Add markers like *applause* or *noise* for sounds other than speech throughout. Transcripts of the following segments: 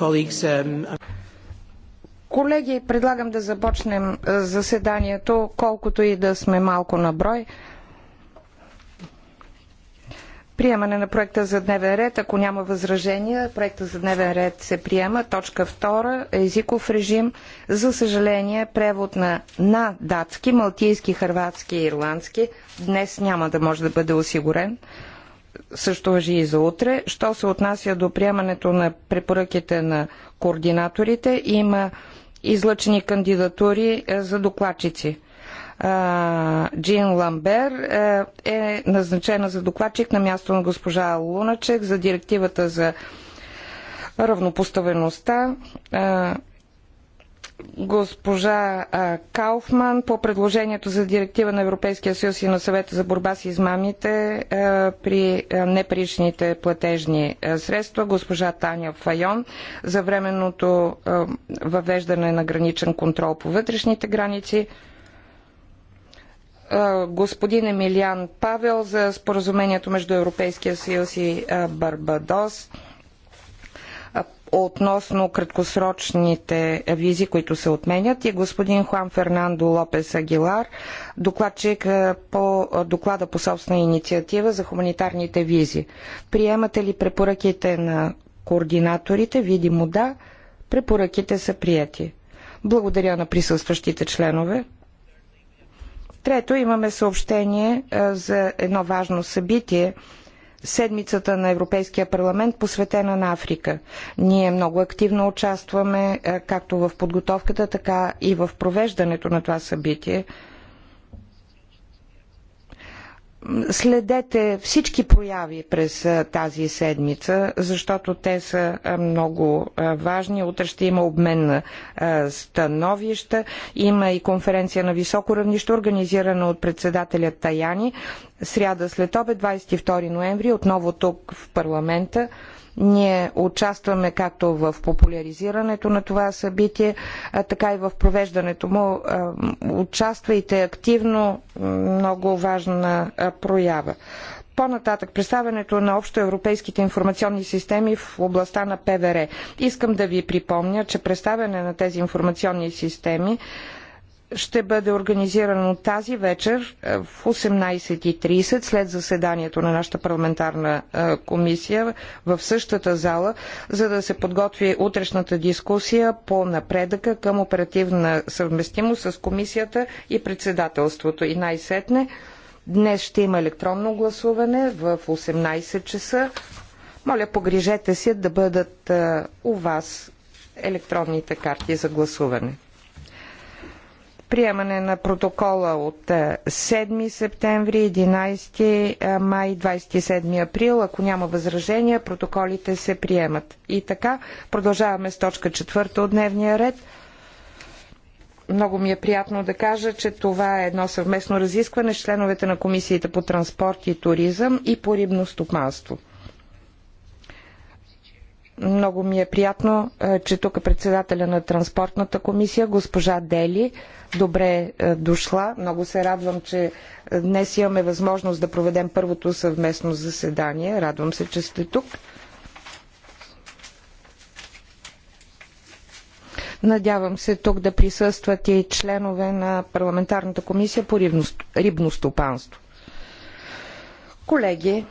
Um, Колеги, предлагам да започнем е, заседанието, колкото и да сме малко на брой. Приемане на проекта за дневен ред. Ако няма възражения, проекта за дневен ред се приема. Точка 2. Е езиков режим. За съжаление, превод на, на датски, малтийски, хърватски и ирландски днес няма да може да бъде осигурен също въжи и за утре. Що се отнася до приемането на препоръките на координаторите, има излъчени кандидатури е, за докладчици. Джин Ламбер е, е назначена за докладчик на място на госпожа Луначек за директивата за равнопоставеността госпожа Кауфман по предложението за директива на Европейския съюз и на съвета за борба с измамите при непричните платежни средства, госпожа Таня Файон за временното въвеждане на граничен контрол по вътрешните граници, господин Емилиан Павел за споразумението между Европейския съюз и Барбадос, относно краткосрочните визи, които се отменят и господин Хуан Фернандо Лопес Агилар, докладчик е, по доклада по собствена инициатива за хуманитарните визи. Приемате ли препоръките на координаторите? Видимо да. Препоръките са прияти. Благодаря на присъстващите членове. Трето, имаме съобщение е, за едно важно събитие – седмицата на Европейския парламент, посветена на Африка. Ние много активно участваме е, както в подготовката, така и в провеждането на това събитие следете всички прояви през тази седмица, защото те са много важни. Утре ще има обмен на становища. Има и конференция на високо равнище, организирана от председателя Таяни. Сряда след обед, 22 ноември, отново тук в парламента. Ние участваме както в популяризирането на това събитие, така и в провеждането му. Участвайте активно, много важна проява. По-нататък представянето на общоевропейските информационни системи в областта на ПВР. Искам да ви припомня, че представяне на тези информационни системи ще бъде организирано тази вечер е, в 18.30 след заседанието на нашата парламентарна е, комисия в същата зала, за да се подготви утрешната дискусия по напредъка към оперативна съвместимост с комисията и председателството. И най-сетне, днес ще има електронно гласуване в 18 часа. Моля, погрижете се да бъдат е, у вас електронните карти за гласуване приемане на протокола от 7 е, септември, 11 е, май, 27 април. Ако няма възражения, протоколите се приемат. И така, продължаваме с точка четвърта от дневния ред. Много ми е приятно да кажа, че това е едно съвместно разискване с членовете на комисията по транспорт и туризъм и по рибно стопанство. Много ми е приятно, е, че тук е председателя на транспортната комисия, госпожа Дели. Добре е, дошла. Много се радвам, че е, днес имаме възможност да проведем първото съвместно заседание. Радвам се, че сте тук. Надявам се тук да присъстват и членове на парламентарната комисия по рибно, рибно стопанство. Колеги,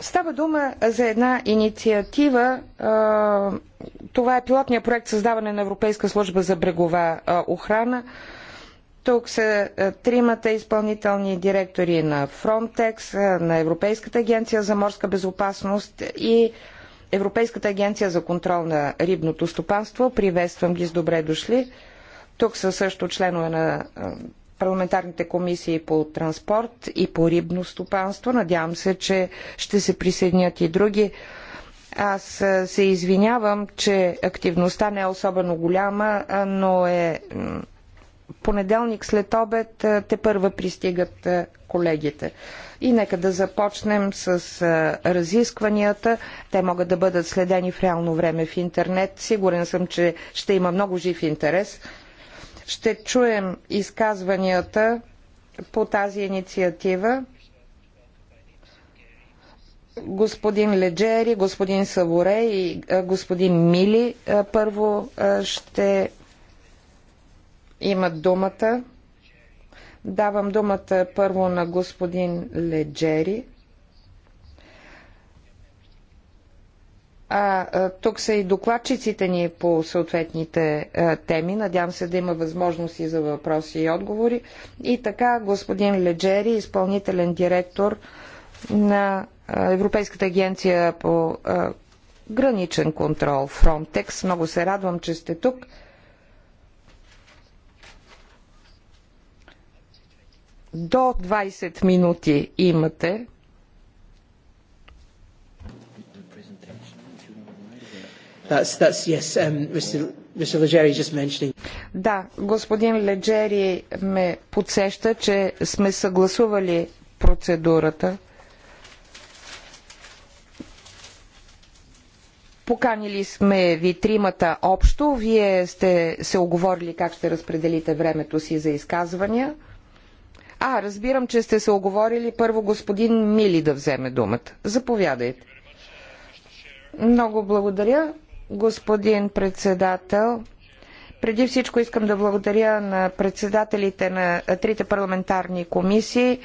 Става дума за една инициатива. Това е пилотния проект Създаване на Европейска служба за брегова охрана. Тук са тримата изпълнителни директори на Frontex, на Европейската агенция за морска безопасност и Европейската агенция за контрол на рибното стопанство. Приветствам ги с добре дошли. Тук са също членове на парламентарните комисии по транспорт и по рибно стопанство. Надявам се, че ще се присъединят и други. Аз се извинявам, че активността не е особено голяма, но е понеделник след обед те първа пристигат колегите. И нека да започнем с разискванията. Те могат да бъдат следени в реално време в интернет. Сигурен съм, че ще има много жив интерес. Ще чуем изказванията по тази инициатива. Господин Леджери, господин Саворе и господин Мили първо ще имат думата. Давам думата първо на господин Леджери. а, а тук са и докладчиците ни по съответните а, теми. Надявам се да има възможности за въпроси и отговори. И така, господин Леджери, изпълнителен директор на Европейската агенция по а, граничен контрол Frontex. Много се радвам, че сте тук. До 20 минути имате That's, that's, yes, um, Mr. Да, господин Леджери ме подсеща, че сме съгласували процедурата. Поканили сме ви тримата общо. Вие сте се оговорили как ще разпределите времето си за изказвания. А, разбирам, че сте се оговорили първо господин Мили да вземе думата. Заповядайте. Много благодаря господин председател. Преди всичко искам да благодаря на председателите на трите парламентарни комисии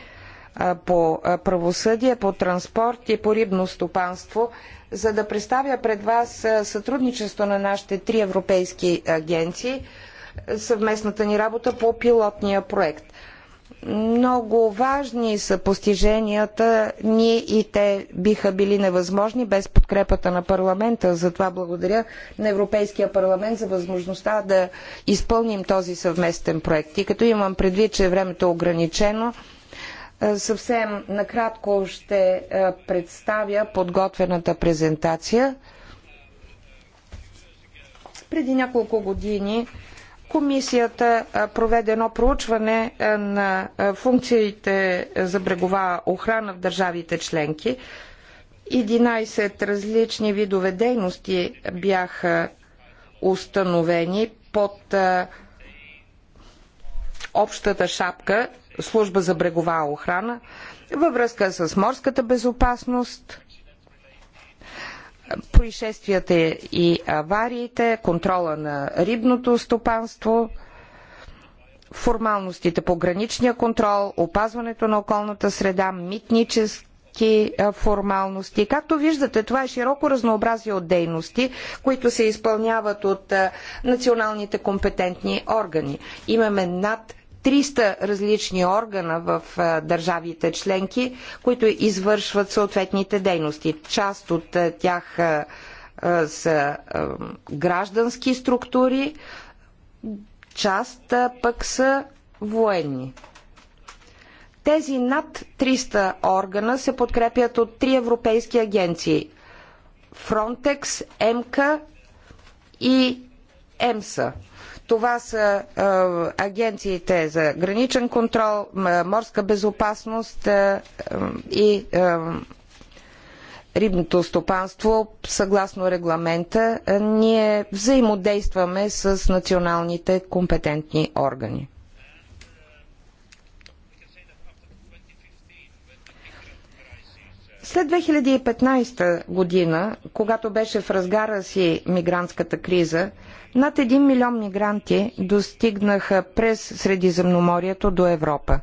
по правосъдие, по транспорт и по рибно стопанство, за да представя пред вас сътрудничество на нашите три европейски агенции, съвместната ни работа по пилотния проект. Много важни са постиженията ни и те биха били невъзможни без подкрепата на парламента. Затова благодаря на Европейския парламент за възможността да изпълним този съвместен проект. И като имам предвид, че времето е ограничено, е, съвсем накратко ще е, представя подготвената презентация. Преди няколко години Комисията проведе едно проучване на функциите за брегова охрана в държавите членки. 11 различни видове дейности бяха установени под общата шапка служба за брегова охрана във връзка с морската безопасност – происшествията и авариите, контрола на рибното стопанство, формалностите по граничния контрол, опазването на околната среда, митнически формалности. Както виждате, това е широко разнообразие от дейности, които се изпълняват от националните компетентни органи. Имаме над 300 различни органа в държавите членки, които извършват съответните дейности. Част от тях са граждански структури, част пък са военни. Тези над 300 органа се подкрепят от три европейски агенции Frontex, МК и ЕМСА. Това са агенциите за граничен контрол, морска безопасност и рибното стопанство. Съгласно регламента, ние взаимодействаме с националните компетентни органи. След 2015 година, когато беше в разгара си мигрантската криза, над 1 милион мигранти достигнаха през Средиземноморието до Европа.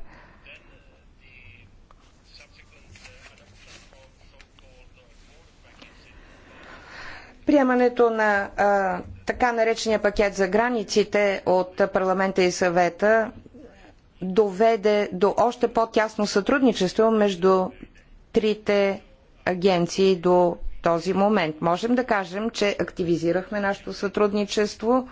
Приемането на а, така наречения пакет за границите от парламента и съвета доведе до още по-тясно сътрудничество между трите агенции до този момент. Можем да кажем, че активизирахме нашето сътрудничество,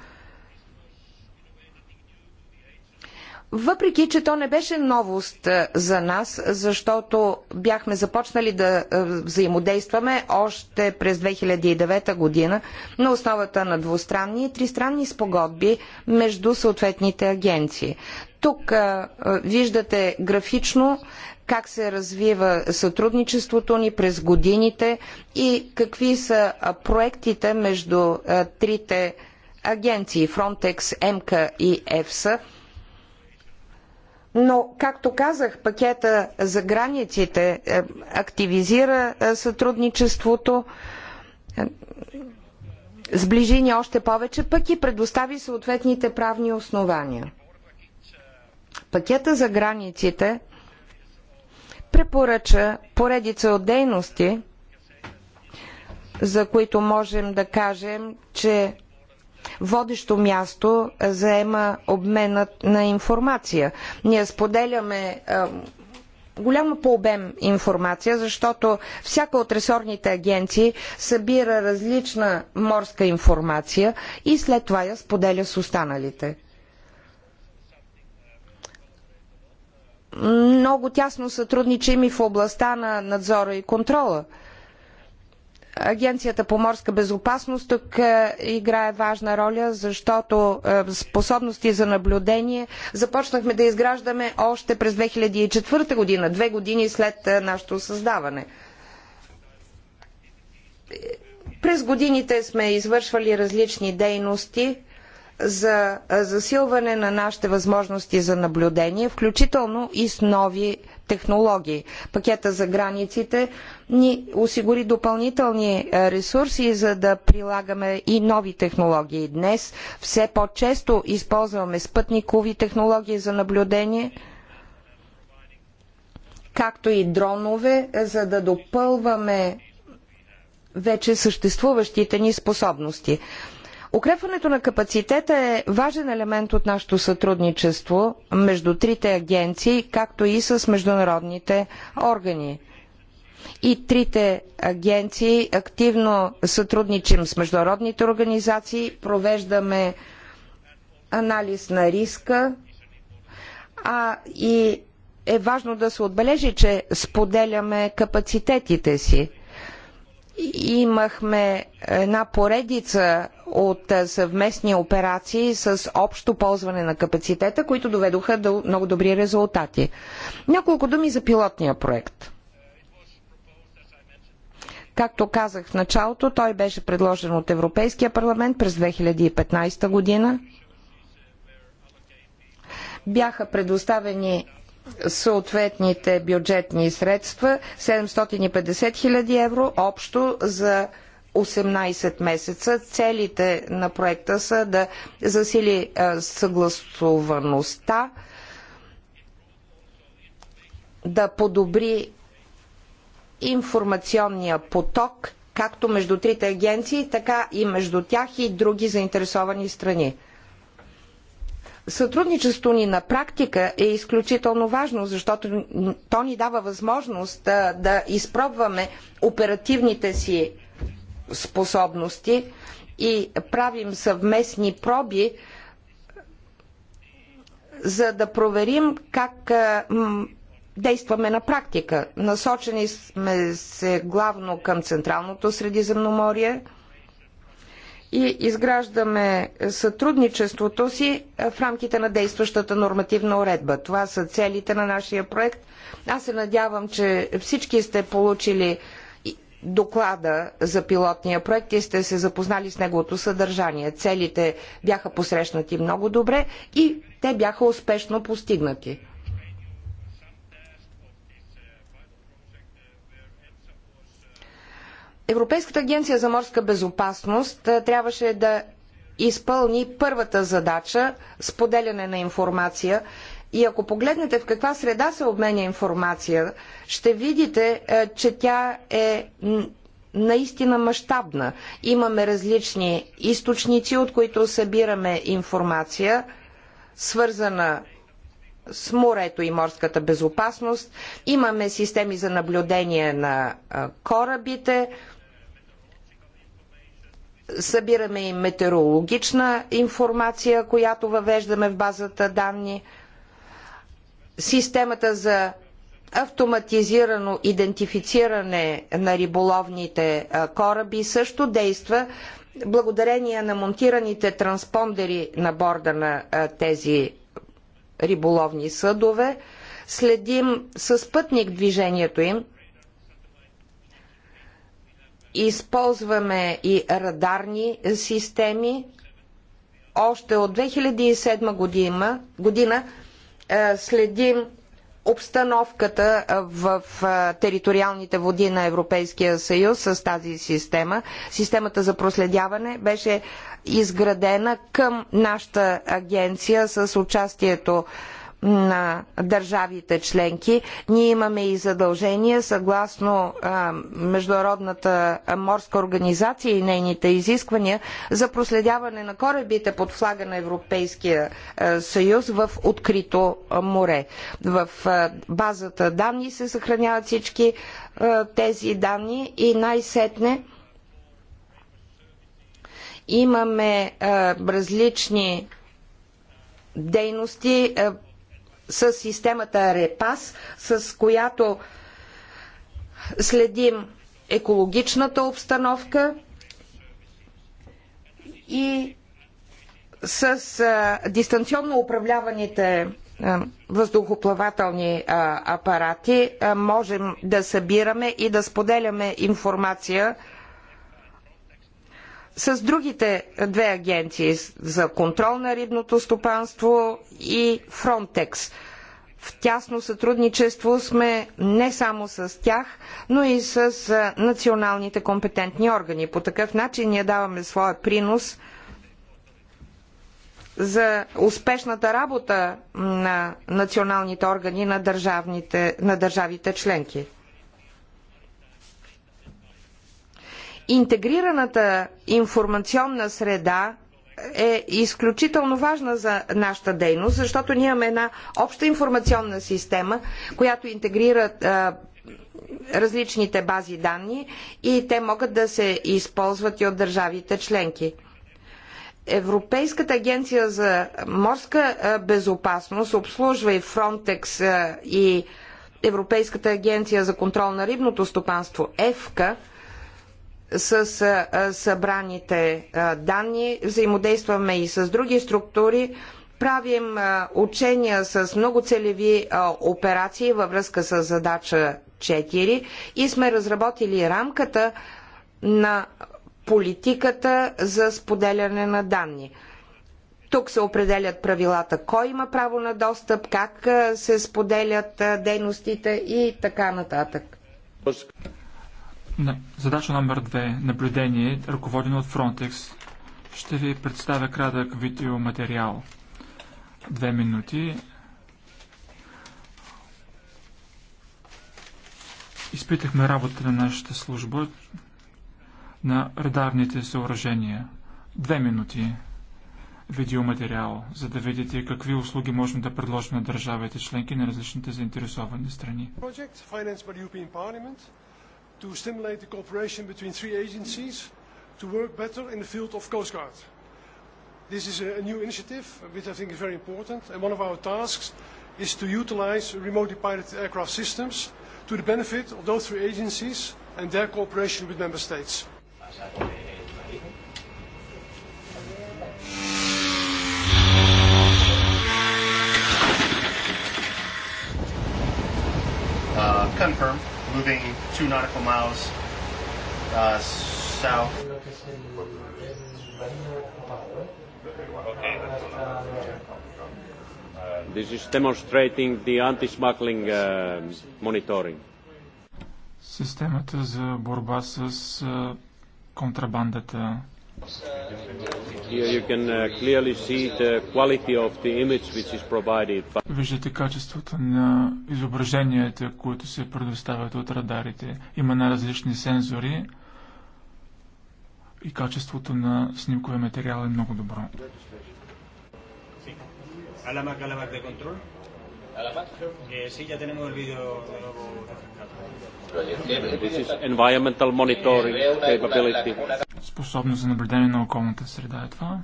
въпреки че то не беше новост за нас, защото бяхме започнали да взаимодействаме още през 2009 година на основата на двустранни и тристранни спогодби между съответните агенции. Тук виждате графично как се развива сътрудничеството ни през годините и какви са проектите между трите агенции Frontex, МК и ЕФСА. Но, както казах, пакета за границите активизира сътрудничеството, сближи ни още повече, пък и предостави съответните правни основания. Пакета за границите препоръча поредица от дейности, за които можем да кажем, че водещо място заема обменът на информация. Ние споделяме голяма по обем информация, защото всяка от ресорните агенции събира различна морска информация и след това я споделя с останалите. много тясно сътрудничим и в областта на надзора и контрола. Агенцията по морска безопасност тук е, играе важна роля, защото е, способности за наблюдение започнахме да изграждаме още през 2004 година, две години след е, нашето създаване. През годините сме извършвали различни дейности – за засилване на нашите възможности за наблюдение, включително и с нови технологии. Пакета за границите ни осигури допълнителни ресурси, за да прилагаме и нови технологии. Днес все по-често използваме спътникови технологии за наблюдение, както и дронове, за да допълваме вече съществуващите ни способности. Укрепването на капацитета е важен елемент от нашето сътрудничество между трите агенции, както и с международните органи. И трите агенции активно сътрудничим с международните организации, провеждаме анализ на риска, а и е важно да се отбележи, че споделяме капацитетите си имахме една поредица от съвместни операции с общо ползване на капацитета, които доведоха до много добри резултати. Няколко думи за пилотния проект. Както казах в началото, той беше предложен от Европейския парламент през 2015 година. Бяха предоставени съответните бюджетни средства 750 хиляди евро общо за 18 месеца. Целите на проекта са да засили съгласуваността, да подобри информационния поток, както между трите агенции, така и между тях и други заинтересовани страни. Сътрудничеството ни на практика е изключително важно, защото то ни дава възможност да, да изпробваме оперативните си способности и правим съвместни проби, за да проверим как действаме на практика. Насочени сме се главно към Централното Средиземноморие – и изграждаме сътрудничеството си в рамките на действащата нормативна уредба. Това са целите на нашия проект. Аз се надявам, че всички сте получили доклада за пилотния проект и сте се запознали с неговото съдържание. Целите бяха посрещнати много добре и те бяха успешно постигнати. Европейската агенция за морска безопасност трябваше да изпълни първата задача споделяне на информация. И ако погледнете в каква среда се обменя информация, ще видите, че тя е наистина мащабна. Имаме различни източници, от които събираме информация, свързана с морето и морската безопасност. Имаме системи за наблюдение на корабите, Събираме и метеорологична информация, която въвеждаме в базата данни. Системата за автоматизирано идентифициране на риболовните кораби също действа благодарение на монтираните транспондери на борда на тези риболовни съдове. Следим с пътник движението им Използваме и радарни системи. Още от 2007 година, година е, следим обстановката в е, териториалните води на Европейския съюз с тази система. Системата за проследяване беше изградена към нашата агенция с участието на държавите членки. Ние имаме и задължения съгласно а, Международната морска организация и нейните изисквания за проследяване на корабите под флага на Европейския а, съюз в открито а, море. В базата данни се съхраняват всички тези данни и най-сетне имаме различни дейности с системата РЕПАС, с която следим екологичната обстановка и с а, дистанционно управляваните а, въздухоплавателни а, апарати а, можем да събираме и да споделяме информация с другите две агенции за контрол на рибното стопанство и Фронтекс. В тясно сътрудничество сме не само с тях, но и с националните компетентни органи. По такъв начин ние даваме своя принос за успешната работа на националните органи на, на държавите членки. Интегрираната информационна среда е изключително важна за нашата дейност, защото ние имаме една обща информационна система, която интегрира различните бази данни и те могат да се използват и от държавите членки. Европейската агенция за морска безопасност обслужва и Фронтекс и Европейската агенция за контрол на рибното стопанство ЕФКА – с събраните данни, взаимодействаме и с други структури, правим учения с много целеви операции във връзка с задача 4 и сме разработили рамката на политиката за споделяне на данни. Тук се определят правилата, кой има право на достъп, как се споделят дейностите и така нататък. Задача номер две. Е наблюдение, ръководено от Frontex. Ще ви представя кратък видеоматериал. Две минути. Изпитахме работата на нашата служба на радарните съоръжения. Две минути видеоматериал, за да видите какви услуги можем да предложим на държавите членки на различните заинтересовани страни. Project, to stimulate the cooperation between three agencies to work better in the field of Coast Guard. This is a new initiative, which I think is very important, and one of our tasks is to utilize remotely piloted aircraft systems to the benefit of those three agencies and their cooperation with member states. confirm moving two nautical miles uh, south. This is demonstrating the anti-smuggling uh, monitoring. Системата за борба с контрабандата Uh, Виждате качеството на изображенията, които се предоставят от радарите. Има най-различни сензори и качеството на снимковия материал е много добро. Алама, алама, де контрол sí, ya tenemos el vídeo de environmental monitoring capability. Способност за наблюдение на околната среда е това.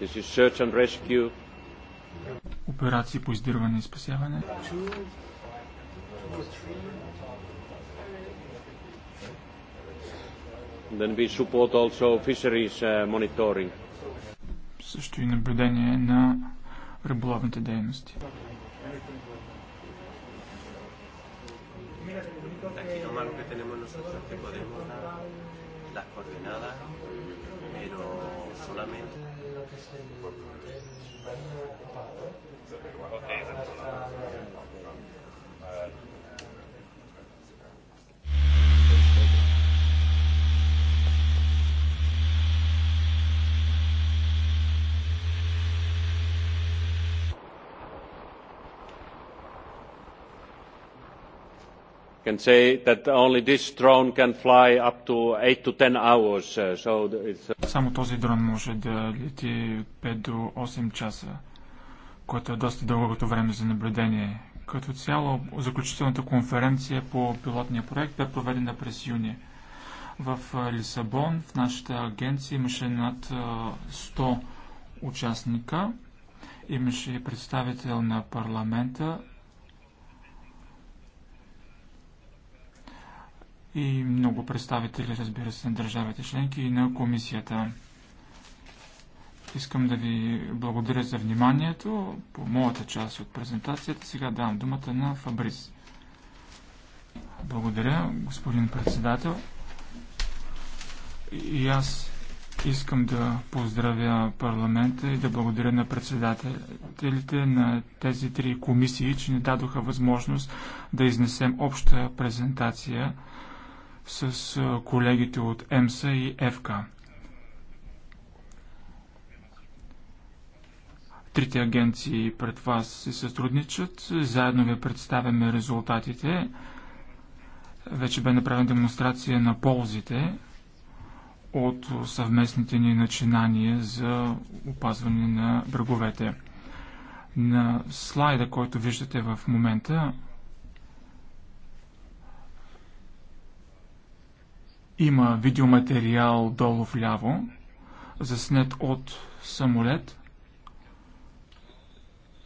This is search and rescue. Операции по издирване и спасяване. Then we support also fisheries uh, monitoring също и наблюдение на риболовните дейности. Aquí lo malo que tenemos nosotros es que podemos dar las coordenadas, pero solamente. Okay, can say that only this drone can fly up to 8 to 10 hours. Uh, so it's... Uh, Само този дрон може да лети 5 до 8 часа, което е доста дългото време за наблюдение. Като цяло, заключителната конференция по пилотния проект бе проведена през юни. В Лисабон, в нашата агенция, имаше над 100 участника. Имаше и представител на парламента, и много представители, разбира се, на държавите членки и на комисията. Искам да ви благодаря за вниманието по моята част от презентацията. Сега давам думата на Фабрис. Благодаря, господин председател. И аз искам да поздравя парламента и да благодаря на председателите на тези три комисии, че ни дадоха възможност да изнесем обща презентация – с колегите от МСА и ФК. Трите агенции пред вас се сътрудничат. Заедно ви представяме резултатите. Вече бе направена демонстрация на ползите от съвместните ни начинания за опазване на бреговете. На слайда, който виждате в момента, Има видеоматериал долу вляво, заснет от самолет.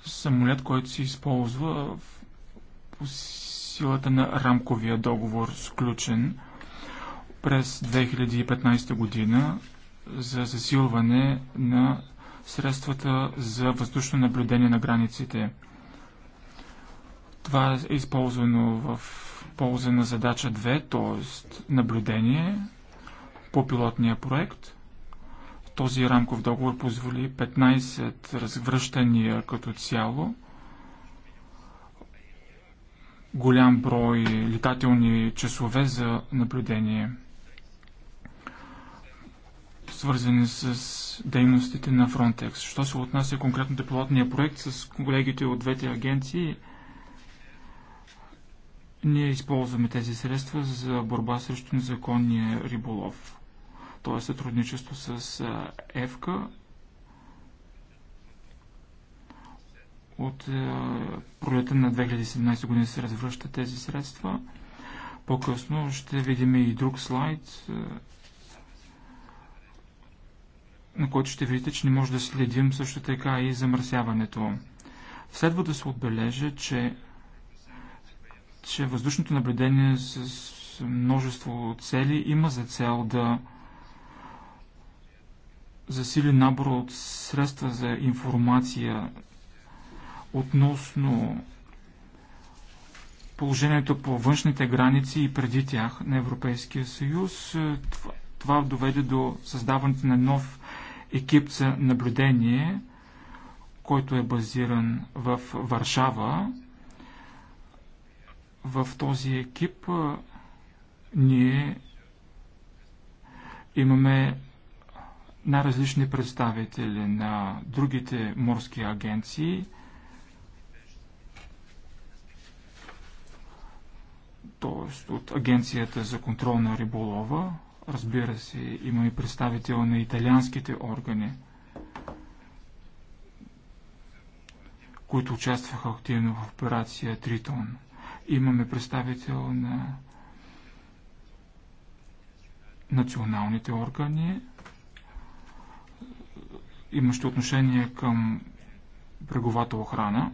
Самолет, който се използва по силата на рамковия договор, сключен през 2015 година за засилване на средствата за въздушно наблюдение на границите. Това е използвано в полза на задача 2, т.е. наблюдение по пилотния проект. Този рамков договор позволи 15 развръщания като цяло, голям брой летателни часове за наблюдение, свързани с дейностите на Frontex. Що се отнася конкретно до пилотния проект с колегите от двете агенции – ние използваме тези средства за борба срещу незаконния риболов. То е сътрудничество с ЕФКА от пролета на 2017 година се развръща тези средства. По-късно ще видим и друг слайд, на който ще видите, че не може да следим също така и замърсяването. Следва да се отбележа, че че въздушното наблюдение с множество цели има за цел да засили набор от средства за информация относно положението по външните граници и преди тях на Европейския съюз. Това, това доведе до създаването на нов екип за наблюдение, който е базиран в Варшава в този екип ние имаме най-различни представители на другите морски агенции. т.е. от Агенцията за контрол на риболова. Разбира се, има и представител на италианските органи, които участваха активно в операция Тритон. Имаме представител на националните органи, имащи отношение към бреговата охрана.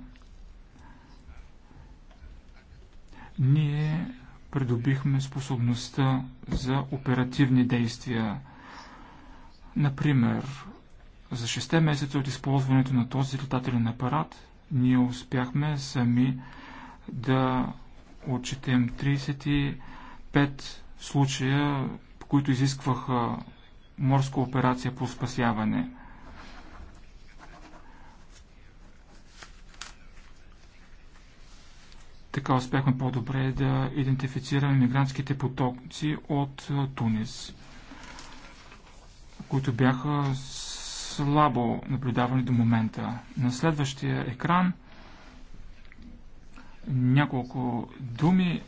Ние придобихме способността за оперативни действия. Например, за 6 месеца от използването на този летателен апарат, ние успяхме сами да отчетем 35 случая, които изискваха морска операция по спасяване. Така успяхме по-добре да идентифицираме мигрантските потоци от Тунис, които бяха слабо наблюдавани до момента. На следващия екран – няколко думи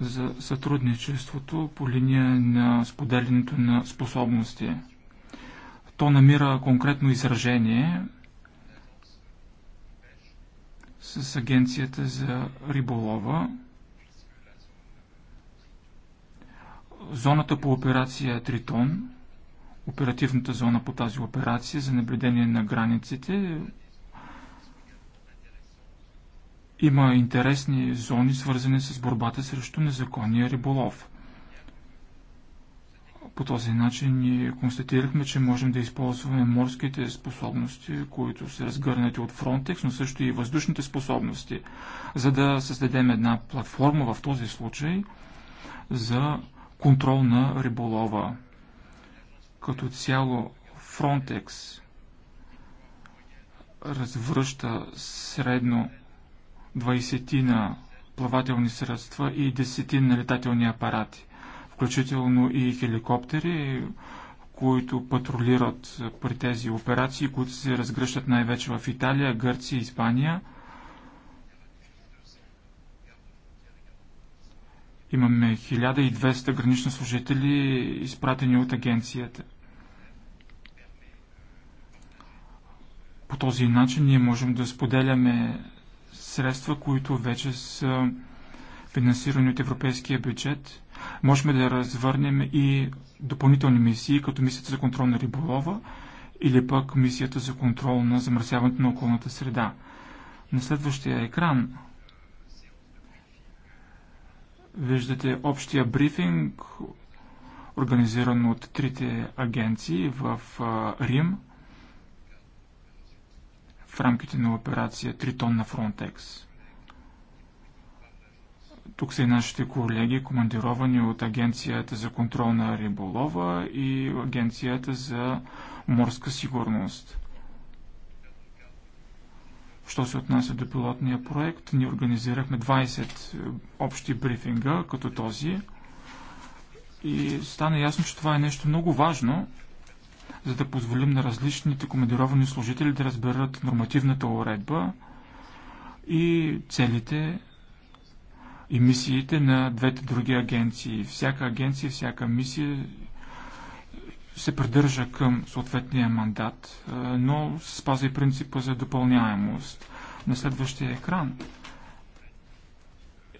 за сътрудничеството по линия на споделянето на способности. То намира конкретно изражение с Агенцията за риболова. Зоната по операция Тритон, оперативната зона по тази операция за наблюдение на границите, има интересни зони, свързани с борбата срещу незаконния риболов. По този начин ние констатирахме, че можем да използваме морските способности, които са разгърнати от Frontex, но също и въздушните способности, за да създадем една платформа в този случай за контрол на риболова. Като цяло Frontex развръща средно 20 плавателни средства и 10 на летателни апарати, включително и хеликоптери, които патрулират при тези операции, които се разгръщат най-вече в Италия, Гърция, Испания. Имаме 1200 гранични служители, изпратени от агенцията. По този начин ние можем да споделяме средства, които вече са финансирани от европейския бюджет. Можем да развърнем и допълнителни мисии, като мисията за контрол на риболова или пък мисията за контрол на замърсяването на околната среда. На следващия екран виждате общия брифинг, организиран от трите агенции в Рим – в рамките на операция Тритон на Фронтекс. Тук са и нашите колеги, командировани от Агенцията за контрол на риболова и Агенцията за морска сигурност. Що се отнася до пилотния проект, ние организирахме 20 е, общи брифинга, като този. И стана ясно, че това е нещо много важно, за да позволим на различните командировани служители да разберат нормативната уредба и целите и мисиите на двете други агенции. Всяка агенция, всяка мисия се придържа към съответния мандат, но се спазва и принципа за допълняемост. На следващия екран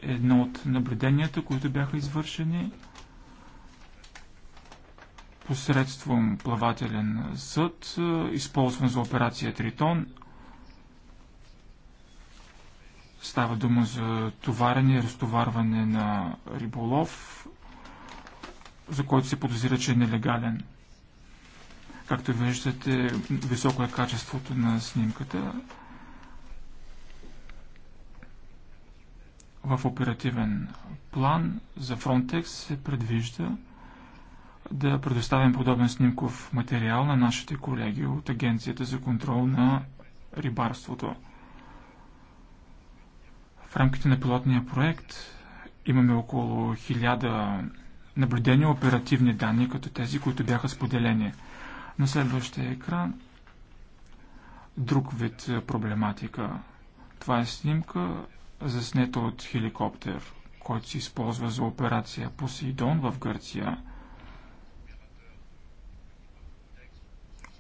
е едно от наблюденията, които бяха извършени – посредством плавателен съд, е, използван за операция Тритон. Става дума за товарене и разтоварване на риболов, за който се подозира, че е нелегален. Както виждате, високо е качеството на снимката. В оперативен план за Frontex се предвижда да предоставим подобен снимков материал на нашите колеги от Агенцията за контрол на рибарството. В рамките на пилотния проект имаме около 1000 наблюдени оперативни данни, като тези, които бяха споделени. На следващия екран друг вид проблематика. Това е снимка, заснета от хеликоптер, който се използва за операция Посейдон в Гърция.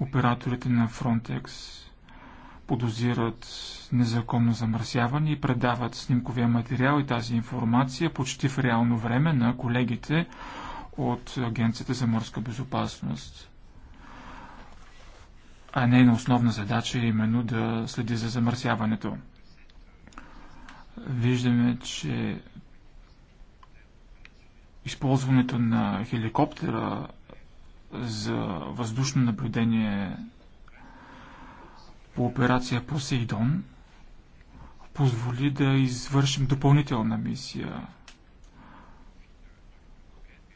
операторите на Frontex подозират незаконно замърсяване и предават снимковия материал и тази информация почти в реално време на колегите от Агенцията за морска безопасност. А нейна основна задача е именно да следи за замърсяването. Виждаме, че използването на хеликоптера за въздушно наблюдение по операция Посейдон позволи да извършим допълнителна мисия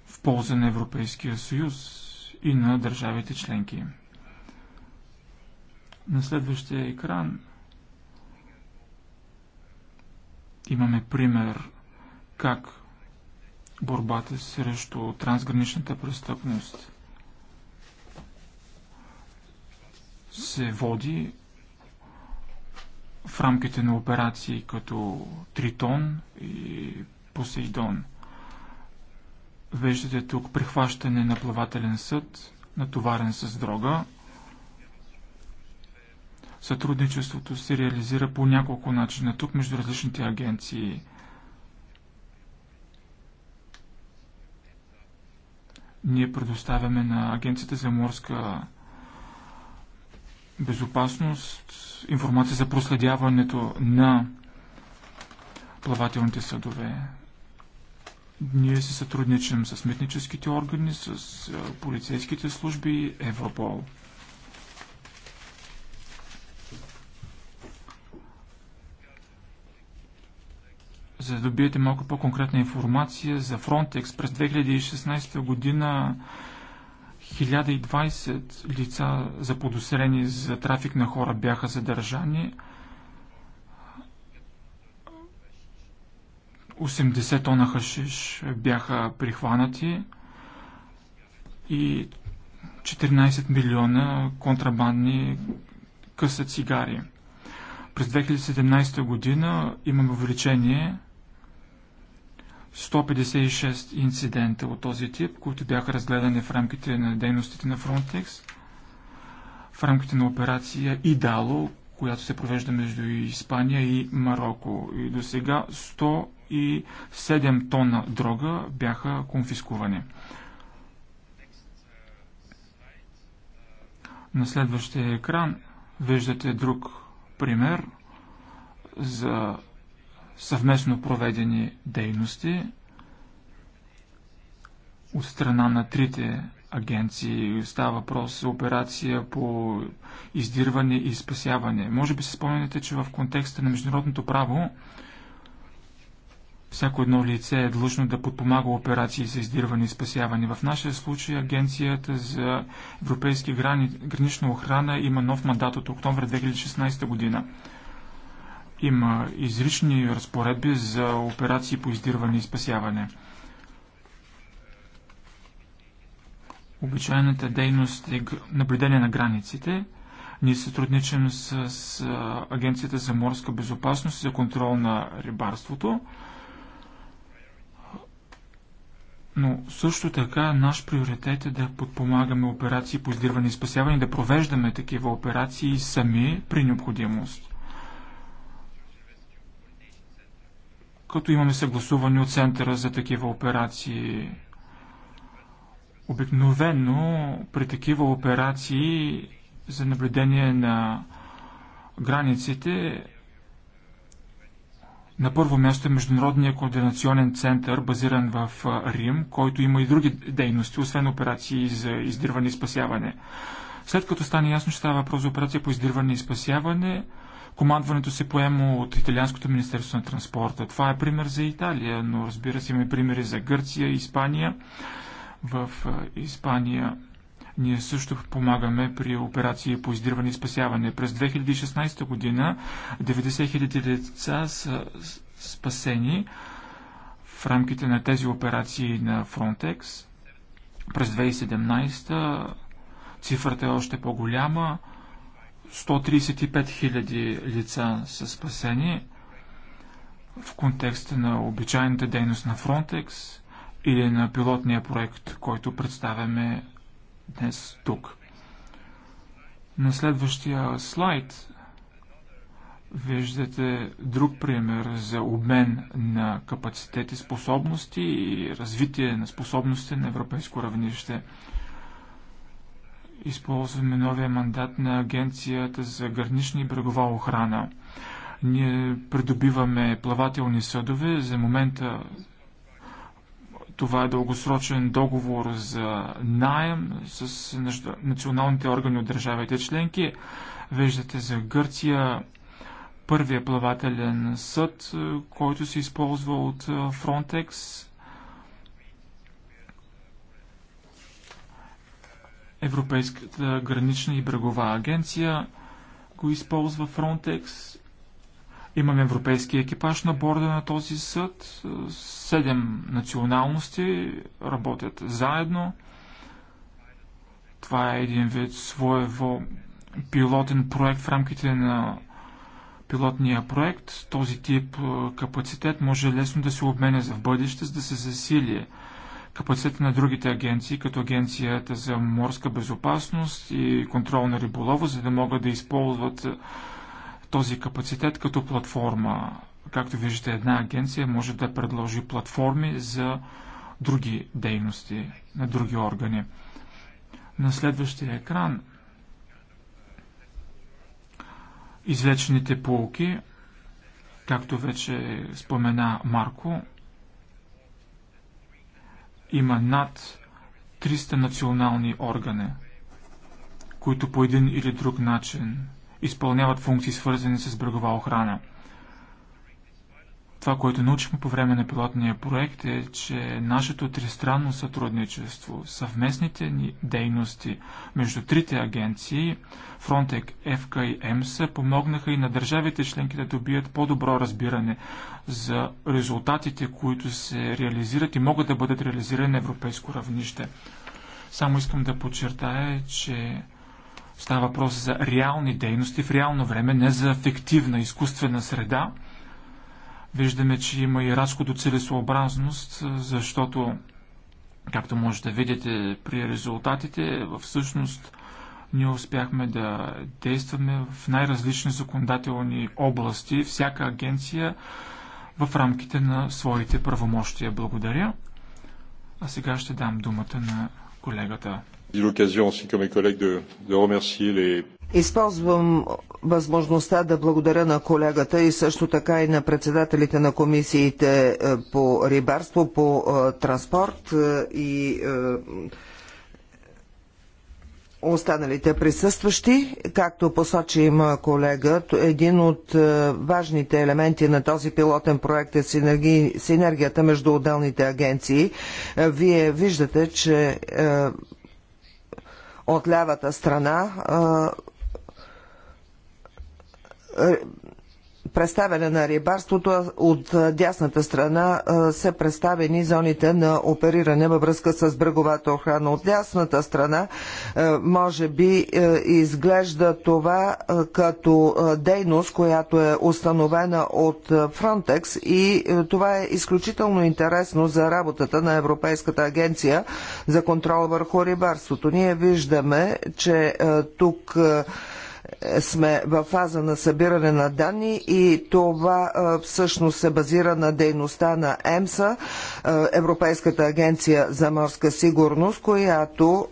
в полза на Европейския съюз и на държавите членки. На следващия екран имаме пример как борбата срещу трансграничната престъпност се води в рамките на операции като Тритон и Посейдон. Виждате тук прихващане на плавателен съд, натоварен с дрога. Сътрудничеството се реализира по няколко начина тук между различните агенции. Ние предоставяме на Агенцията за морска безопасност, информация за проследяването на плавателните съдове. Ние се сътрудничим с митническите органи, с полицейските служби, Европол. За да добиете малко по-конкретна информация за Frontex през 2016 година 1020 лица за за трафик на хора бяха задържани. 80 тона хашиш бяха прихванати и 14 милиона контрабандни къса цигари. През 2017 година имаме увеличение 156 инцидента от този тип, които бяха разгледани в рамките на дейностите на Frontex, в рамките на операция Идало, която се провежда между Испания и Марокко. И до сега 107 тона дрога бяха конфискувани. На следващия екран виждате друг пример за съвместно проведени дейности от страна на трите агенции. Става въпрос за операция по издирване и спасяване. Може би се спомняте, че в контекста на международното право всяко едно лице е длъжно да подпомага операции за издирване и спасяване. В нашия случай Агенцията за европейски грани... гранична охрана има нов мандат от октомври 2016 година. Има изрични разпоредби за операции по издирване и спасяване. Обичайната дейност е наблюдение на границите. Ние сътрудничим с, с Агенцията за морска безопасност и за контрол на рибарството. Но също така наш приоритет е да подпомагаме операции по издирване и спасяване, да провеждаме такива операции сами при необходимост. като имаме съгласуване от Центъра за такива операции. Обикновено при такива операции за наблюдение на границите на първо място е Международния координационен център, базиран в Рим, който има и други дейности, освен операции за издирване и спасяване. След като стане ясно, че става въпрос за операция по издирване и спасяване, Командването се поема от Италианското министерство на транспорта. Това е пример за Италия, но разбира се има и примери за Гърция и Испания. В Испания ние също помагаме при операции по издирване и спасяване. През 2016 година 90 000 деца са спасени в рамките на тези операции на Фронтекс. През 2017 цифрата е още по-голяма. 135 000 лица са спасени в контекста на обичайната дейност на Frontex или на пилотния проект, който представяме днес тук. На следващия слайд виждате друг пример за обмен на капацитети, способности и развитие на способности на европейско равнище – използваме новия мандат на Агенцията за гранична и брегова охрана. Ние придобиваме плавателни съдове. За момента това е дългосрочен договор за найем с националните органи от държавите членки. Виждате за Гърция първия плавателен съд, който се използва от Frontex Европейската гранична и брегова агенция го използва Frontex. Имаме европейски екипаж на борда на този съд. Седем националности работят заедно. Това е един вид своево пилотен проект в рамките на пилотния проект. Този тип капацитет може лесно да се обменя за в бъдеще, за да се засили капацитета на другите агенции, като Агенцията за морска безопасност и контрол на риболова, за да могат да използват е, този капацитет като платформа. Както виждате, една агенция може да предложи платформи за други дейности на други органи. На следващия екран извлечените полки, както вече спомена Марко, има над 300 национални органи, които по един или друг начин изпълняват функции свързани с брегова охрана. Това, което научихме по време на пилотния проект е, че нашето тристранно сътрудничество, съвместните ни дейности между трите агенции, Frontec, ФК и МС, помогнаха и на държавите членки да добият по-добро разбиране за резултатите, които се реализират и могат да бъдат реализирани на европейско равнище. Само искам да подчертая, че става въпрос за реални дейности в реално време, не за фиктивна изкуствена среда – Виждаме, че има и разходоцелесообразност, защото, както може да видите при резултатите, всъщност ние успяхме да действаме в най-различни законодателни области, всяка агенция в рамките на своите правомощия. Благодаря. А сега ще дам думата на колегата. L'occasion aussi, comme mes collègues, de, de remercier les Използвам възможността да благодаря на колегата и също така и на председателите на комисиите е, по рибарство, по е, транспорт е, и останалите присъстващи. Както посочи има колега, един от важните елементи на този пилотен проект е синергията между отделните агенции. Вие виждате, че от лявата страна е, представяне на рибарството от е, дясната страна е, са представени зоните на опериране във връзка с бреговата охрана. От дясната страна може би изглежда това като дейност, която е установена от Frontex и това е изключително интересно за работата на Европейската агенция за контрол върху рибарството. Ние виждаме, че тук сме в фаза на събиране на данни и това всъщност се базира на дейността на ЕМСА, Европейската агенция за морска сигурност, която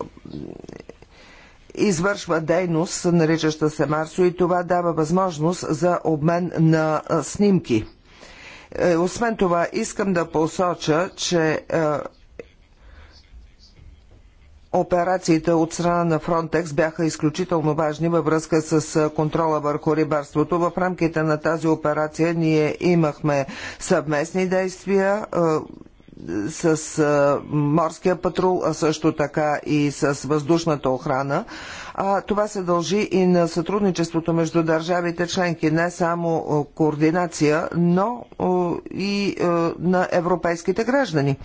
извършва дейност, наричаща се Марсо и това дава възможност за обмен на снимки. Е, освен това, искам да посоча, че Операциите от страна на Фронтекс бяха изключително важни във връзка с контрола върху рибарството. В рамките на тази операция ние имахме съвместни действия с морския патрул, а също така и с въздушната охрана. А, това се дължи и на сътрудничеството между държавите членки, не само координация, но и на европейските граждани.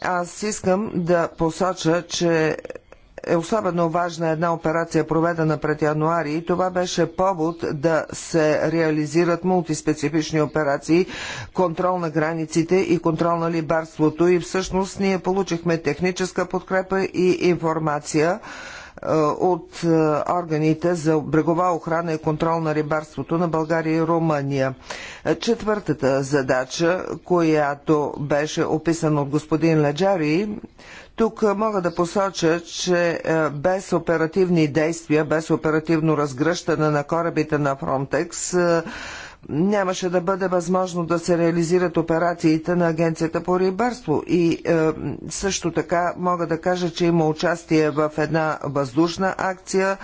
Аз искам да посоча, че е особено важна една операция, проведена пред януари и това беше повод да се реализират мултиспецифични операции, контрол на границите и контрол на либарството и всъщност ние получихме техническа подкрепа и информация е, от е, органите за брегова охрана и контрол на рибарството на България и Румъния. Е, четвъртата задача, която беше описана от господин Леджари, тук мога да посоча, че без оперативни действия, без оперативно разгръщане на корабите на Фронтекс, нямаше да бъде възможно да се реализират операциите на Агенцията по рибарство. И е, също така мога да кажа, че има участие в една въздушна акция.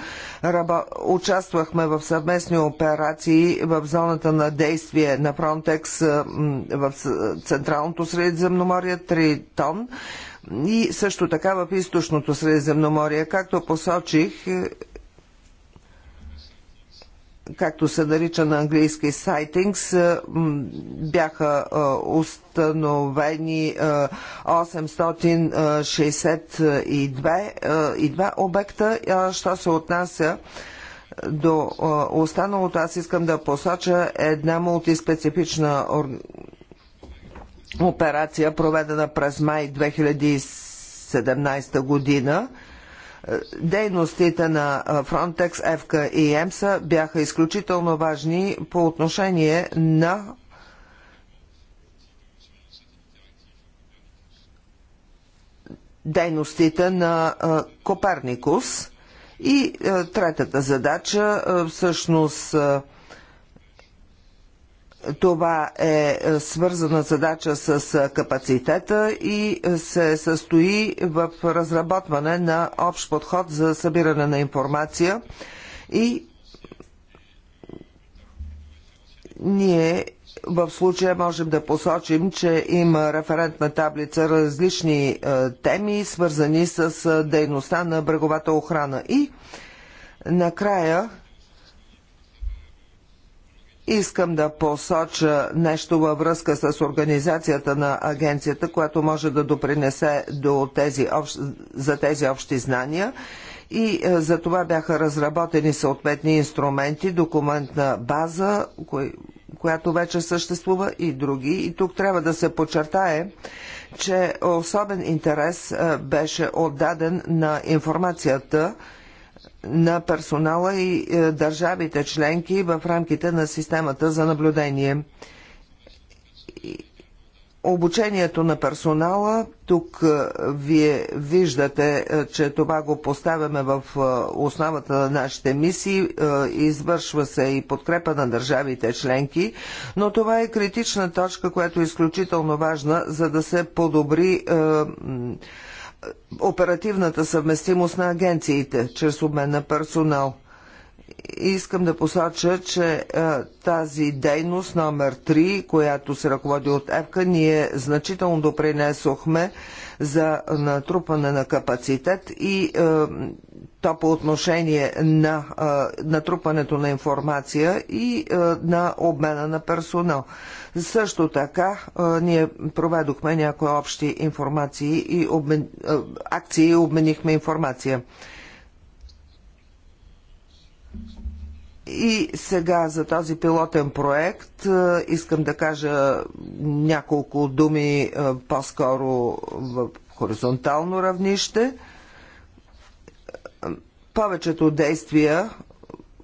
Раба... Участвахме в съвместни операции в зоната на действие на Фронтекс е, в Централното Средиземноморие Тритон и също така в източното Средиземноморие. Както посочих, е, както се нарича на английски сайтингс, е, бяха е, установени 862 е, и обекта. Що се отнася до останалото, аз искам да посоча една мултиспецифична операция, проведена през май 2017 година Дейностите на Frontex, FK и EMSA бяха изключително важни по отношение на дейностите на Коперникус. И третата задача всъщност това е, е свързана задача с е, капацитета и се състои в разработване на общ подход за събиране на информация и ние в случая можем да посочим, че има референтна таблица различни е, теми, свързани с дейността на бреговата охрана. И накрая Искам да посоча нещо във връзка с организацията на агенцията, която може да допринесе до тези общ... за тези общи знания и е, за това бяха разработени съответни инструменти, документна база, кой... която вече съществува и други. И тук трябва да се подчертае, че особен интерес е, беше отдаден на информацията, на персонала и е, държавите членки в рамките на системата за наблюдение. Обучението на персонала, тук е, вие виждате, е, че това го поставяме в основата на нашите мисии, извършва се и подкрепа на държавите членки, но това е критична точка, която е изключително важна, за да се подобри оперативната съвместимост на агенциите чрез обмен на персонал. Искам да посоча, че а, е, тази дейност номер 3, която се ръководи от Евка, ние значително допринесохме за натрупване на капацитет и е, то по отношение на е, натрупването на информация и е, на обмена на персонал. Също така ние проведохме някои общи информации и обмен, акции и обменихме информация. И сега за този пилотен проект е, искам да кажа няколко думи е, по-скоро в хоризонтално равнище. Е, повечето действия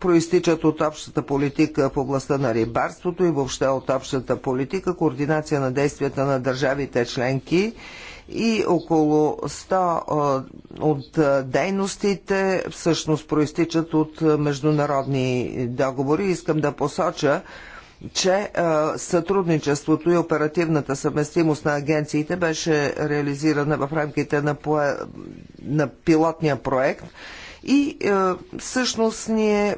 проистичат от общата политика в областта на рибарството и въобще от общата политика, координация на действията на държавите членки и около 100 от дейностите всъщност проистичат от международни договори. Искам да посоча, че сътрудничеството и оперативната съвместимост на агенциите беше реализирана в рамките на, на пилотния проект и всъщност ние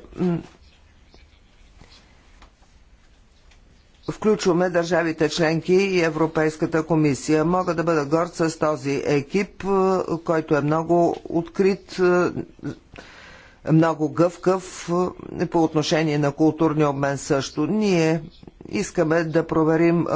включваме държавите членки и Европейската комисия. Мога да бъда горд с този екип, е, който е много открит, е, много гъвкав е, по отношение на културния обмен също. Ние искаме да проверим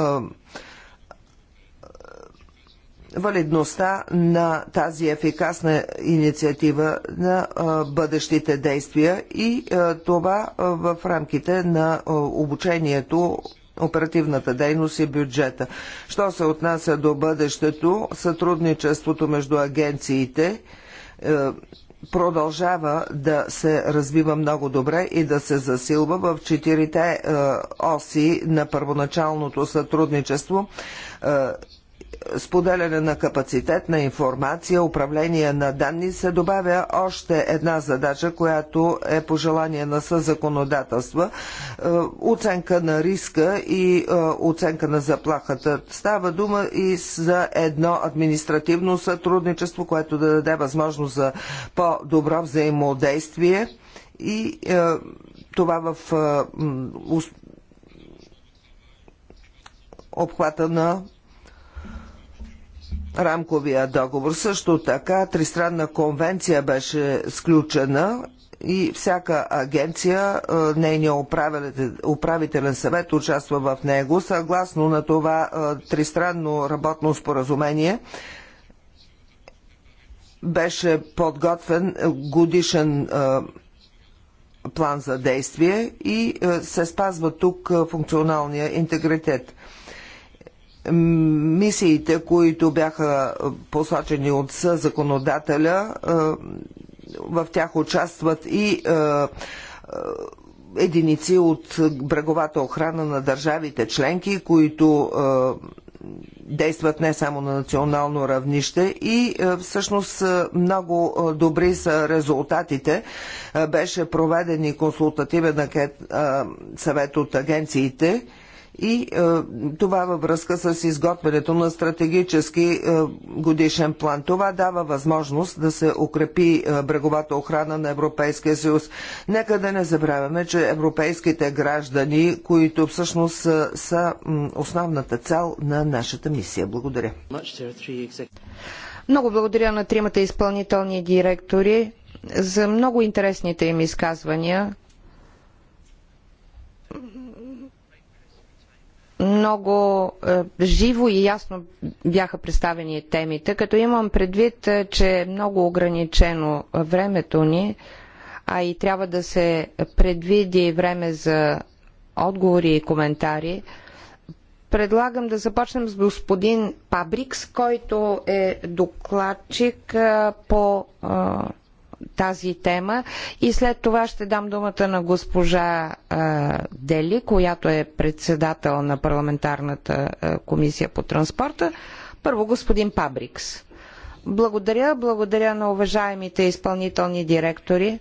валидността на тази ефикасна инициатива на бъдещите действия и това в рамките на обучението оперативната дейност и бюджета. Що се отнася до бъдещето, сътрудничеството между агенциите е, продължава да се развива много добре и да се засилва в четирите е, оси на първоначалното сътрудничество. Е, споделяне на капацитет, на информация, управление на данни се добавя още една задача, която е пожелание на съзаконодателства е, оценка на риска и е, оценка на заплахата. Става дума и за едно административно сътрудничество, което да даде възможност за по-добро взаимодействие и е, това в обхвата на рамковия договор. Също така тристранна конвенция беше сключена и всяка агенция, е, нейният управителен съвет участва в него. Съгласно на това е, тристранно работно споразумение беше подготвен е, годишен план за действие и се спазва тук функционалния интегритет мисиите, които бяха посочени от законодателя, е, в тях участват и е, е, единици от бреговата охрана на държавите членки, които действат не само на национално равнище и всъщност много добри са резултатите. Беше проведен и консултативен съвет от агенциите и е, това във връзка с изготвянето на стратегически е, годишен план. Това дава възможност да се укрепи е, бреговата охрана на Европейския съюз. Нека да не забравяме, че европейските граждани, които всъщност са, са основната цел на нашата мисия. Благодаря. Много благодаря на тримата изпълнителни директори за много интересните им изказвания много е, живо и ясно бяха представени темите, като имам предвид, е, че е много ограничено времето ни, а и трябва да се предвиди време за отговори и коментари. Предлагам да започнем с господин Пабрикс, който е докладчик е, по тази тема и след това ще дам думата на госпожа Дели, която е председател на парламентарната комисия по транспорта. Първо господин Пабрикс. Благодаря, благодаря на уважаемите изпълнителни директори.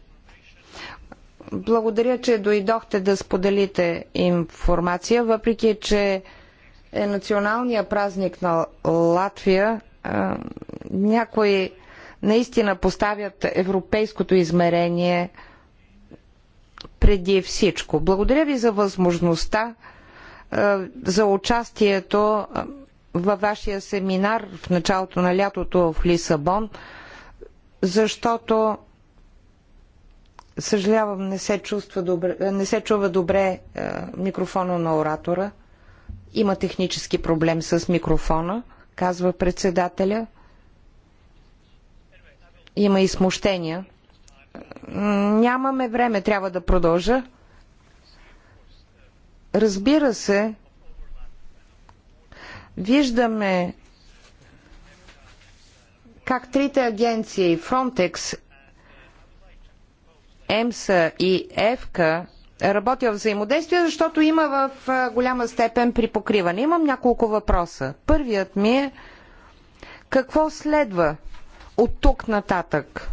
Благодаря, че дойдохте да споделите информация, въпреки че е националния празник на Латвия. Някои наистина поставят европейското измерение преди всичко. Благодаря ви за възможността, е, за участието е, във вашия семинар в началото на лятото в Лисабон, защото съжалявам, не се, чувства добре, не се чува добре е, микрофона на оратора. Има технически проблем с микрофона, казва председателя. Има и смущения. Нямаме време, трябва да продължа. Разбира се, виждаме как трите агенции Frontex, EMSA и ЕФКА работят в взаимодействие, защото има в голяма степен припокриване. Имам няколко въпроса. Първият ми е какво следва от тук нататък?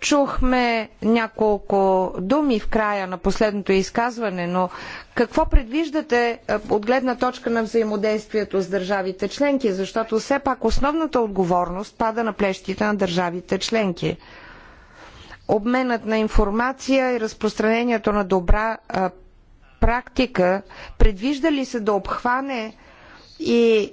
Чухме няколко думи в края на последното изказване, но какво предвиждате е, от гледна точка на взаимодействието с държавите членки? Защото все пак основната отговорност пада на плещите на държавите членки. Обменът на информация и разпространението на добра е, практика предвижда ли се да обхване и е,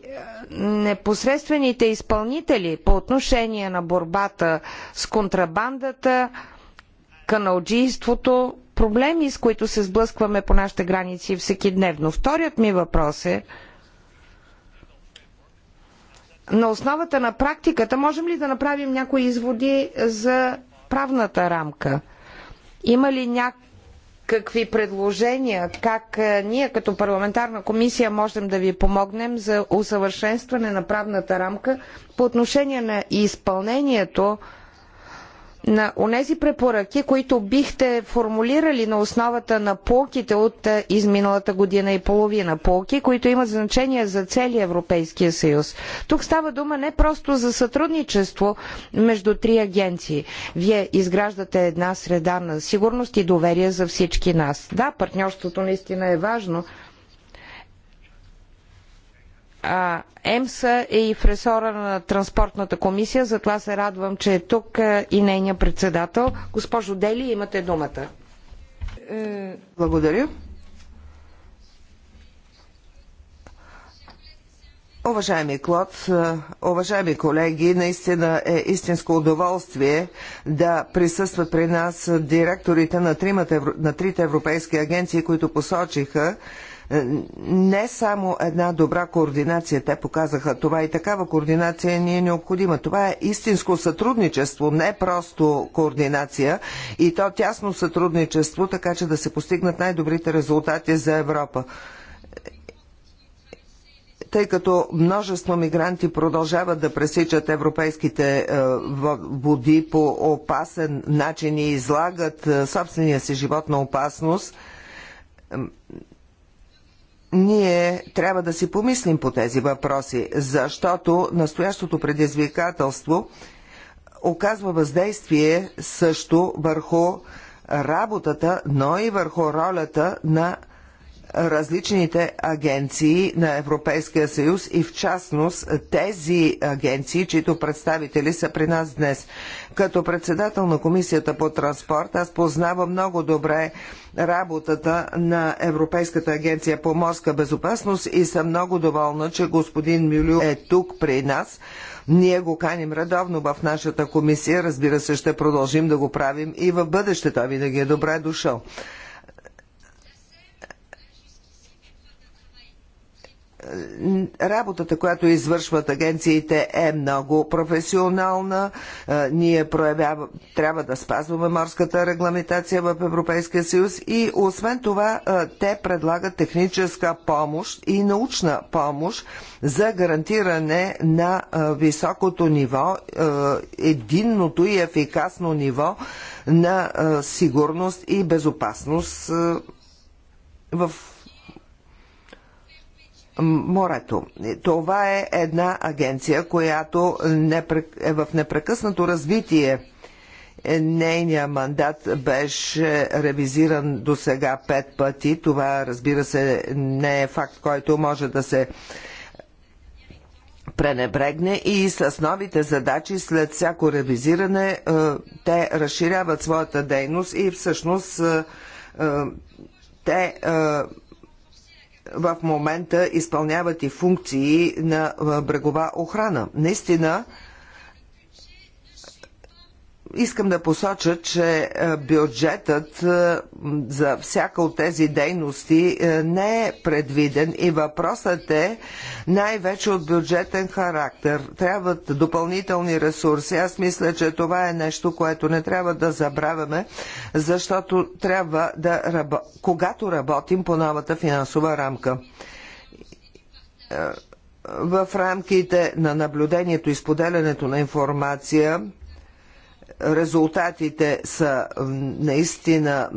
непосредствените изпълнители по отношение на борбата с контрабандата, каналджийството, проблеми, с които се сблъскваме по нашите граници всекидневно. Вторият ми въпрос е на основата на практиката можем ли да направим някои изводи за правната рамка? Има ли някакви какви предложения, как е, ние като парламентарна комисия можем да ви помогнем за усъвършенстване на правната рамка по отношение на изпълнението на онези препоръки, които бихте формулирали на основата на полките от е, изминалата година и половина. Полки, които имат значение за целия Европейския съюз. Тук става дума не просто за сътрудничество между три агенции. Вие изграждате една среда на сигурност и доверие за всички нас. Да, партньорството наистина е важно, ЕМСА е и в ресора на транспортната комисия, затова се радвам, че е тук и нейният председател. Госпожо Дели, имате думата. Благодаря. Уважаеми Клод, уважаеми колеги, наистина е истинско удоволствие да присъстват при нас директорите на, тримата, на трите европейски агенции, които посочиха, е, не само една добра координация, те показаха това и такава координация ни е необходима. Това е истинско сътрудничество, не просто координация и то тясно сътрудничество, така че да се постигнат най-добрите резултати за Европа тъй като множество мигранти продължават да пресичат европейските е, води по опасен начин и излагат е, собствения си живот на опасност, ние трябва да си помислим по тези въпроси, защото настоящото предизвикателство оказва въздействие също върху работата, но и върху ролята на различните агенции на Европейския съюз и в частност тези агенции, чието представители са при нас днес. Като председател на Комисията по транспорт, аз познавам много добре работата на Европейската агенция по морска безопасност и съм много доволна, че господин Мюлю е тук при нас. Ние го каним редовно в нашата комисия. Разбира се, ще продължим да го правим и в бъдеще. Той винаги е добре дошъл. работата, която извършват агенциите е много професионална. Ние проявява, трябва да спазваме морската регламентация в Европейския съюз и освен това те предлагат техническа помощ и научна помощ за гарантиране на високото ниво, единното и ефикасно ниво на сигурност и безопасност в морето. Това е една агенция, която е в непрекъснато развитие. Нейният мандат беше ревизиран до сега пет пъти. Това, разбира се, не е факт, който може да се пренебрегне и с новите задачи след всяко ревизиране е, те разширяват своята дейност и всъщност е, е, те в момента изпълняват и функции на брегова охрана. Наистина, Искам да посоча, че е, бюджетът е, за всяка от тези дейности е, не е предвиден и въпросът е най-вече от бюджетен характер. Трябват допълнителни ресурси. Аз мисля, че това е нещо, което не трябва да забравяме, защото трябва да рабо... когато работим по новата финансова рамка в рамките на наблюдението и споделянето на информация резултатите са наистина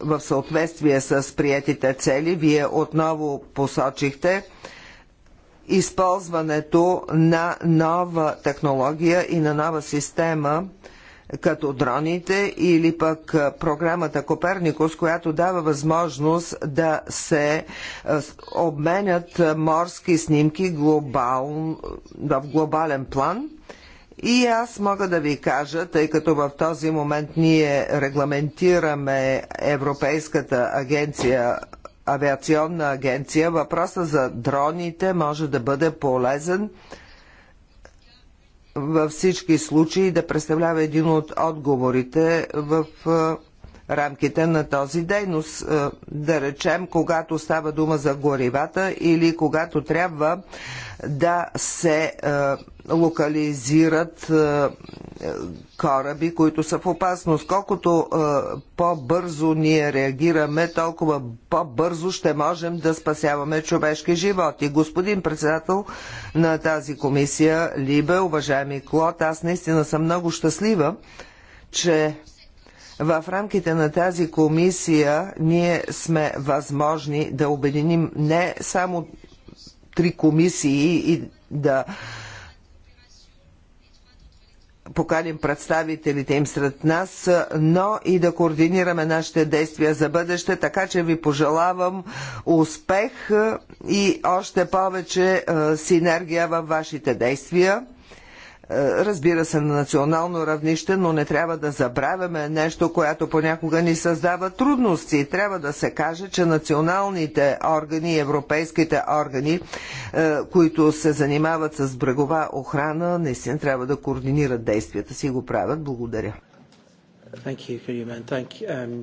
в съответствие с приятите цели. Вие отново посочихте използването на нова технология и на нова система като дроните или пък програмата Коперникус, която дава възможност да се обменят морски снимки глобал, в глобален план – и аз мога да ви кажа, тъй като в този момент ние регламентираме Европейската агенция авиационна агенция, въпроса за дроните може да бъде полезен във всички случаи да представлява един от отговорите в рамките на този дейност. Да речем, когато става дума за горивата или когато трябва да се локализират е, е, кораби, които са в опасност. Колкото е, по-бързо ние реагираме, толкова по-бързо ще можем да спасяваме човешки животи. Господин председател на тази комисия, Либе, уважаеми Клод, аз наистина съм много щастлива, че в рамките на тази комисия ние сме възможни да обединим не само три комисии и да поканим представителите им сред нас, но и да координираме нашите действия за бъдеще, така че ви пожелавам успех и още повече е, синергия във вашите действия. Е, разбира се, на национално равнище, но не трябва да забравяме нещо, което понякога ни създава трудности. Трябва да се каже, че националните органи, европейските органи, е, които се занимават с брегова охрана, наистина трябва да координират действията си и го правят. Благодаря. Uh,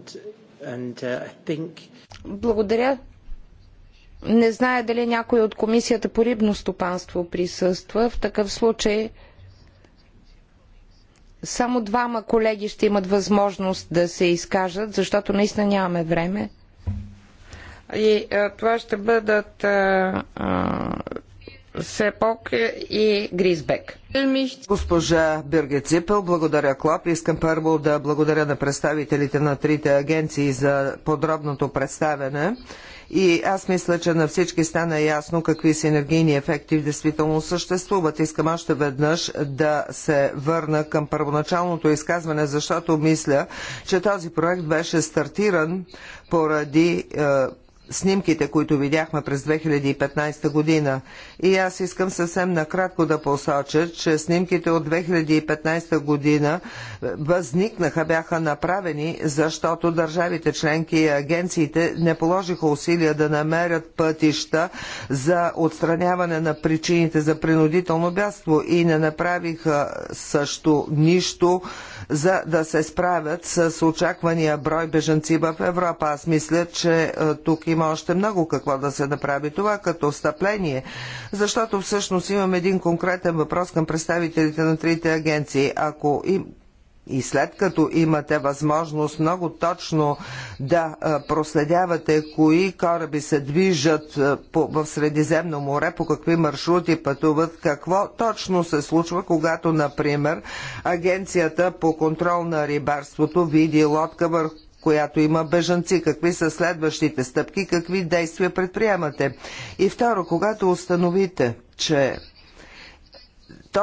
Благодаря. Не зная дали някой от Комисията по рибно стопанство присъства. В такъв случай само двама колеги ще имат възможност да се изкажат, защото наистина нямаме време. И а, е, това ще бъдат а, е, а, е, Сепок и Гризбек. Госпожа Бирге Ципел, благодаря Клап. Искам първо да благодаря на представителите на трите агенции за подробното представяне и аз мисля, че на всички стана ясно какви синергийни ефекти действително съществуват. Искам още веднъж да се върна към първоначалното изказване, защото мисля, че този проект беше стартиран поради е, снимките, които видяхме през 2015 година. И аз искам съвсем накратко да посоча, че снимките от 2015 година е, възникнаха, бяха направени, защото държавите членки и агенциите не положиха усилия да намерят пътища за отстраняване на причините за принудително бягство и не направиха също нищо за да се справят с очаквания брой бежанци в Европа. Аз мисля, че е, тук има още много какво да се направи това като встъпление, защото всъщност имам един конкретен въпрос към представителите на трите агенции. Ако им и след като имате възможност много точно да проследявате кои кораби се движат в Средиземно море, по какви маршрути пътуват, какво точно се случва, когато, например, Агенцията по контрол на рибарството види лодка върху която има бежанци, какви са следващите стъпки, какви действия предприемате. И второ, когато установите, че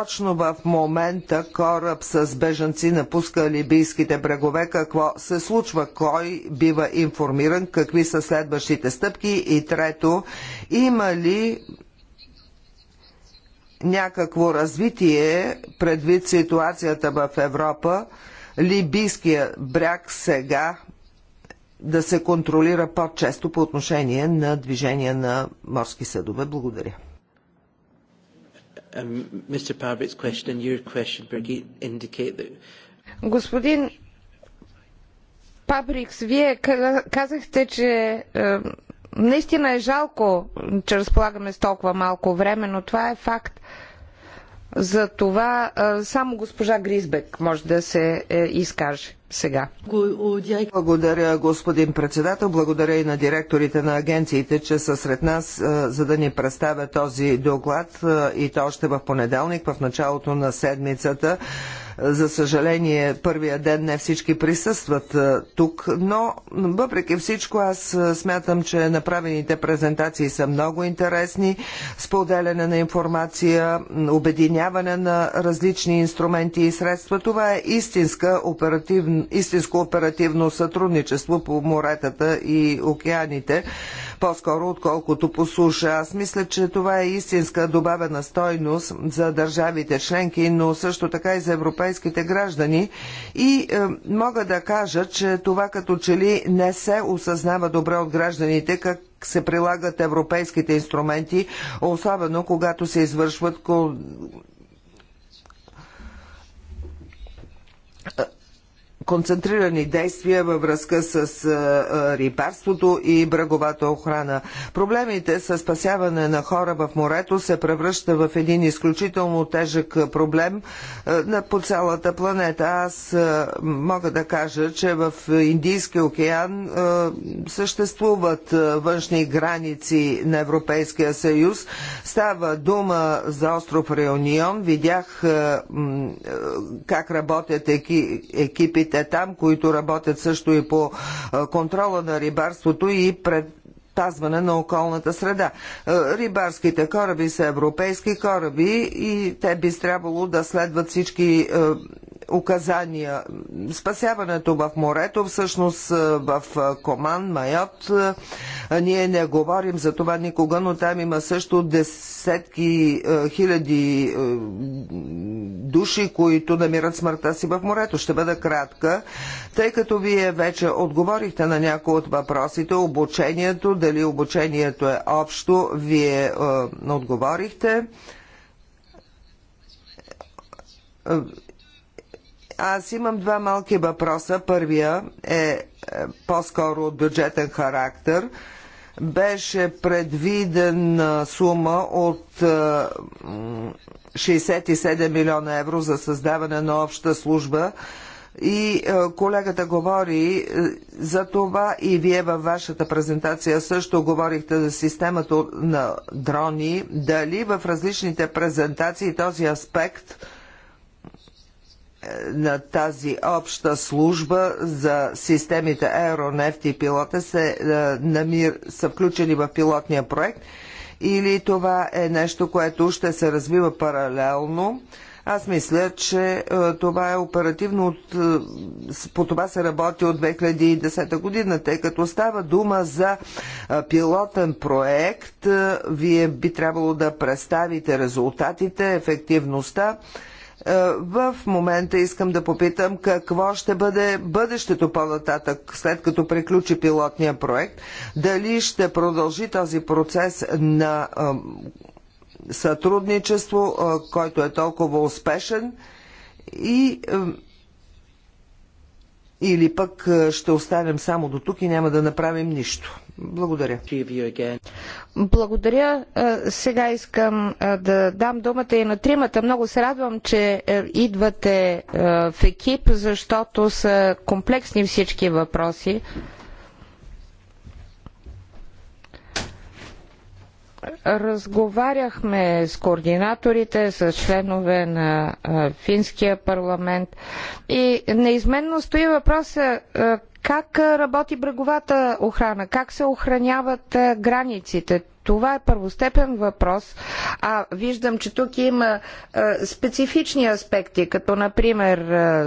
точно в момента кораб с бежанци напуска либийските брегове. Какво се случва? Кой бива информиран? Какви са следващите стъпки? И трето, има ли някакво развитие предвид ситуацията в Европа? Либийския бряг сега да се контролира по-често по отношение на движение на морски съдове. Благодаря. Mr. Um, question and your question, Birgit, indicate that... Господин Пабрикс, вие казахте, че наистина е жалко, че разполагаме с толкова малко време, но това е факт. За това само госпожа Гризбек може да се е, изкаже сега. Благодаря, господин председател. Благодаря и на директорите на агенциите, че са сред нас, за да ни представят този доклад и то още в понеделник, в началото на седмицата. За съжаление, първия ден не всички присъстват тук, но въпреки всичко аз смятам, че направените презентации са много интересни. Споделяне на информация, обединяване на различни инструменти и средства. Това е истинска оперативно, истинско оперативно сътрудничество по моретата и океаните по-скоро отколкото по суша. Аз мисля, че това е истинска добавена стойност за държавите членки, но също така и за европейските граждани. И е, мога да кажа, че това като че ли не се осъзнава добре от гражданите, как се прилагат европейските инструменти, особено когато се извършват концентрирани действия във връзка с рибарството и бреговата охрана. Проблемите с спасяване на хора в морето се превръща в един изключително тежък проблем по цялата планета. Аз мога да кажа, че в Индийския океан съществуват външни граници на Европейския съюз. Става дума за остров Реунион. Видях как работят екипите колегите там, които работят също и по контрола на рибарството и пред пазване на околната среда. Рибарските кораби са европейски кораби и те би трябвало да следват всички указания. Спасяването в морето, всъщност е, в е, Коман, Майот, е, ние не говорим за това никога, но там има също десетки хиляди души, които намират смъртта си в морето. Ще бъда кратка, тъй като вие вече отговорихте на някои от въпросите. Обучението, дали обучението е общо, вие отговорихте аз имам два малки въпроса. Първия е, е по-скоро от бюджетен характер беше предвидена сума от 67 е, милиона евро за създаване на обща служба. И е, колегата говори за това и вие във вашата презентация също говорихте за системата на дрони. Дали в различните презентации този аспект на тази обща служба за системите аеронефти и пилота се, е, намир, са включени в пилотния проект или това е нещо, което ще се развива паралелно. Аз мисля, че е, това е оперативно, от, е, по това се работи от 2010 година, тъй като става дума за пилотен проект. Вие би трябвало да представите резултатите, ефективността. Е, в момента искам да попитам какво ще бъде бъдещето по-нататък, след като приключи пилотния проект. Дали ще продължи този процес на сътрудничество, е, който е толкова успешен и или пък е, ще оставим само до тук и няма да направим нищо. Благодаря. Благодаря. Е, сега искам е, да дам думата и на тримата. Много се радвам, че идвате в екип, защото са комплексни всички въпроси. Разговаряхме с координаторите, с членове на финския парламент и неизменно стои въпроса как работи бреговата охрана, как се охраняват границите. Това е първостепен въпрос, а виждам, че тук има специфични аспекти, като например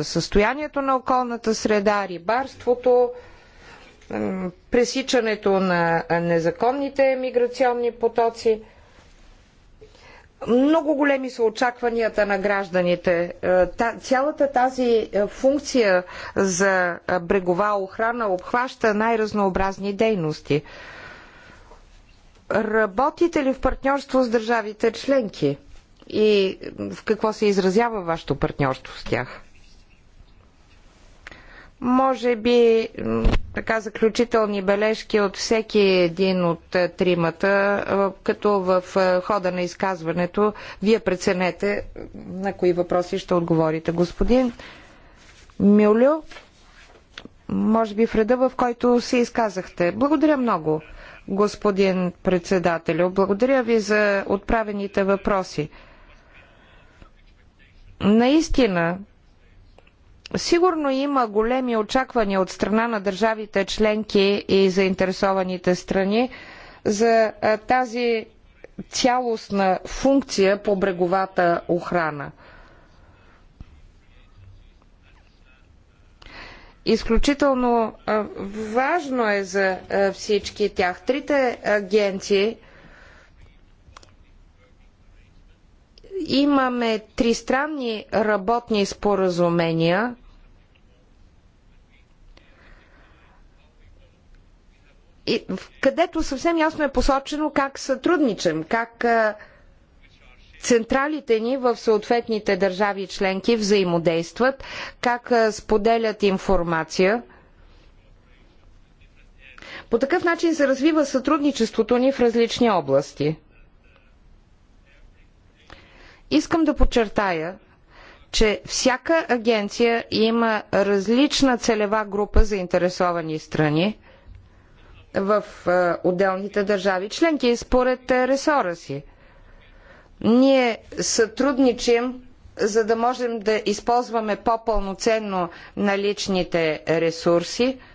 състоянието на околната среда, рибарството, пресичането на незаконните миграционни потоци. Много големи са очакванията на гражданите. Е, цялата тази е, функция за е, брегова охрана обхваща най-разнообразни дейности. Работите ли в партньорство с държавите членки? И в какво се изразява вашето партньорство с тях? Може би така заключителни бележки от всеки един от е, тримата, е, като в е, хода на изказването вие преценете на кои въпроси ще отговорите. Господин Мюлю, може би в реда, в който се изказахте. Благодаря много, господин председателю. Благодаря ви за отправените въпроси. Наистина, Сигурно има големи очаквания от страна на държавите членки и заинтересованите страни за тази цялостна функция по бреговата охрана. Изключително важно е за всички тях. Трите агенции имаме тристранни работни споразумения, където съвсем ясно е посочено как сътрудничим, как централите ни в съответните държави членки взаимодействат, как споделят информация. По такъв начин се развива сътрудничеството ни в различни области. Искам да подчертая, че всяка агенция има различна целева група заинтересовани страни в е, отделните държави членки според е, ресора си. Ние сътрудничим, за да можем да използваме по-пълноценно наличните ресурси –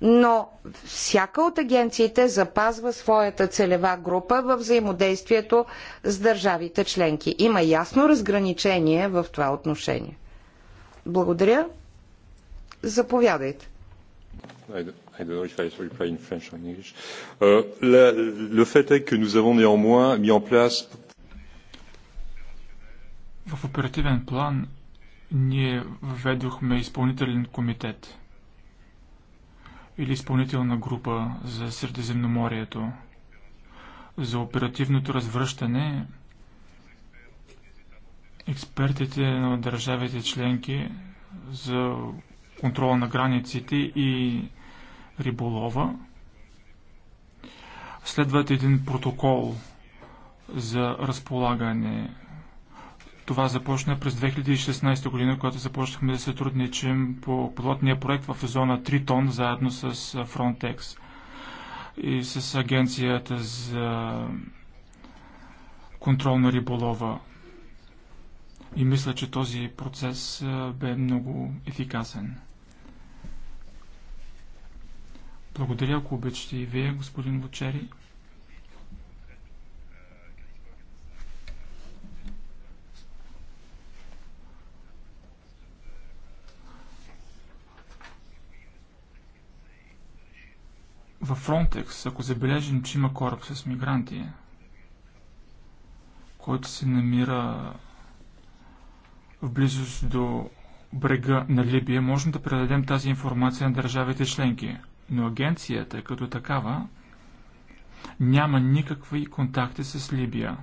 но всяка от агенциите запазва своята целева група във взаимодействието с държавите членки. Има ясно разграничение в това отношение. Благодаря. Заповядайте. I don't know if I reply in French or in English. Uh, la, le fait est que nous avons néanmoins mis en place. В оперативен план ние введохме изпълнителен комитет или изпълнителна група за Средиземноморието за оперативното развръщане експертите на държавите членки за контрола на границите и риболова. Следват един протокол за разполагане това започна през 2016 година, когато започнахме да сътрудничим по пилотния проект в зона Тритон, заедно с Frontex и с агенцията за контрол на риболова. И мисля, че този процес бе много ефикасен. Благодаря, ако обичате и вие, господин Бочери. Във Frontex, ако забележим, че има кораб с мигранти, който се намира в близост до брега на Либия, можем да предадем тази информация на държавите членки. Но агенцията като такава няма никакви контакти с Либия.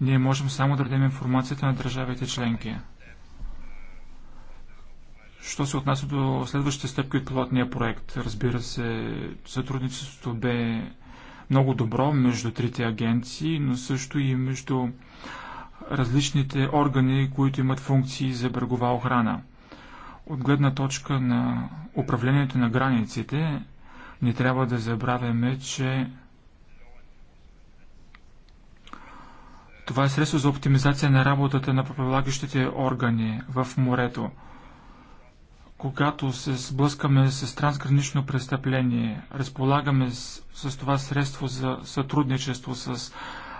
Ние можем само да дадем информацията на държавите членки. Що се отнася до следващите стъпки от пилотния проект, разбира се, сътрудничеството бе много добро между трите агенции, но също и между различните органи, които имат функции за брегова охрана. От гледна точка на управлението на границите, не трябва да забравяме, че това е средство за оптимизация на работата на правилагащите органи в морето – когато се сблъскаме с трансгранично престъпление, разполагаме с, с това средство за сътрудничество с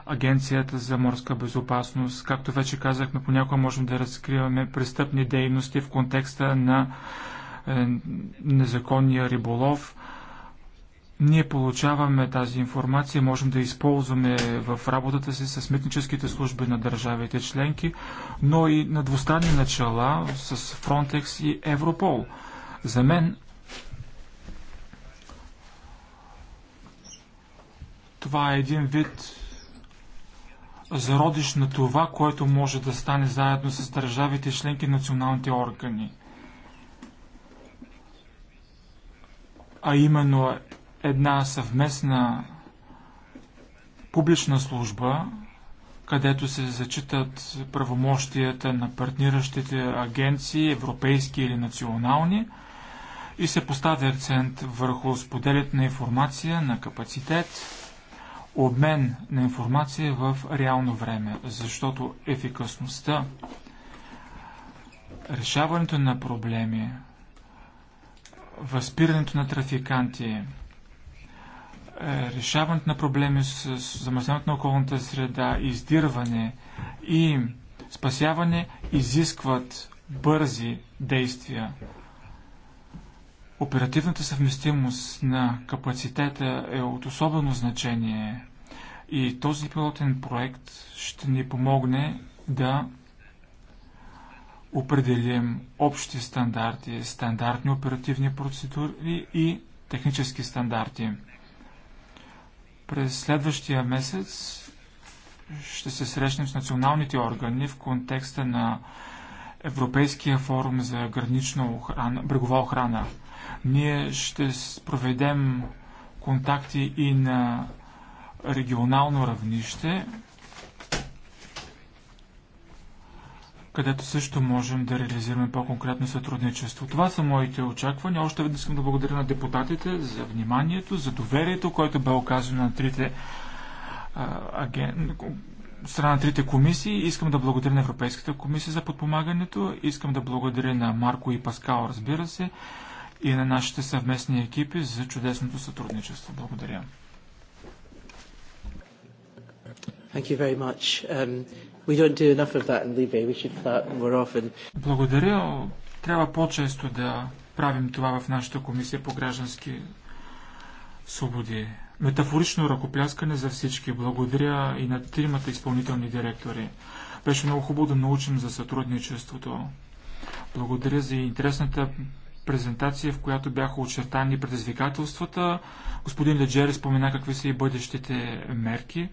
Агенцията за морска безопасност. Както вече казахме, понякога можем да разкриваме престъпни дейности в контекста на е, незаконния риболов, ние получаваме тази информация, можем да използваме в работата си с митническите служби на държавите членки, но и на двустранни начала с Frontex и Европол. За мен това е един вид зародиш на това, което може да стане заедно с държавите членки и националните органи. А именно една съвместна публична служба, където се зачитат правомощията на партниращите агенции, европейски или национални, и се поставя акцент върху споделят на информация, на капацитет, обмен на информация в реално време, защото ефикасността, решаването на проблеми, възпирането на трафиканти, е, решаването на проблеми с замърсяването на околната среда, издирване и спасяване изискват бързи действия. Оперативната съвместимост на капацитета е от особено значение и този пилотен проект ще ни помогне да определим общи стандарти, стандартни оперативни процедури и технически стандарти – през следващия месец ще се срещнем с националните органи в контекста на Европейския форум за гранична охрана, брегова охрана. Ние ще проведем контакти и на регионално равнище където също можем да реализираме по-конкретно сътрудничество. Това са моите очаквания. Още веднъж искам да благодаря на депутатите за вниманието, за доверието, което бе оказано на трите а, страна на трите комисии. Искам да благодаря на Европейската комисия за подпомагането. Искам да благодаря на Марко и Паскал, разбира се, и на нашите съвместни екипи за чудесното сътрудничество. Благодаря. Thank you very much. Um, We don't do enough of that in Libya. We should start more often. Благодаря. Трябва по-често да правим това в нашата комисия по граждански свободи. Метафорично ръкопляскане за всички. Благодаря и на тримата изпълнителни директори. Беше много хубаво да научим за сътрудничеството. Благодаря за интересната презентация, в която бяха очертани предизвикателствата. Господин Леджери спомена какви са и бъдещите мерки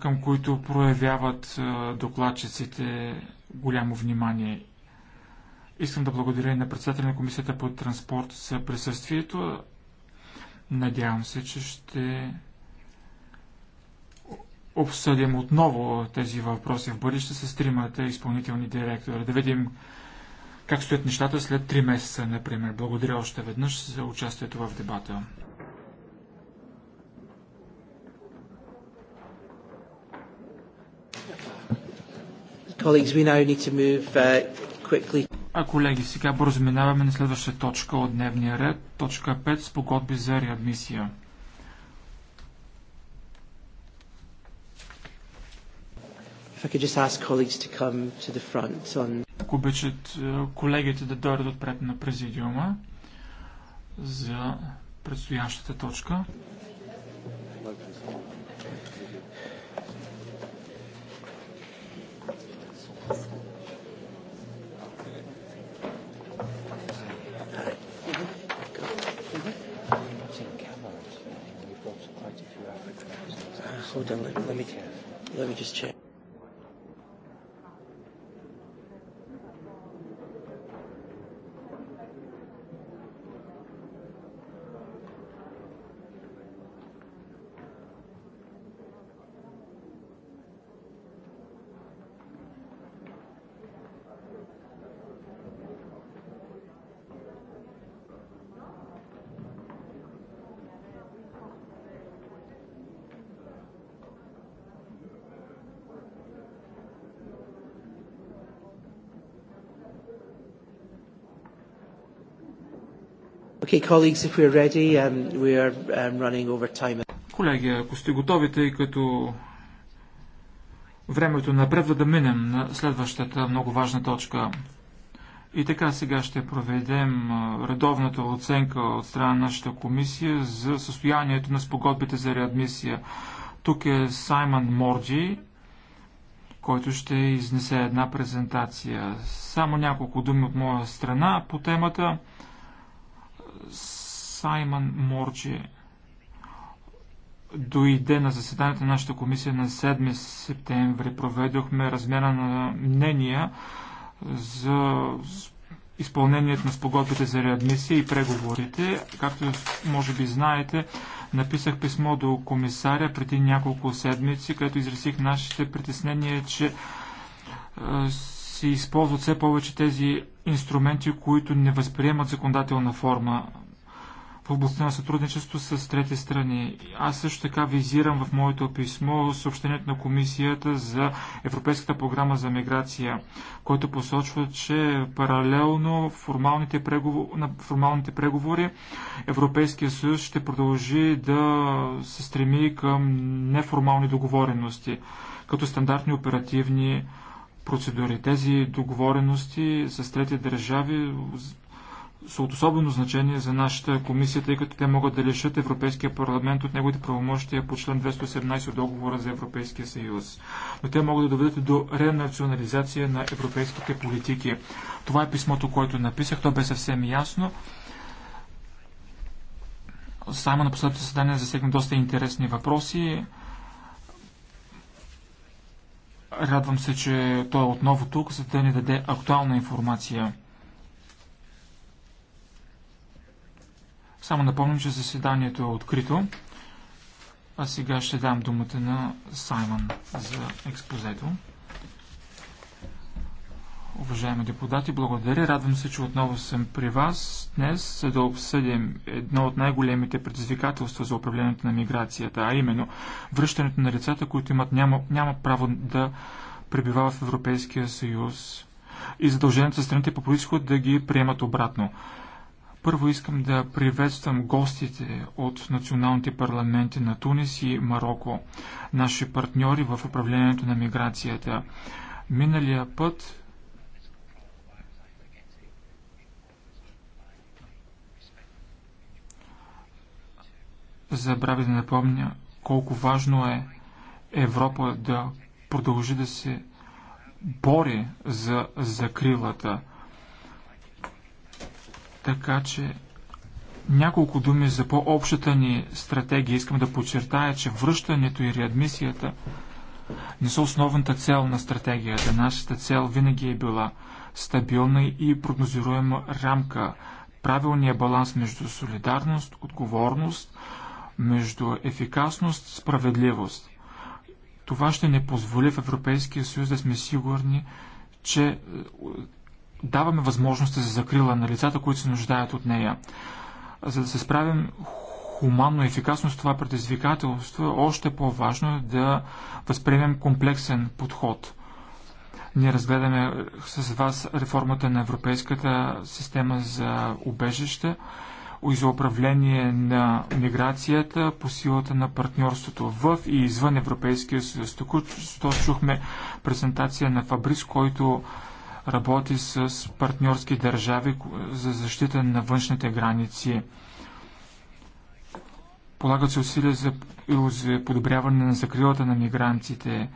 към които проявяват докладчиците голямо внимание. Искам да благодаря и на председателя на Комисията по транспорт за присъствието. Надявам се, че ще обсъдим отново тези въпроси в бъдеще с тримата изпълнителни директори. Да видим как стоят нещата след три месеца, например. Благодаря още веднъж за участието в дебата. Uh, а колеги, сега бързо минаваме на следващата точка от дневния ред, точка 5, спогодби за реадмисия. If I could just ask colleagues to come to the front on... Ако обичат е, колегите да дойдат отпред на президиума за предстоящата точка. Hold on, let, let me let me just check. Okay, colleagues, if we're ready, um, we are um, running over time. Колеги, ако сте готови, тъй като времето напредва да минем на следващата много важна точка. И така сега ще проведем редовната оценка от страна на нашата комисия за състоянието на спогодбите за реадмисия. Тук е Саймън Морджи, който ще изнесе една презентация. Само няколко думи от моя страна по темата. Саймън Морджи дойде на заседанието на нашата комисия на 7 септември. Проведохме размяна на мнения за изпълнението на спогодбите за реадмисия и преговорите. Както може би знаете, написах писмо до комисаря преди няколко седмици, където изразих нашите притеснения, че е, се използват все повече тези инструменти, които не възприемат законодателна форма в областта на сътрудничество с трети страни. Аз също така визирам в моето писмо съобщението на Комисията за Европейската програма за миграция, който посочва, че паралелно формалните преговори, на формалните преговори Европейския съюз ще продължи да се стреми към неформални договорености, като стандартни оперативни процедури. Тези договорености с трети държави са от особено значение за нашата комисия, тъй като те могат да лишат Европейския парламент от неговите правомощия по член 218 от договора за Европейския съюз. Но те могат да доведат до ренационализация на европейските политики. Това е писмото, което написах. То бе съвсем ясно. Само на последното съседание засегна доста интересни въпроси. Радвам се, че той е отново тук, за да ни даде актуална информация. Само напомням, че заседанието е открито. А сега ще дам думата на Саймън за експозето. Уважаеми депутати, благодаря. Радвам се, че отново съм при вас днес, за да обсъдим едно от най-големите предизвикателства за управлението на миграцията, а именно връщането на лицата, които имат, няма, няма право да пребивават в Европейския съюз и задължението за страните по происход да ги приемат обратно. Първо искам да приветствам гостите от националните парламенти на Тунис и Марокко, наши партньори в управлението на миграцията. Миналия път забравя да напомня колко важно е Европа да продължи да се бори за закрилата. Така че няколко думи за по-общата ни стратегия. Искам да подчертая, че връщането и реадмисията не са основната цел на стратегията. Нашата цел винаги е била стабилна и прогнозируема рамка, правилния баланс между солидарност, отговорност, между ефикасност и справедливост. Това ще ни позволи в Европейския съюз да сме сигурни, че е, даваме възможности за закрила на лицата, които се нуждаят от нея. За да се справим хуманно и ефикасно с това предизвикателство, още по-важно е да възприемем комплексен подход. Ние разгледаме с вас реформата на Европейската система за убежище за управление на миграцията по силата на партньорството в и извън Европейския съюз. Тук чухме презентация на Фабрис, който работи с партньорски държави за защита на външните граници. Полагат се усилия за, за подобряване на закрилата на мигрантите.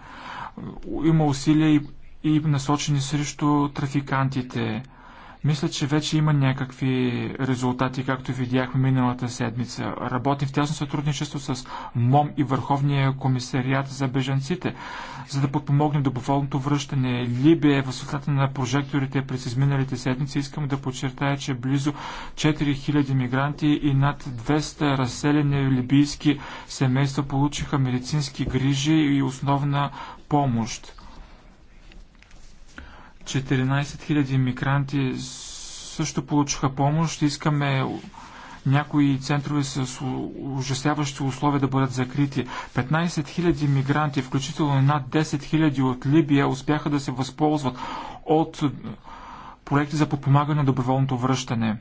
Има усилия и, и насочени срещу трафикантите мисля, че вече има някакви резултати, както видяхме миналата седмица. Работим в тясно сътрудничество с МОМ и Върховния комисариат за бежанците, за да подпомогне доброволното връщане. Либия е в светлата на прожекторите през изминалите седмици. Искам да подчертая, че близо 4000 мигранти и над 200 разселени либийски семейства получиха медицински грижи и основна помощ. 14 000 мигранти също получиха помощ. Искаме някои центрове с ужасяващи условия да бъдат закрити. 15 000 мигранти, включително над 10 000 от Либия, успяха да се възползват от проекти за подпомагане на доброволното връщане.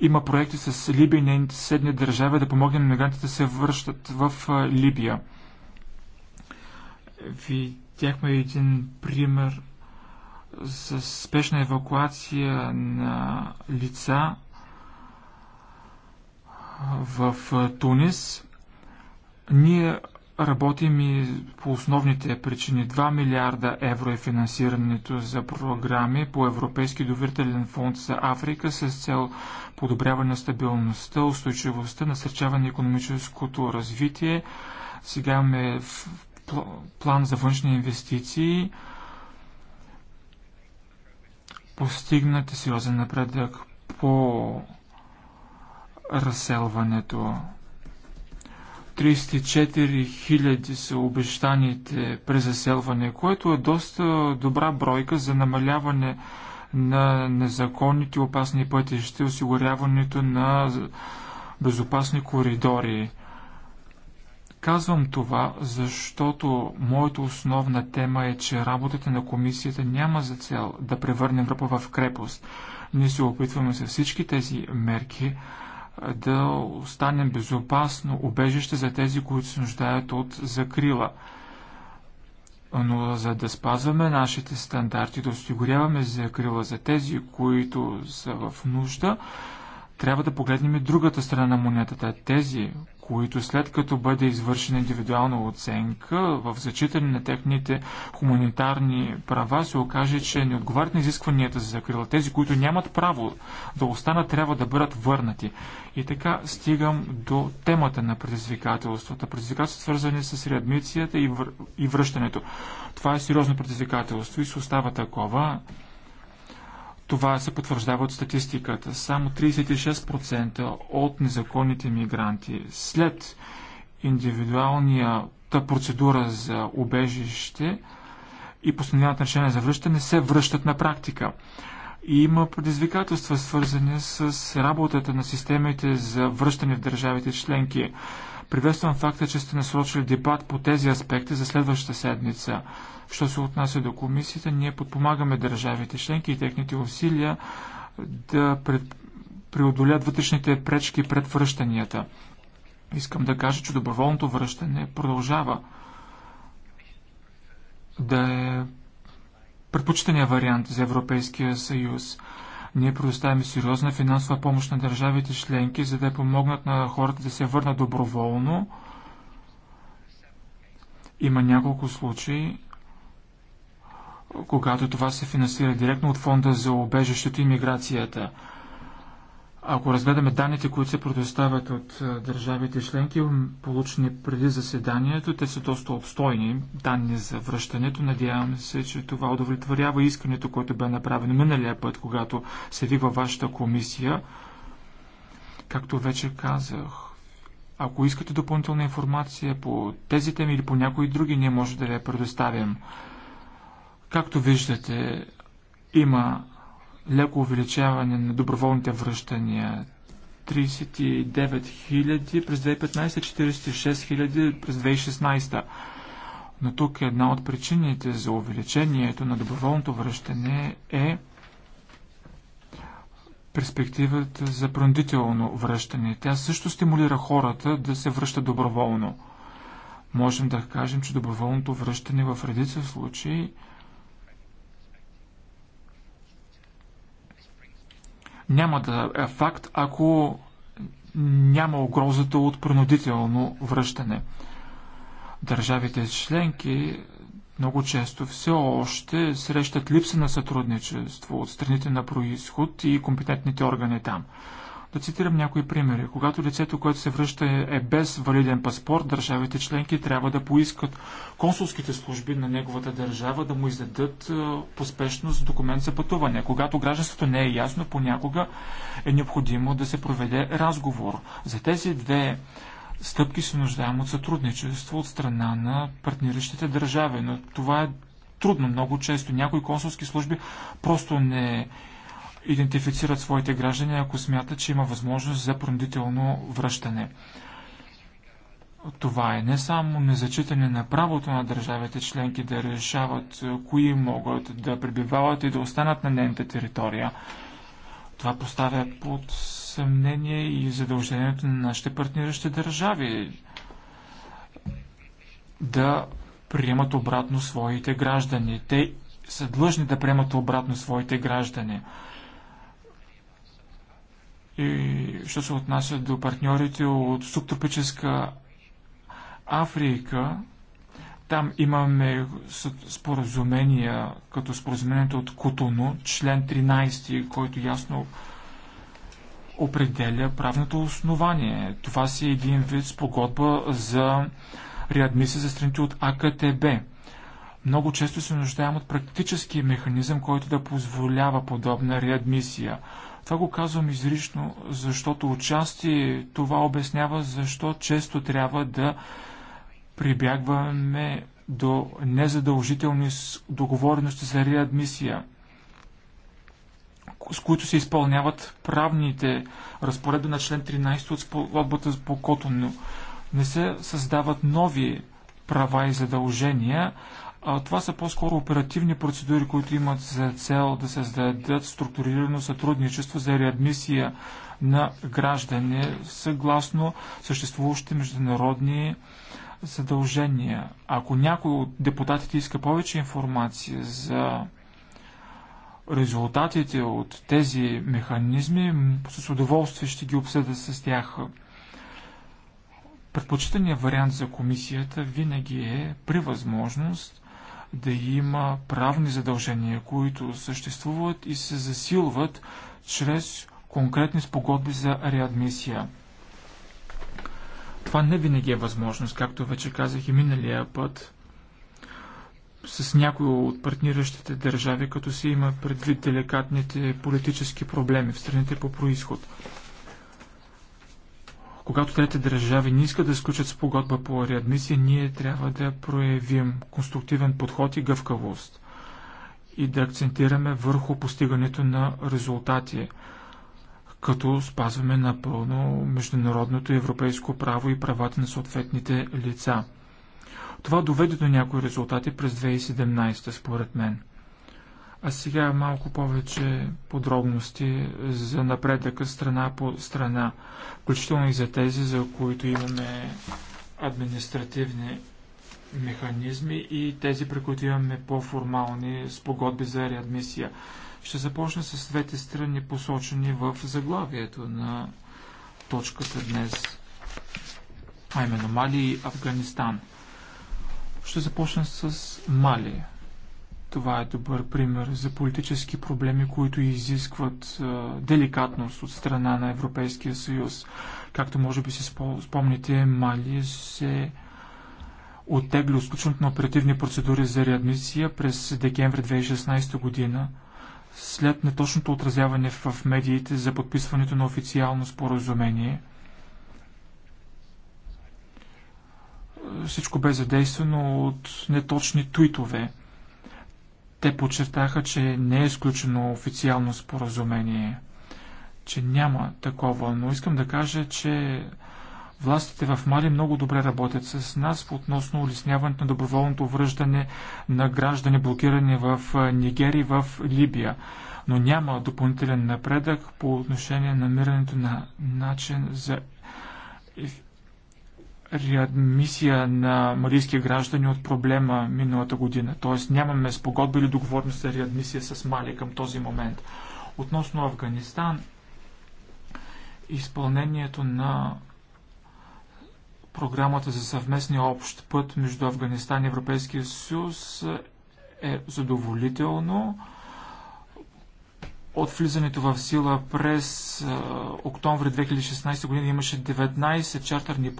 Има проекти с Либия и нейните съседни държави да помогнем на мигрантите да се връщат в Либия. Видяхме един пример с спешна евакуация на лица в Тунис. Ние работим и по основните причини. 2 милиарда евро е финансирането за програми по Европейски доверителен фонд за Африка с цел подобряване на стабилността, устойчивостта, насърчаване на економическото развитие. Сега имаме план за външни инвестиции Постигнат сериозен напредък по разселването. 34 000 са обещаните през заселване, което е доста добра бройка за намаляване на незаконните опасни пътища, осигуряването на безопасни коридори. Казвам това, защото моята основна тема е, че работата на комисията няма за цел да превърне Европа в крепост. Ние се опитваме с всички тези мерки да останем безопасно убежище за тези, които се нуждаят от закрила. Но за да спазваме нашите стандарти, да осигуряваме закрила за тези, които са в нужда, трябва да погледнем и другата страна на монетата. Тези, които след като бъде извършена индивидуална оценка в зачитане на техните хуманитарни права се окаже, че не отговарят на изискванията за закрила. Тези, които нямат право да останат, трябва да бъдат върнати. И така стигам до темата на предизвикателствата. Предизвикателствата свързани с реадмицията и, вър... и връщането. Това е сериозно предизвикателство и се остава такова. Това се потвърждава от статистиката. Само 36% от незаконните мигранти след индивидуалната процедура за убежище и постановяват решение за връщане се връщат на практика. И има предизвикателства, свързани с работата на системите за връщане в държавите членки. Приветствам факта, че сте насрочили дебат по тези аспекти за следващата седмица. Що се отнася до комисията, ние подпомагаме държавите членки и техните усилия да пред... преодолят вътрешните пречки пред връщанията. Искам да кажа, че доброволното връщане продължава да е предпочитания вариант за Европейския съюз. Ние предоставяме сериозна финансова помощ на държавите членки, за да помогнат на хората да се върнат доброволно. Има няколко случаи, когато това се финансира директно от фонда за убежището и миграцията. Ако разгледаме данните, които се предоставят от държавите членки, получени преди заседанието, те са доста обстойни данни за връщането. Надявам се, че това удовлетворява искането, което бе направено миналия път, когато се вива вашата комисия. Както вече казах, ако искате допълнителна информация по тези теми или по някои други, ние може да я предоставим. Както виждате, има леко увеличаване на доброволните връщания. 39 000 през 2015, 46 000 през 2016. Но тук е една от причините за увеличението на доброволното връщане е перспективата за пронудително връщане. Тя също стимулира хората да се връщат доброволно. Можем да кажем, че доброволното връщане в редица случаи няма да е факт, ако няма угрозата от принудително връщане. Държавите членки много често все още срещат липса на сътрудничество от страните на происход и компетентните органи там. Да цитирам някои примери. Когато лицето, което се връща е, е без валиден паспорт, държавите членки трябва да поискат консулските служби на неговата държава да му издадат е, поспешно с документ за пътуване. Когато гражданството не е ясно, понякога е необходимо да се проведе разговор. За тези две стъпки се нуждаем от сътрудничество от страна на партниращите държави, но това е трудно много често. Някои консулски служби просто не идентифицират своите граждани, ако смятат, че има възможност за принудително връщане. Това е не само незачитане на правото на държавите членки да решават е, кои могат да пребивават и да останат на нейната територия. Това поставя под съмнение и задължението на нашите партниращи държави да приемат обратно своите граждани. Те са длъжни да приемат обратно своите граждани. И що се отнася до партньорите от субтропическа Африка, там имаме споразумения, като споразумението от Кутоно, член 13, който ясно определя правното основание. Това си е един вид спогодба за реадмисия за страните от АКТБ. Много често се нуждаем от практически механизъм, който да позволява подобна реадмисия. Това го казвам изрично, защото отчасти това обяснява защо често трябва да прибягваме до незадължителни договорености за реадмисия, с които се изпълняват правните разпоредби на член 13 от спогодбата по Котон. Не се създават нови права и задължения, а това са по-скоро оперативни процедури, които имат за цел да създадат структурирано сътрудничество за реадмисия на граждани съгласно съществуващите международни задължения. Ако някой от депутатите иска повече информация за резултатите от тези механизми, с удоволствие ще ги обсъда с тях. Предпочитания вариант за комисията винаги е при възможност да има правни задължения, които съществуват и се засилват чрез конкретни спогодби за реадмисия. Това не винаги е възможност, както вече казах и миналия път, с някои от партниращите държави, като се има предвид деликатните политически проблеми в страните по происход. Когато трети държави не искат да изключат спогодба по реадмисия, ние трябва да проявим конструктивен подход и гъвкавост и да акцентираме върху постигането на резултати, като спазваме напълно международното европейско право и правата на съответните лица. Това доведе до някои резултати през 2017, според мен – а сега малко повече подробности за напредъка страна по страна, включително и за тези, за които имаме административни механизми и тези, при които имаме по-формални спогодби за реадмисия. Ще започна с двете страни, посочени в заглавието на точката днес, а именно Мали и Афганистан. Ще започна с Мали. Това е добър пример за политически проблеми, които изискват деликатност от страна на Европейския съюз. Както може би си спомните, Мали се оттегли от на оперативни процедури за реадмисия през декември 2016 година след неточното отразяване в медиите за подписването на официално споразумение. Всичко бе задействано от неточни туитове те подчертаха, че не е изключено официално споразумение, че няма такова, но искам да кажа, че властите в Мали много добре работят с нас относно улесняването на доброволното връждане на граждани, блокирани в Нигери и в Либия. Но няма допълнителен напредък по отношение на намирането на начин за реадмисия на малийски граждани е от проблема миналата година. Т.е. нямаме спогодба или договорност за реадмисия с Мали към този момент. Относно Афганистан, изпълнението на програмата за съвместния общ път между Афганистан и Европейския съюз е задоволително от влизането в сила през а, октомври 2016 година имаше 19 чартерни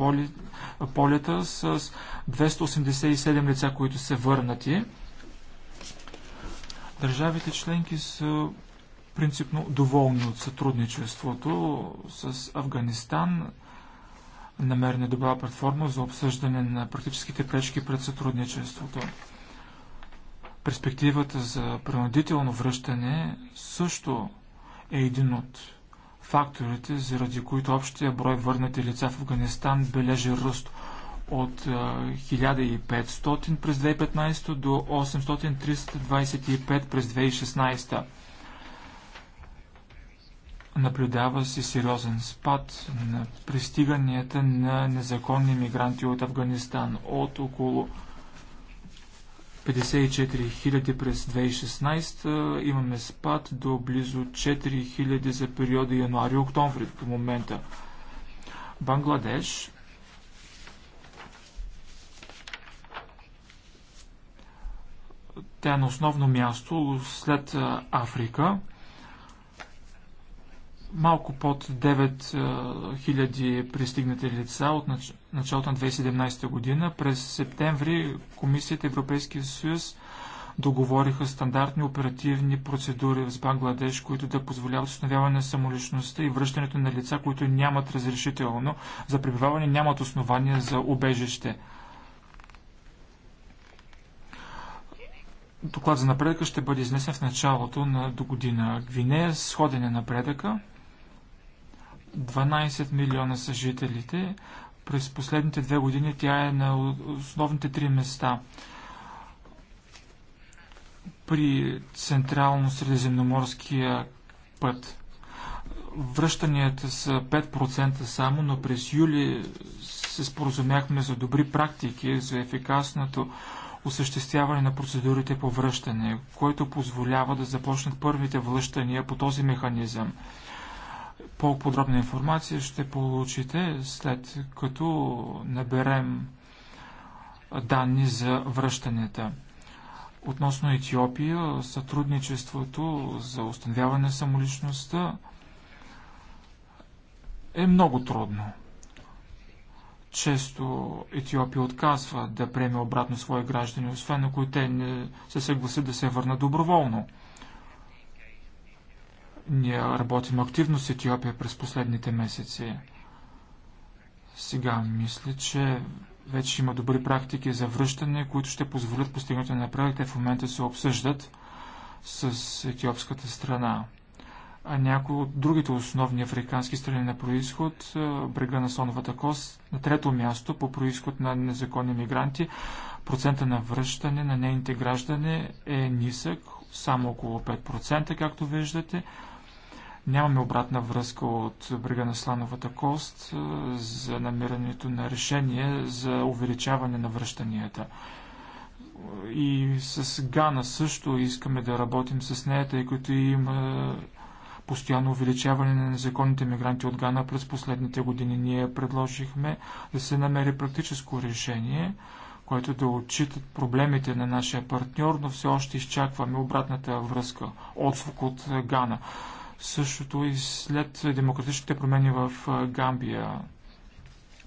полета с 287 лица, които са върнати. Държавите членки са принципно доволни от сътрудничеството с Афганистан. Намерена добра платформа за обсъждане на практическите пречки пред сътрудничеството. Перспективата за принудително връщане също е един от факторите, заради които общия брой върнати лица в Афганистан бележи ръст от 1500 през 2015 до 8325 през 2016. Наблюдава се сериозен спад на пристиганията на незаконни мигранти от Афганистан от около 54 000 през 2016. Имаме спад до близо 4 000 за периода януари-октомври до момента. Бангладеш Тя е на основно място след Африка малко под 9000 пристигнати лица от началото на 2017 година. През септември Комисията Европейския съюз договориха стандартни оперативни процедури с Бангладеш, които да позволяват установяване на самоличността и връщането на лица, които нямат разрешително за пребиваване, нямат основания за убежище. Доклад за напредъка ще бъде изнесен в началото на до година. Гвинея сходене на напредъка. 12 милиона са жителите. През последните две години тя е на основните три места. При Централно-Средиземноморския път. Връщанията са 5% само, но през юли се споразумяхме за добри практики, за ефикасното осъществяване на процедурите по връщане, което позволява да започнат първите връщания по този механизъм. По-подробна информация ще получите след като наберем данни за връщанията. Относно Етиопия, сътрудничеството за установяване самоличността е много трудно. Често Етиопия отказва да приеме обратно свои граждани, освен ако те не се съгласят да се върнат доброволно – ние работим активно с Етиопия през последните месеци. Сега мисля, че вече има добри практики за връщане, които ще позволят постигането на напредък. Те в момента се обсъждат с етиопската страна. А някои от другите основни африкански страни на происход, брега на Соновата кост, на трето място по происход на незаконни мигранти, процента на връщане на нейните граждани е нисък, само около 5%, както виждате. Нямаме обратна връзка от брега на Слановата кост за намирането на решение за увеличаване на връщанията. И с Гана също искаме да работим с нея, тъй като има постоянно увеличаване на незаконните мигранти от Гана през последните години. Ние предложихме да се намери практическо решение, което да отчитат проблемите на нашия партньор, но все още изчакваме обратната връзка, отзвук от Гана. Същото и след демократичните промени в Гамбия.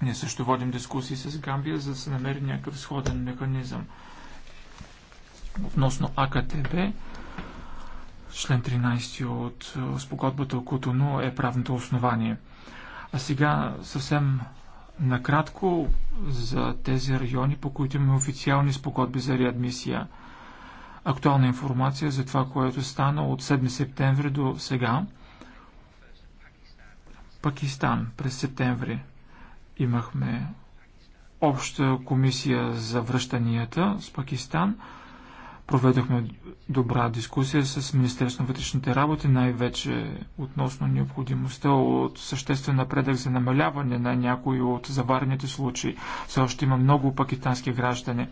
Ние също водим дискусии с Гамбия, за да се намери някакъв сходен механизъм. Относно АКТБ, член 13 от спогодбата о Кутуно е правното основание. А сега съвсем накратко за тези райони, по които имаме официални спогодби за реадмисия – актуална информация за това, което стана от 7 септември до сега. Пакистан през септември имахме обща комисия за връщанията с Пакистан. Проведохме добра дискусия с Министерство на вътрешните работи, най-вече относно необходимостта от съществен напредък за намаляване на някои от заварените случаи. Все още има много пакистански граждани,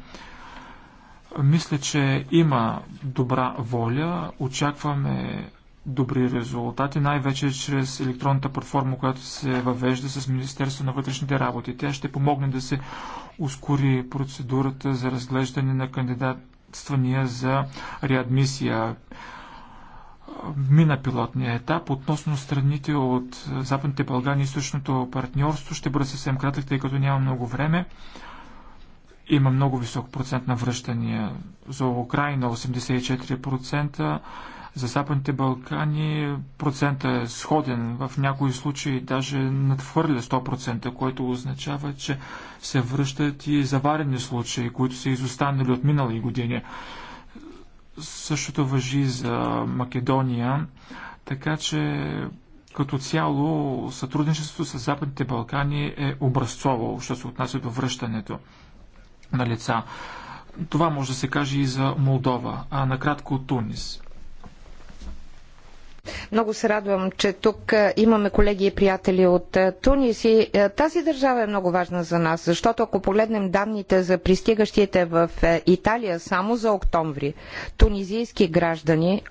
мисля, че има добра воля, очакваме добри резултати, най-вече чрез електронната платформа, която се въвежда с Министерство на вътрешните работи. Тя ще помогне да се ускори процедурата за разглеждане на кандидатствания за реадмисия. Мина пилотния етап относно страните от Западните Балгани и Източното партньорство. Ще бъда съвсем кратък, тъй като няма много време. Има много висок процент на връщания за Украина 84%, за Западните Балкани процента е сходен, в някои случаи даже надхвърля 100%, което означава, че се връщат и заварени случаи, които са изостанали от минали години. Същото въжи за Македония, така че като цяло сътрудничеството с Западните Балкани е образцово, що се отнася до връщането на лица. Това може да се каже и за Молдова, а накратко Тунис. Много се радвам, че тук е, имаме колеги и приятели от е, Тунис и е, тази държава е много важна за нас, защото ако погледнем данните за пристигащите в Италия само за октомври, тунизийски граждани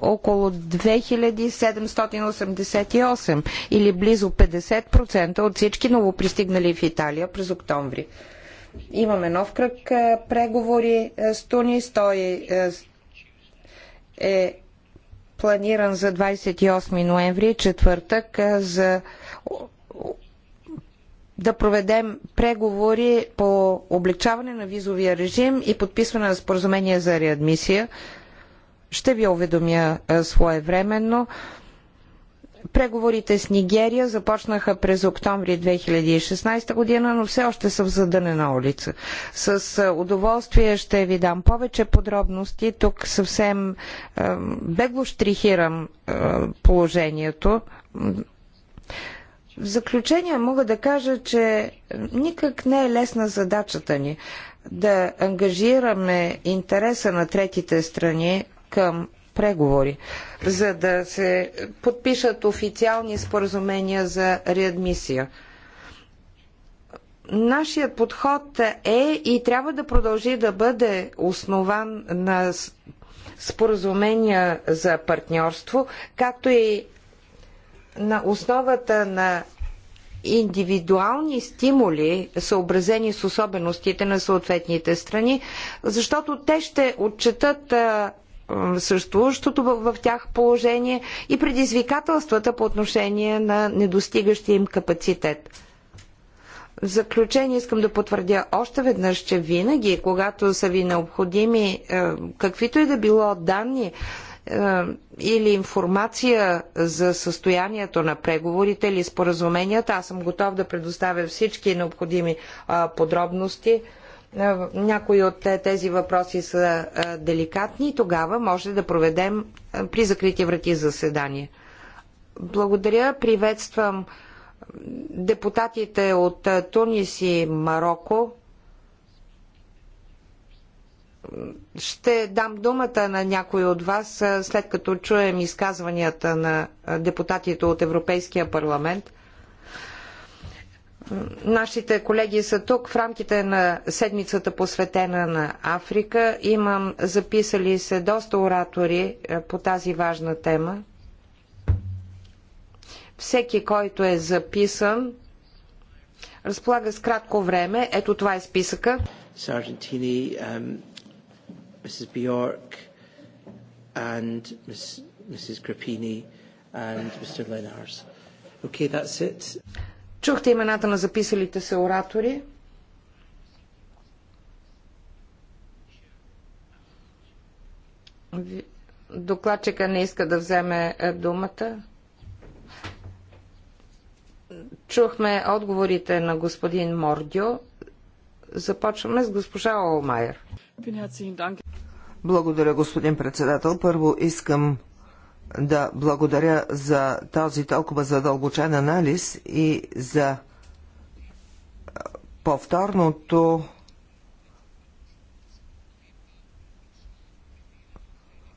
около 2788 или близо 50% от всички новопристигнали в Италия през октомври. Имаме нов кръг е, преговори е, с Тунис. Той е, е планиран за 28 ноември, четвъртък, за да проведем преговори по облегчаване на визовия режим и подписване на споразумение за реадмисия. Ще ви уведомя своевременно. Преговорите с Нигерия започнаха през октомври 2016 година, но все още са в задънена улица. С удоволствие ще ви дам повече подробности. Тук съвсем е, бегло штрихирам е, положението. В заключение мога да кажа, че никак не е лесна задачата ни да ангажираме интереса на третите страни към преговори, за да се подпишат официални споразумения за реадмисия. Нашият подход е и трябва да продължи да бъде основан на споразумения за партньорство, както и на основата на индивидуални стимули, съобразени с особеностите на съответните страни, защото те ще отчетат съществуващото в тях положение и предизвикателствата по отношение на недостигащия им капацитет. В заключение искам да потвърдя още веднъж, че винаги, когато са ви необходими е, каквито и да било данни е, или информация за състоянието на преговорите или споразуменията, аз съм готов да предоставя всички необходими подробности някои от тези въпроси са деликатни, тогава може да проведем при закрити врати заседание. Благодаря, приветствам депутатите от Тунис и Марокко. Ще дам думата на някой от вас, след като чуем изказванията на депутатите от Европейския парламент – Нашите колеги са тук в рамките на седмицата посветена на Африка. Имам записали се доста оратори е, по тази важна тема. Всеки, който е записан, разполага с кратко време. Ето това е списъка. Саржентини, мисис Бьорк, мисис Грапини и мистер Ленарс. Okay, that's it. Чухте имената на записалите се оратори. Докладчика не иска да вземе е, думата. Чухме отговорите на господин Мордио. Започваме с госпожа Олмайер. Благодаря, господин председател. Първо искам да благодаря за този толкова задълбочен анализ и за повторното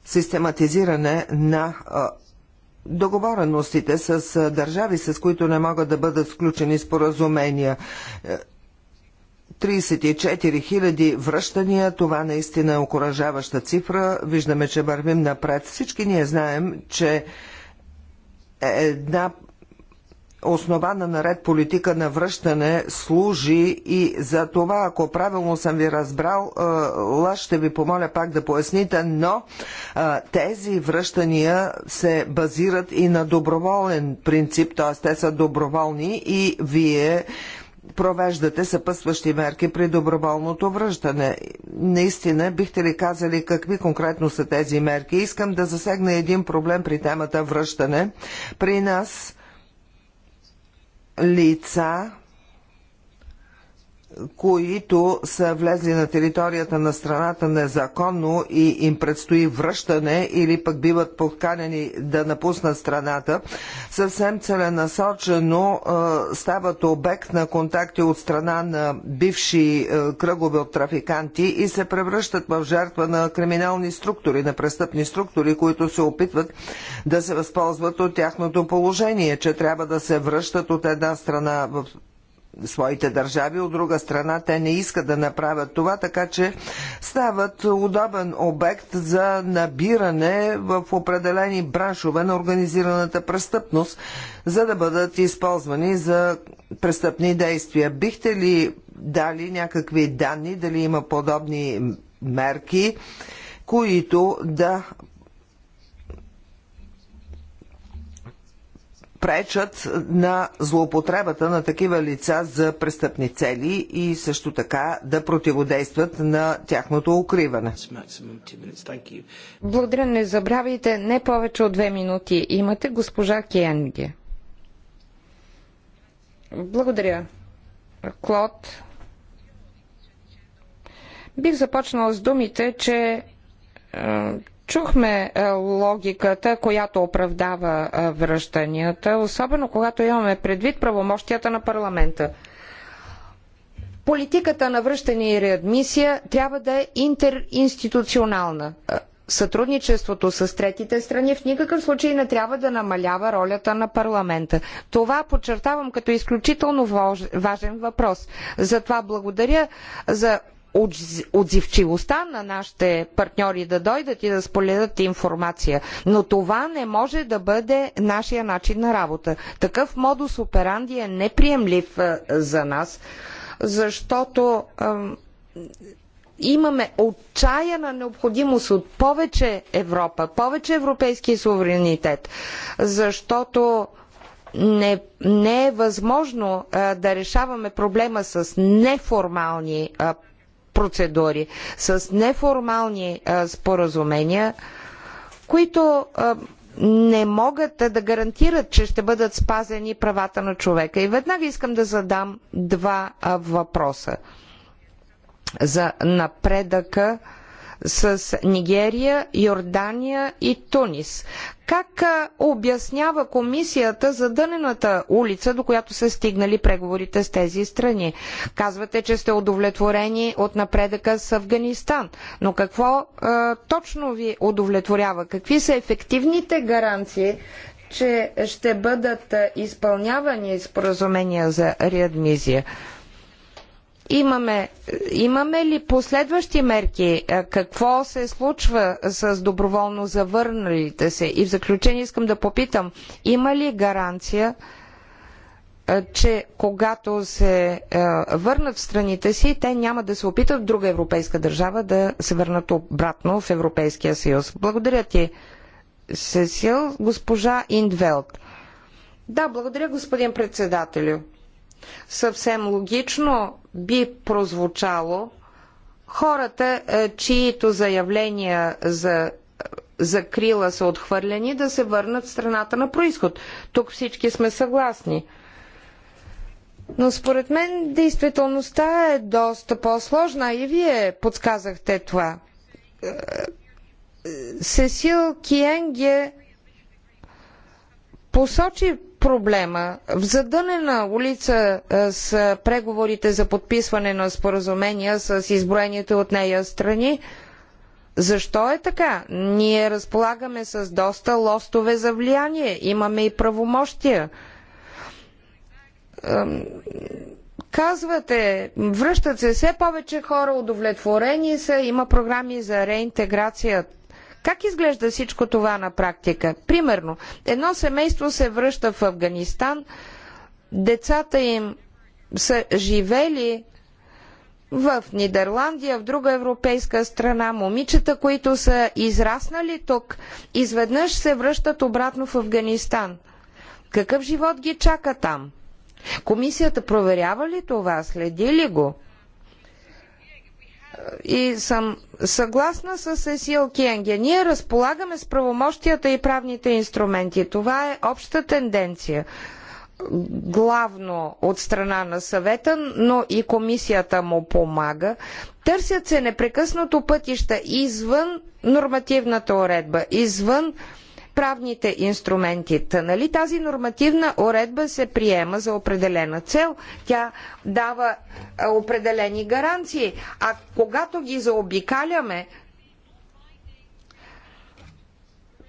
систематизиране на договореностите с държави, с които не могат да бъдат сключени споразумения. Е, 34 000 връщания, това наистина е окоръжаваща цифра. Виждаме, че вървим напред. Всички ние знаем, че е една основана наред политика на връщане служи и за това, ако правилно съм ви разбрал, е, ла ще ви помоля пак да поясните, но е, тези връщания се базират и на доброволен принцип, т.е. те са доброволни и вие провеждате съпътстващи мерки при доброволното връщане. Наистина, бихте ли казали какви конкретно са тези мерки? Искам да засегна един проблем при темата връщане. При нас лица които са влезли на територията на страната незаконно и им предстои връщане или пък биват подканени да напуснат страната, съвсем целенасочено стават обект на контакти от страна на бивши кръгове от трафиканти и се превръщат в жертва на криминални структури, на престъпни структури, които се опитват да се възползват от тяхното положение, че трябва да се връщат от една страна в своите държави. От друга страна, те не искат да направят това, така че стават удобен обект за набиране в определени браншове на организираната престъпност, за да бъдат използвани за престъпни действия. Бихте ли дали някакви данни, дали има подобни мерки, които да пречат на злоупотребата на такива лица за престъпни цели и също така да противодействат на тяхното укриване. Благодаря. Не забравяйте не повече от две минути. Имате госпожа Кенге. Благодаря. Клод. Бих започнала с думите, че Чухме е, логиката, която оправдава е, връщанията, особено когато имаме предвид правомощията на парламента. Политиката на връщане и реадмисия трябва да е интеринституционална. Е, сътрудничеството с третите страни в никакъв случай не трябва да намалява ролята на парламента. Това подчертавам като изключително важен въпрос. Затова благодаря за отзивчивостта на нашите партньори да дойдат и да споделят информация. Но това не може да бъде нашия начин на работа. Такъв модус операнди е неприемлив е, за нас, защото имаме отчаяна необходимост от повече Европа, повече европейски суверенитет, защото не, не е възможно а, е, да решаваме проблема с неформални а, процедури, с неформални споразумения, които не могат да гарантират, че ще бъдат спазени правата на човека. И веднага искам да задам два въпроса за напредъка с Нигерия, Йордания и Тунис. Как обяснява комисията задънената улица, до която са стигнали преговорите с тези страни? Казвате, че сте удовлетворени от напредъка с Афганистан. Но какво е, точно ви удовлетворява? Какви са ефективните гаранции, че ще бъдат изпълнявани споразумения за реадмизия? Имаме, имаме ли последващи мерки? Е, какво се случва с доброволно завърналите се? И в заключение искам да попитам, има ли гаранция, е, че когато се е, върнат в страните си, те няма да се опитат в друга европейска държава да се върнат обратно в Европейския съюз? Благодаря ти, Сесил. Госпожа Индвелт. Да, благодаря, господин председателю. Съвсем логично би прозвучало хората, е, чието заявления за закрила са отхвърлени, да се върнат в страната на происход. Тук всички сме съгласни. Но според мен действителността е доста по-сложна и вие подсказахте това. Е, Сесил Киенге посочи проблема. В задънена улица е, с преговорите за подписване на споразумения с изброените от нея страни. Защо е така? Ние разполагаме с доста лостове за влияние, имаме и правомощия. Казвате, връщат се все повече хора, удовлетворени са, има програми за реинтеграция. Как изглежда всичко това на практика? Примерно, едно семейство се връща в Афганистан, децата им са живели в Нидерландия, в друга европейска страна, момичета, които са израснали тук, изведнъж се връщат обратно в Афганистан. Какъв живот ги чака там? Комисията проверява ли това? Следи ли го? и съм съгласна с Есил Кенге. Ние разполагаме с правомощията и правните инструменти. Това е обща тенденция. Главно от страна на съвета, но и комисията му помага. Търсят се непрекъснато пътища извън нормативната уредба, извън правните инструменти. Та нали тази нормативна уредба се приема за определена цел? Тя дава е, определени гаранции. А когато ги заобикаляме,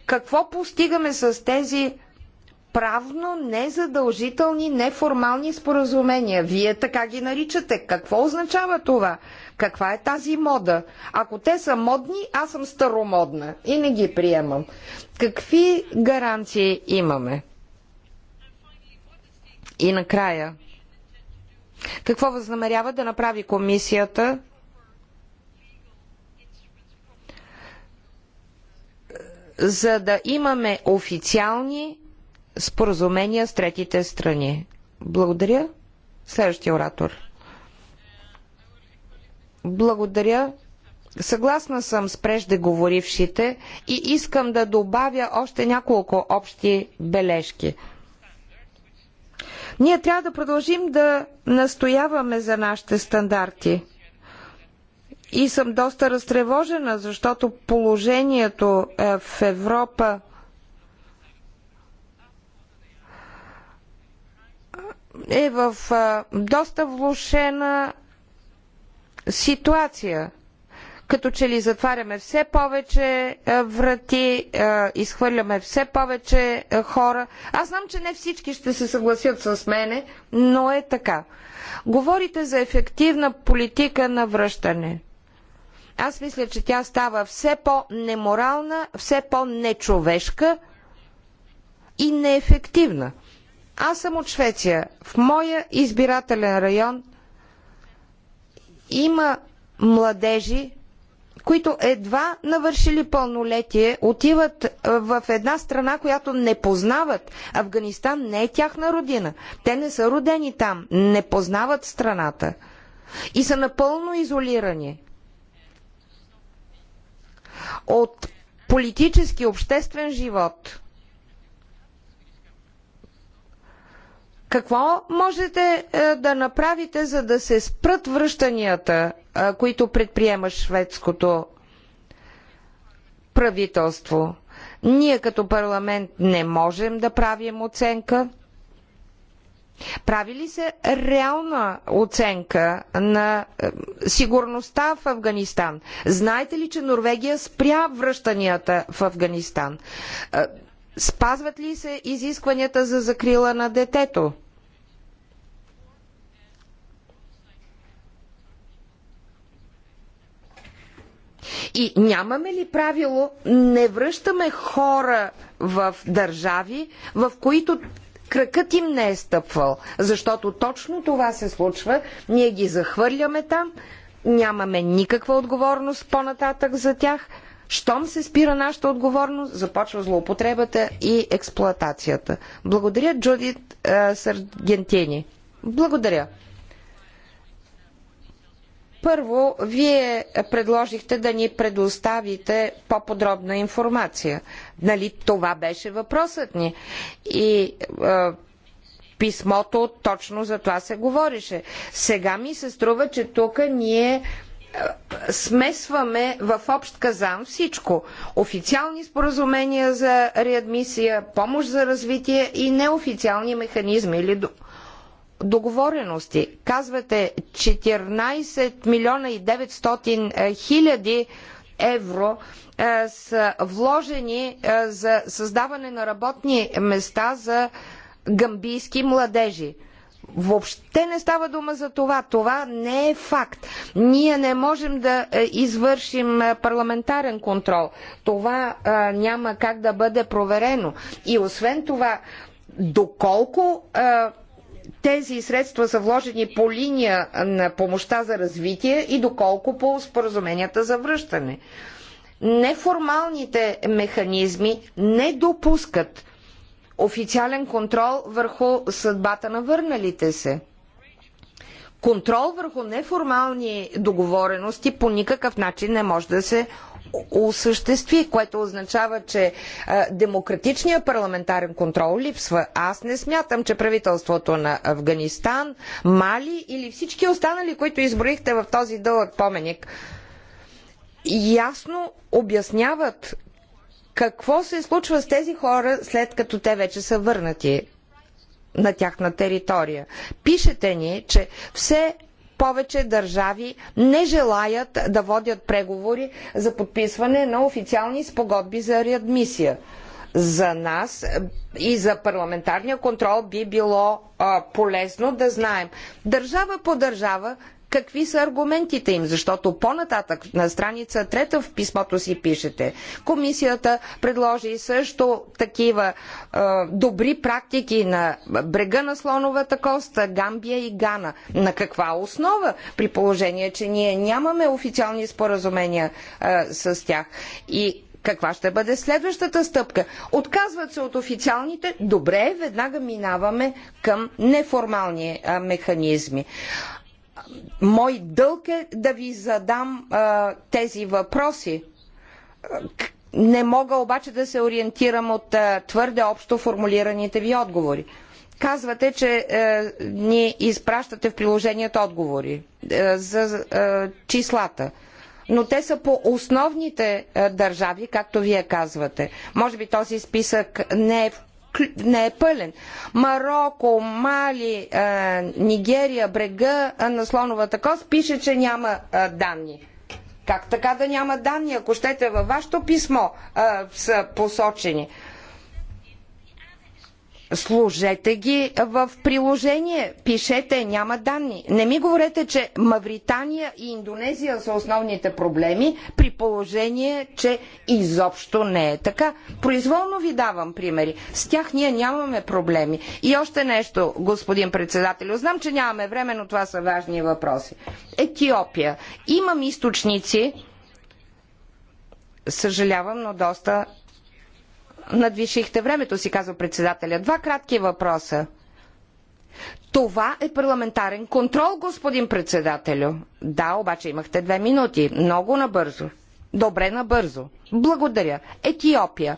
какво постигаме с тези правно незадължителни неформални споразумения? Вие така ги наричате. Какво означава това? Каква е тази мода? Ако те са модни, аз съм старомодна и не ги приемам. Какви гаранции имаме? И накрая, какво възнамерява да направи комисията за да имаме официални споразумения с третите страни. Благодаря. Следващия оратор. Благодаря. Съгласна съм с преждеговорившите и искам да добавя още няколко общи бележки. Ние трябва да продължим да настояваме за нашите стандарти. И съм доста разтревожена, защото положението е в Европа е в доста влушена ситуация. Като че ли затваряме все повече е, врати, е, изхвърляме все повече е, хора. Аз знам, че не всички ще се съгласят с мене, но е така. Говорите за ефективна политика на връщане. Аз мисля, че тя става все по-неморална, все по-нечовешка и неефективна. Аз съм от Швеция. В моя избирателен район – има младежи, които едва навършили пълнолетие, отиват в една страна, която не познават. Афганистан не е тяхна родина. Те не са родени там, не познават страната и са напълно изолирани от политически обществен живот – Какво можете е, да направите, за да се спрат връщанията, е, които предприема шведското правителство? Ние като парламент не можем да правим оценка. Прави ли се реална оценка на е, сигурността в Афганистан? Знаете ли, че Норвегия спря връщанията в Афганистан? Спазват ли се изискванията за закрила на детето? И нямаме ли правило, не връщаме хора в държави, в които кракът им не е стъпвал, защото точно това се случва, ние ги захвърляме там, нямаме никаква отговорност по-нататък за тях – щом се спира нашата отговорност, започва злоупотребата и експлоатацията. Благодаря, Джудит е, Саргентини. Благодаря. Първо, вие предложихте да ни предоставите по-подробна информация. Нали това беше въпросът ни? И е, писмото точно за това се говореше. Сега ми се струва, че тук ние смесваме в общ казан всичко. Официални споразумения за реадмисия, помощ за развитие и неофициални механизми или договорености. Казвате 14 милиона и 900 е, хиляди евро е, са вложени е, за създаване на работни места за гамбийски младежи. Въобще не става дума за това. Това не е факт. Ние не можем да е, извършим е, парламентарен контрол. Това а, е, няма как да бъде проверено. И освен това, доколко а, тези средства са вложени по линия на помощта за развитие и доколко по споразуменията за връщане. Неформалните механизми не допускат официален контрол върху съдбата на върналите се. Контрол върху неформални договорености по никакъв начин не може да се осъществи, което означава, че а, е, демократичният парламентарен контрол липсва. Аз не смятам, че правителството на Афганистан, Мали или всички останали, които изброихте в този дълъг поменик, ясно обясняват какво се случва с тези хора, след като те вече са върнати на тяхна територия? Пишете ни, че все повече държави не желаят да водят преговори за подписване на официални спогодби за реадмисия. За нас и за парламентарния контрол би било а, полезно да знаем държава по държава какви са аргументите им, защото по-нататък на страница трета в писмото си пишете. Комисията предложи също такива е, добри практики на брега на слоновата коста, Гамбия и Гана. На каква основа? При положение, че ние нямаме официални споразумения е, с тях. И каква ще бъде следващата стъпка? Отказват се от официалните. Добре, веднага минаваме към неформални е, механизми мой дълг е да ви задам а, тези въпроси. Не мога обаче да се ориентирам от а, твърде общо формулираните ви отговори. Казвате, че е, ни изпращате в приложението отговори е, за е, числата. Но те са по основните е, държави, както вие казвате. Може би този списък не е не е пълен. Марокко, Мали, а, Нигерия, брега а, на слоновата кост пише, че няма а, данни. Как така да няма данни? Ако щете във вашето писмо а, са посочени. Служете ги в приложение, пишете, няма данни. Не ми говорете, че Мавритания и Индонезия са основните проблеми, при положение, че изобщо не е така. Произволно ви давам примери. С тях ние нямаме проблеми. И още нещо, господин председател, знам, че нямаме време, но това са важни въпроси. Етиопия. Имам източници, съжалявам, но доста надвишихте времето си, казва председателя. Два кратки въпроса. Това е парламентарен контрол, господин председателю. Да, обаче имахте две минути. Много набързо. Добре набързо. Благодаря. Етиопия.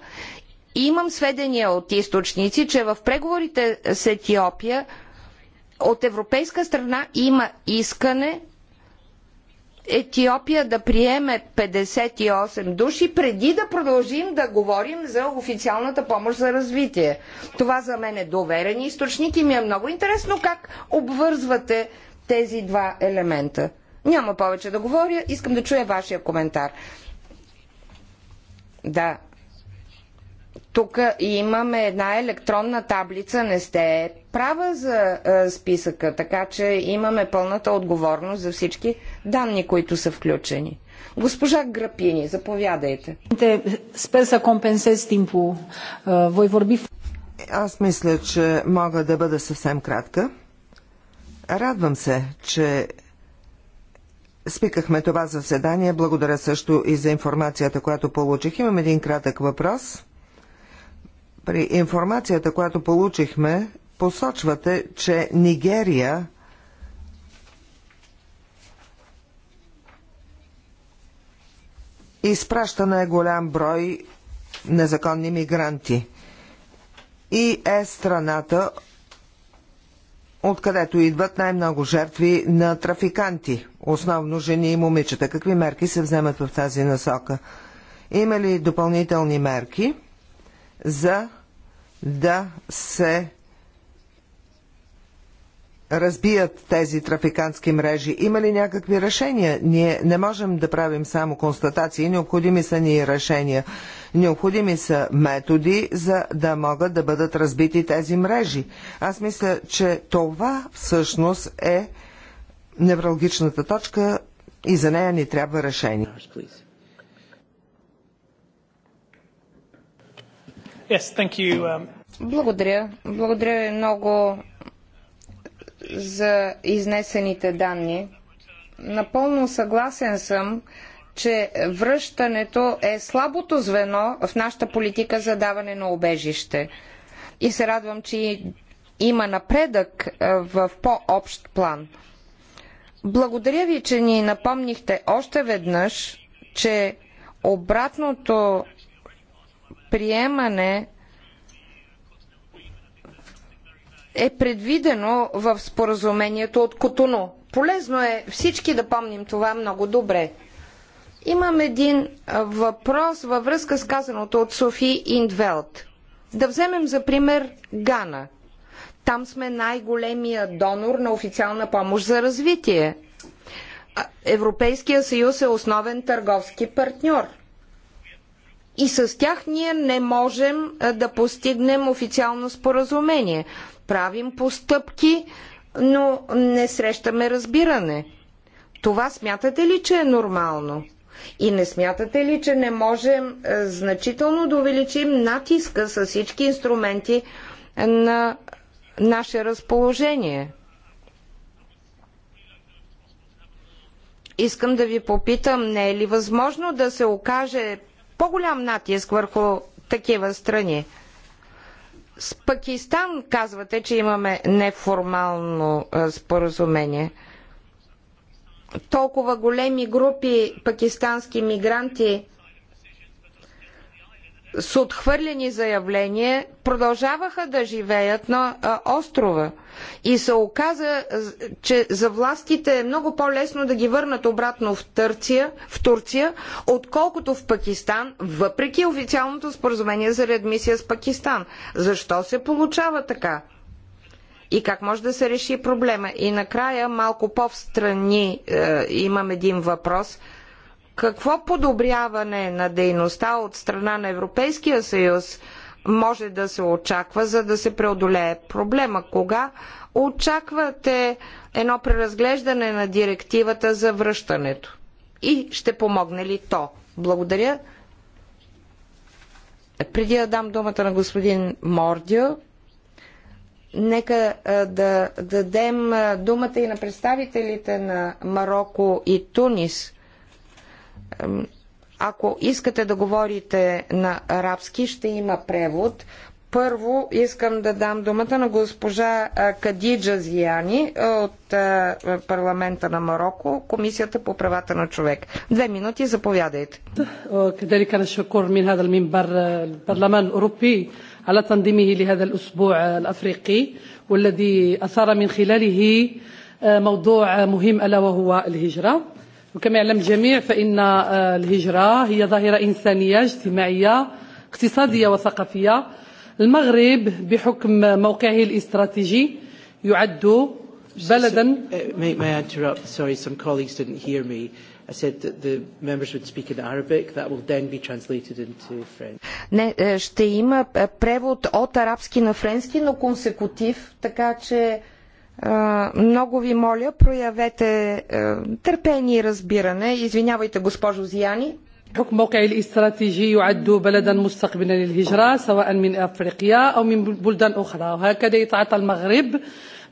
Имам сведения от източници, че в преговорите с Етиопия от европейска страна има искане Етиопия да приеме 58 души, преди да продължим да говорим за официалната помощ за развитие. Това за мен е доверен източник и ми е много интересно как обвързвате тези два елемента. Няма повече да говоря, искам да чуя вашия коментар. Да. Тук имаме една електронна таблица, не сте права за списъка, така че имаме пълната отговорност за всички данни, които са включени. Госпожа Грапини, заповядайте. Спер Аз мисля, че мога да бъда съвсем кратка. Радвам се, че спикахме това заседание. Благодаря също и за информацията, която получих. Имам един кратък въпрос. При информацията, която получихме, посочвате, че Нигерия – изпращана е голям брой незаконни мигранти. И е страната, откъдето идват най-много жертви на трафиканти, основно жени и момичета. Какви мерки се вземат в тази насока? Има ли допълнителни мерки за да се разбият тези трафикантски мрежи? Има ли някакви решения? Ние не можем да правим само констатации, необходими са ни решения. Необходими са методи, за да могат да бъдат разбити тези мрежи. Аз мисля, че това всъщност е невралгичната точка и за нея ни трябва решение. Um, Благодаря. Благодаря много за изнесените данни. Напълно съгласен съм, че връщането е слабото звено в нашата политика за даване на обежище. И се радвам, че има напредък в по-общ план. Благодаря ви, че ни напомнихте още веднъж, че обратното приемане е предвидено в споразумението от Котоно. Полезно е всички да помним това много добре. Имам един въпрос във връзка с казаното от Софи Индвелт. Да вземем за пример Гана. Там сме най-големия донор на официална помощ за развитие. Европейския съюз е основен търговски партньор. И с тях ние не можем да постигнем официално споразумение правим постъпки, но не срещаме разбиране. Това смятате ли, че е нормално? И не смятате ли, че не можем е, значително да увеличим натиска с всички инструменти на наше разположение? Искам да ви попитам, не е ли възможно да се окаже по-голям натиск върху такива страни? С Пакистан казвате, че имаме неформално споразумение. Толкова големи групи пакистански мигранти с отхвърлени заявления продължаваха да живеят на острова и се оказа, че за властите е много по-лесно да ги върнат обратно в Турция, в Турция, отколкото в Пакистан, въпреки официалното споразумение за реадмисия с Пакистан. Защо се получава така? И как може да се реши проблема? И накрая, малко по-встрани, е, имам един въпрос – какво подобряване на дейността от страна на Европейския съюз може да се очаква, за да се преодолее проблема? Кога очаквате едно преразглеждане на директивата за връщането? И ще помогне ли то? Благодаря. Преди да дам думата на господин Мордио, нека да дадем думата и на представителите на Марокко и Тунис – ако искате да говорите на арабски, ще има превод. Първо искам да дам думата на госпожа е, Кадиджа Зияни е, от е, парламента на Марокко, Комисията по правата на човек. Две минути, заповядайте. كذلك نشكر من هذا المنبر البرلمان الأوروبي على تنظيمه لهذا الأسبوع الأفريقي والذي أثار من خلاله موضوع مهم ألا وهو الهجرة وكما يعلم الجميع فإن الهجرة هي ظاهرة إنسانية اجتماعية اقتصادية وثقافية المغرب بحكم موقعه الاستراتيجي يعد بلدا I said that the members would speak in Arabic. That will then be translated into French. Не, ще има превод от арабски на френски, но консекутив, така че много ви моля, проявете търпение и разбиране. Извинявайте, госпожо Зияни. حكم موقع الاستراتيجي يعد بلدا مستقبلا للهجرة سواء من أفريقيا أو من بلدان أخرى وهكذا يتعاطى المغرب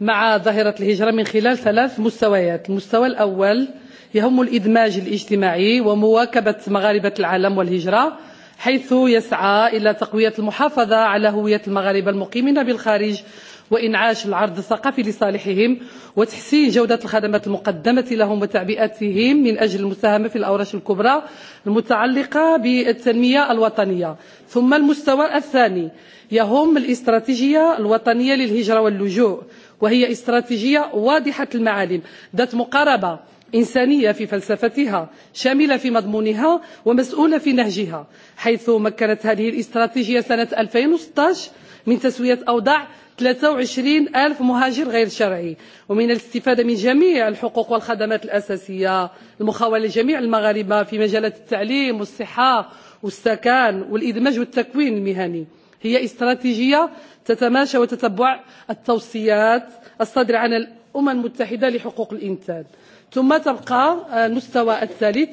مع ظاهرة الهجرة من خلال ثلاث مستويات المستوى الأول يهم الإدماج الاجتماعي ومواكبة مغاربة العالم والهجرة حيث يسعى إلى تقوية المحافظة على هوية المغاربة المقيمين بالخارج وإنعاش العرض الثقافي لصالحهم وتحسين جودة الخدمات المقدمة لهم وتعبئتهم من أجل المساهمة في الأوراش الكبرى المتعلقة بالتنمية الوطنية ثم المستوى الثاني يهم الاستراتيجية الوطنية للهجرة واللجوء وهي استراتيجية واضحة المعالم ذات مقاربة إنسانية في فلسفتها شاملة في مضمونها ومسؤولة في نهجها حيث مكنت هذه الاستراتيجية سنة 2016 من تسوية أوضاع 23 ألف مهاجر غير شرعي ومن الاستفادة من جميع الحقوق والخدمات الأساسية المخاولة لجميع المغاربة في مجالات التعليم والصحة والسكن والإدماج والتكوين المهني هي استراتيجية تتماشى وتتبع التوصيات الصادرة عن الأمم المتحدة لحقوق الإنسان ثم تبقى المستوى الثالث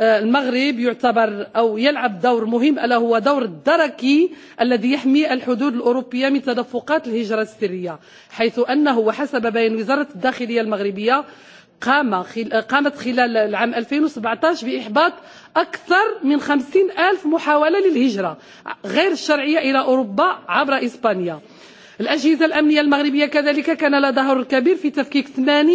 المغرب يعتبر او يلعب دور مهم الا هو دور الدركي الذي يحمي الحدود الاوروبيه من تدفقات الهجره السريه حيث انه وحسب بيان وزاره الداخليه المغربيه قام قامت خلال العام 2017 باحباط اكثر من 50 الف محاوله للهجره غير الشرعيه الى اوروبا عبر اسبانيا الاجهزه الامنيه المغربيه كذلك كان لها دور كبير في تفكيك 80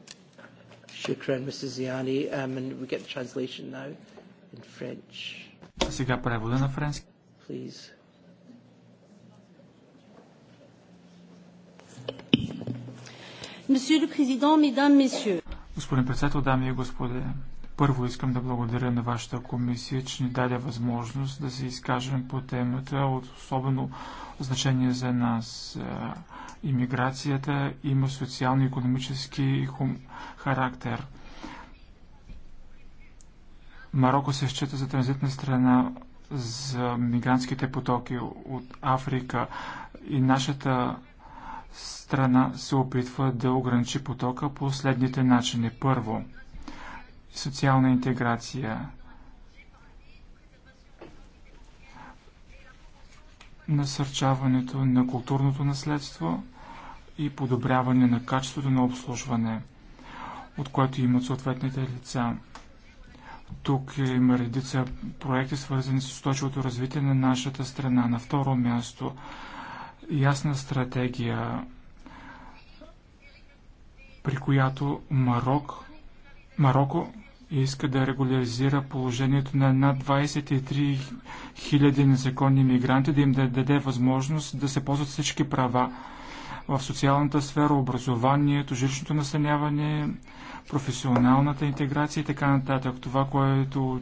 Shukran, Mr. Ziani. Um, and we get the translation now in French. Сега превода на френски. Please. Monsieur le Président, Mesdames, Messieurs. Господин председател, дами и господа, първо искам да благодаря на вашата комисия, че ни даде възможност да се изкажем по темата от особено значение за нас. Е, имиграцията има социално-економически характер. Марокко се счита за транзитна страна за мигрантските потоки от Африка и нашата страна се опитва да ограничи потока по следните начини. Първо, социална интеграция. насърчаването на културното наследство и подобряване на качеството на обслужване, от което имат съответните лица. Тук има редица проекти, свързани с устойчивото развитие на нашата страна. На второ място, ясна стратегия, при която Марок Марокко иска да регуляризира положението на над 23 000 незаконни мигранти, да им да даде възможност да се ползват всички права в социалната сфера, образованието, жилищното настаняване, професионалната интеграция и така нататък. Това, което,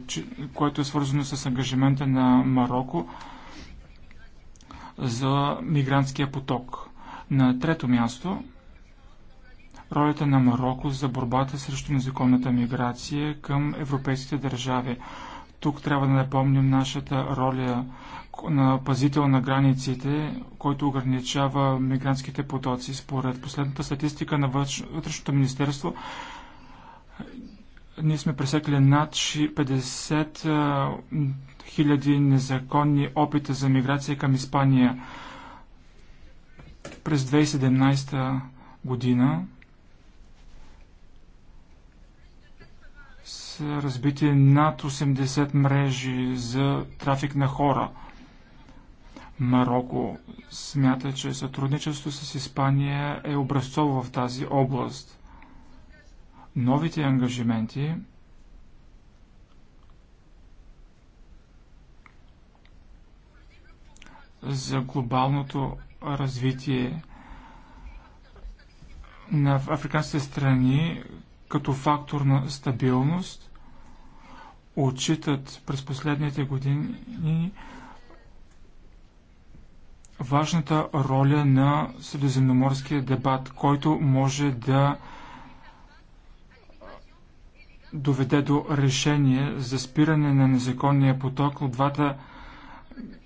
което е свързано с ангажимента на Марокко за мигрантския поток. На трето място ролята на Марокко за борбата срещу незаконната миграция към европейските държави. Тук трябва да напомним нашата роля на пазител на границите, който ограничава мигрантските потоци. Според последната статистика на Вътрешното министерство, ние сме пресекли над 50 хиляди незаконни опита за миграция към Испания през 2017 година. са разбити над 80 мрежи за трафик на хора. Марокко смята, че сътрудничество с Испания е образцово в тази област. Новите ангажименти за глобалното развитие на африканските страни като фактор на стабилност отчитат през последните години важната роля на средиземноморския дебат, който може да доведе до решение за спиране на незаконния поток от двата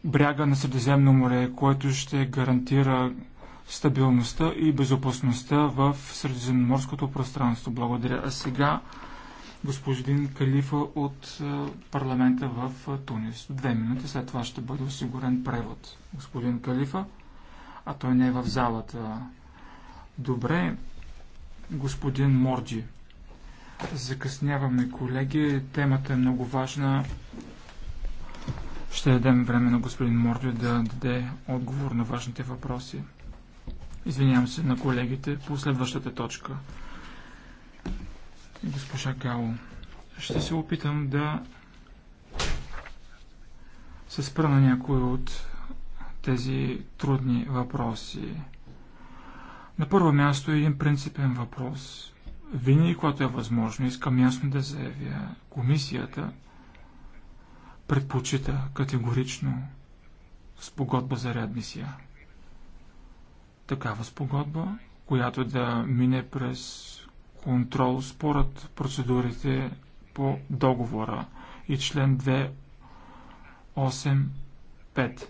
бряга на Средиземно море, което ще гарантира стабилността и безопасността в средиземноморското пространство. Благодаря. А сега господин Калифа от е, парламента в е, Тунис. Две минути след това ще бъде осигурен превод. Господин Калифа, а той не е в залата. Добре, господин Морджи. Закъсняваме, колеги. Темата е много важна. Ще дадем време на господин Морджи да даде отговор на важните въпроси. Извинявам се на колегите по следващата точка. Госпожа Гало, ще се опитам да се спра на някои от тези трудни въпроси. На първо място е един принципен въпрос. Винаги, когато е възможно, искам ясно да заявя, комисията предпочита категорично спогодба за реадмисия. Такава спогодба, която да мине през контрол според процедурите по договора и член 285.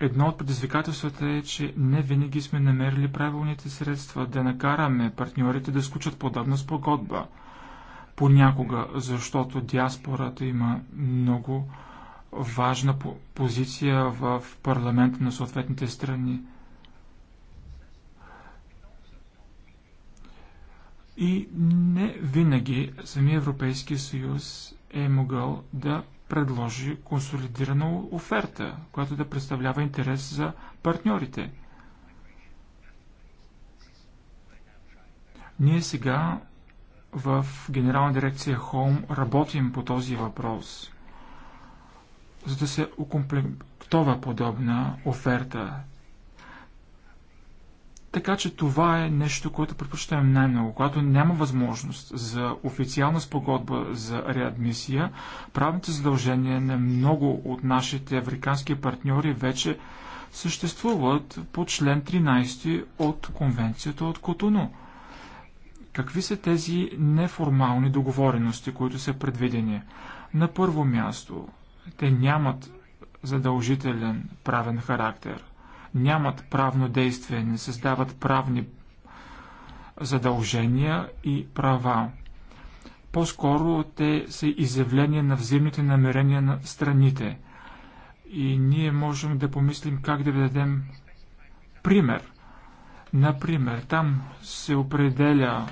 Едно от предизвикателствата е, че не винаги сме намерили правилните средства да накараме партньорите да скучат подобна спогодба. Понякога, защото диаспората има много важна позиция в парламента на съответните страни – И не винаги самия Европейския съюз е могъл да предложи консолидирана оферта, която да представлява интерес за партньорите. Ние сега в Генерална дирекция Холм работим по този въпрос, за да се окомплектова подобна оферта. Така че това е нещо, което предпочитаме най-много. Когато няма възможност за официална спогодба за реадмисия, правните задължения на много от нашите африкански партньори вече съществуват по член 13 от конвенцията от Котуно. Какви са тези неформални договорености, които са предвидени? На първо място, те нямат задължителен правен характер – нямат правно действие, не създават правни задължения и права. По-скоро те са изявления на взаимните намерения на страните. И ние можем да помислим как да ви дадем пример. Например, там се определя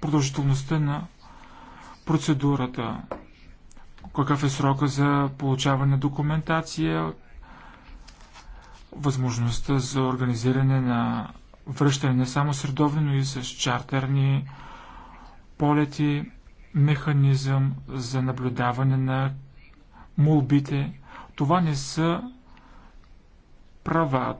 продължителността на процедурата, какъв е срока за получаване на документация, възможността за организиране на връщане не само с редовни, но и с чартерни полети, механизъм за наблюдаване на молбите. Това не са права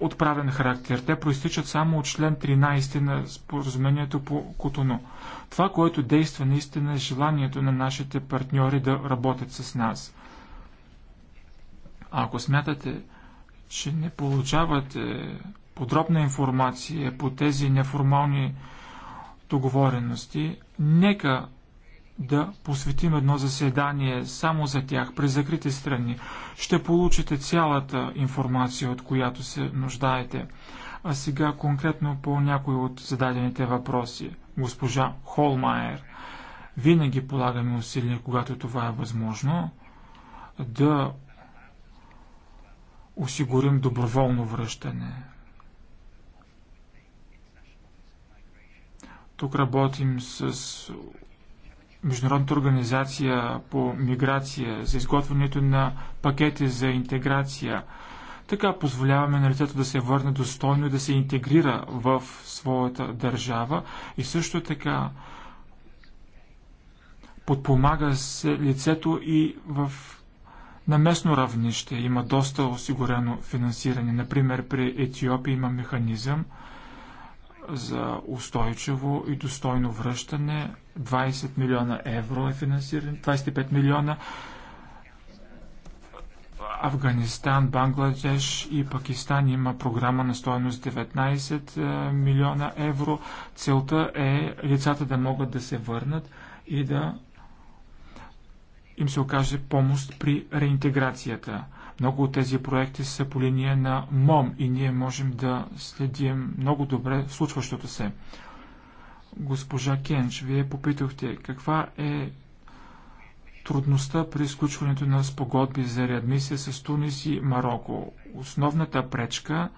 от правен характер. Те проистичат само от член 13 на споразумението по Котоно. Това, което действа наистина е желанието на нашите партньори да работят с нас. А ако смятате, че не получавате подробна информация по тези неформални договорености, нека да посветим едно заседание само за тях, при закрити страни. Ще получите цялата информация, от която се нуждаете. А сега конкретно по някои от зададените въпроси. Госпожа Холмайер, винаги полагаме усилия, когато това е възможно, да осигурим доброволно връщане. Тук работим с Международната организация по миграция за изготвянето на пакети за интеграция. Така позволяваме на лицето да се върне достойно и да се интегрира в своята държава и също така подпомага се лицето и в на местно равнище има доста осигурено финансиране. Например, при Етиопия има механизъм за устойчиво и достойно връщане. 20 милиона евро е финансиране, 25 милиона. Афганистан, Бангладеш и Пакистан има програма на стоеност 19 е, милиона евро. Целта е лицата да могат да се върнат и да им се окаже помощ при реинтеграцията. Много от тези проекти са по линия на МОМ и ние можем да следим много добре случващото се. Госпожа Кенч, вие попитахте каква е трудността при изключването на спогодби за реадмисия с Тунис и Марокко. Основната пречка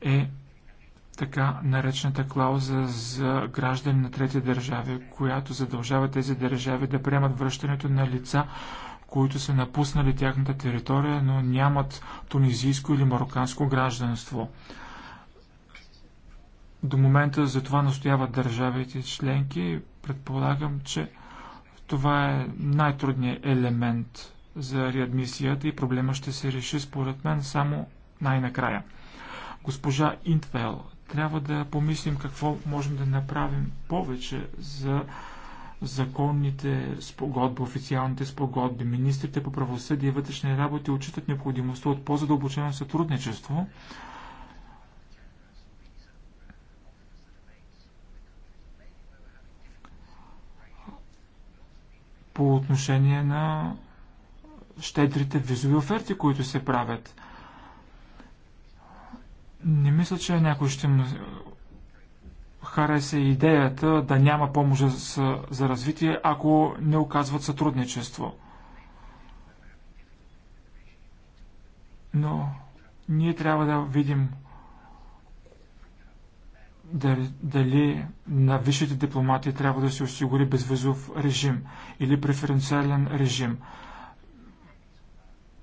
е така наречената клауза за граждани на трети държави, която задължава тези държави да приемат връщането на лица, които са напуснали тяхната територия, но нямат тунизийско или мароканско гражданство. До момента за това настояват държавите членки. Предполагам, че това е най-трудният елемент за реадмисията и проблема ще се реши според мен само най-накрая. Госпожа Интвел трябва да помислим какво можем да направим повече за законните спогодби, официалните спогодби. Министрите по правосъдие и вътрешни работи отчитат необходимостта от по-задълбочено сътрудничество. по отношение на щедрите визови оферти, които се правят. Не мисля, че някой ще му хареса идеята да няма помощ за, за развитие, ако не оказват сътрудничество. Но ние трябва да видим дали, дали на висшите дипломати трябва да се осигури безвизов режим или преференциален режим.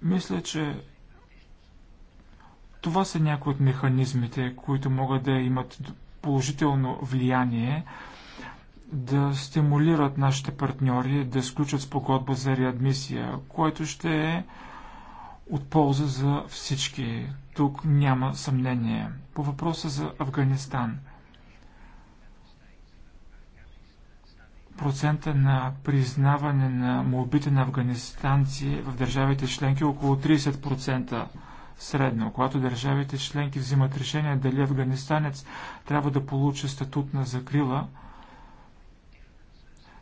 Мисля, че това са някои от механизмите, които могат да имат положително влияние, да стимулират нашите партньори да сключат спогодба за реадмисия, което ще е от полза за всички. Тук няма съмнение. По въпроса за Афганистан. Процента на признаване на молбите на афганистанци в държавите членки е около 30%. Средно, когато държавите членки взимат решение дали афганистанец трябва да получи статут на закрила,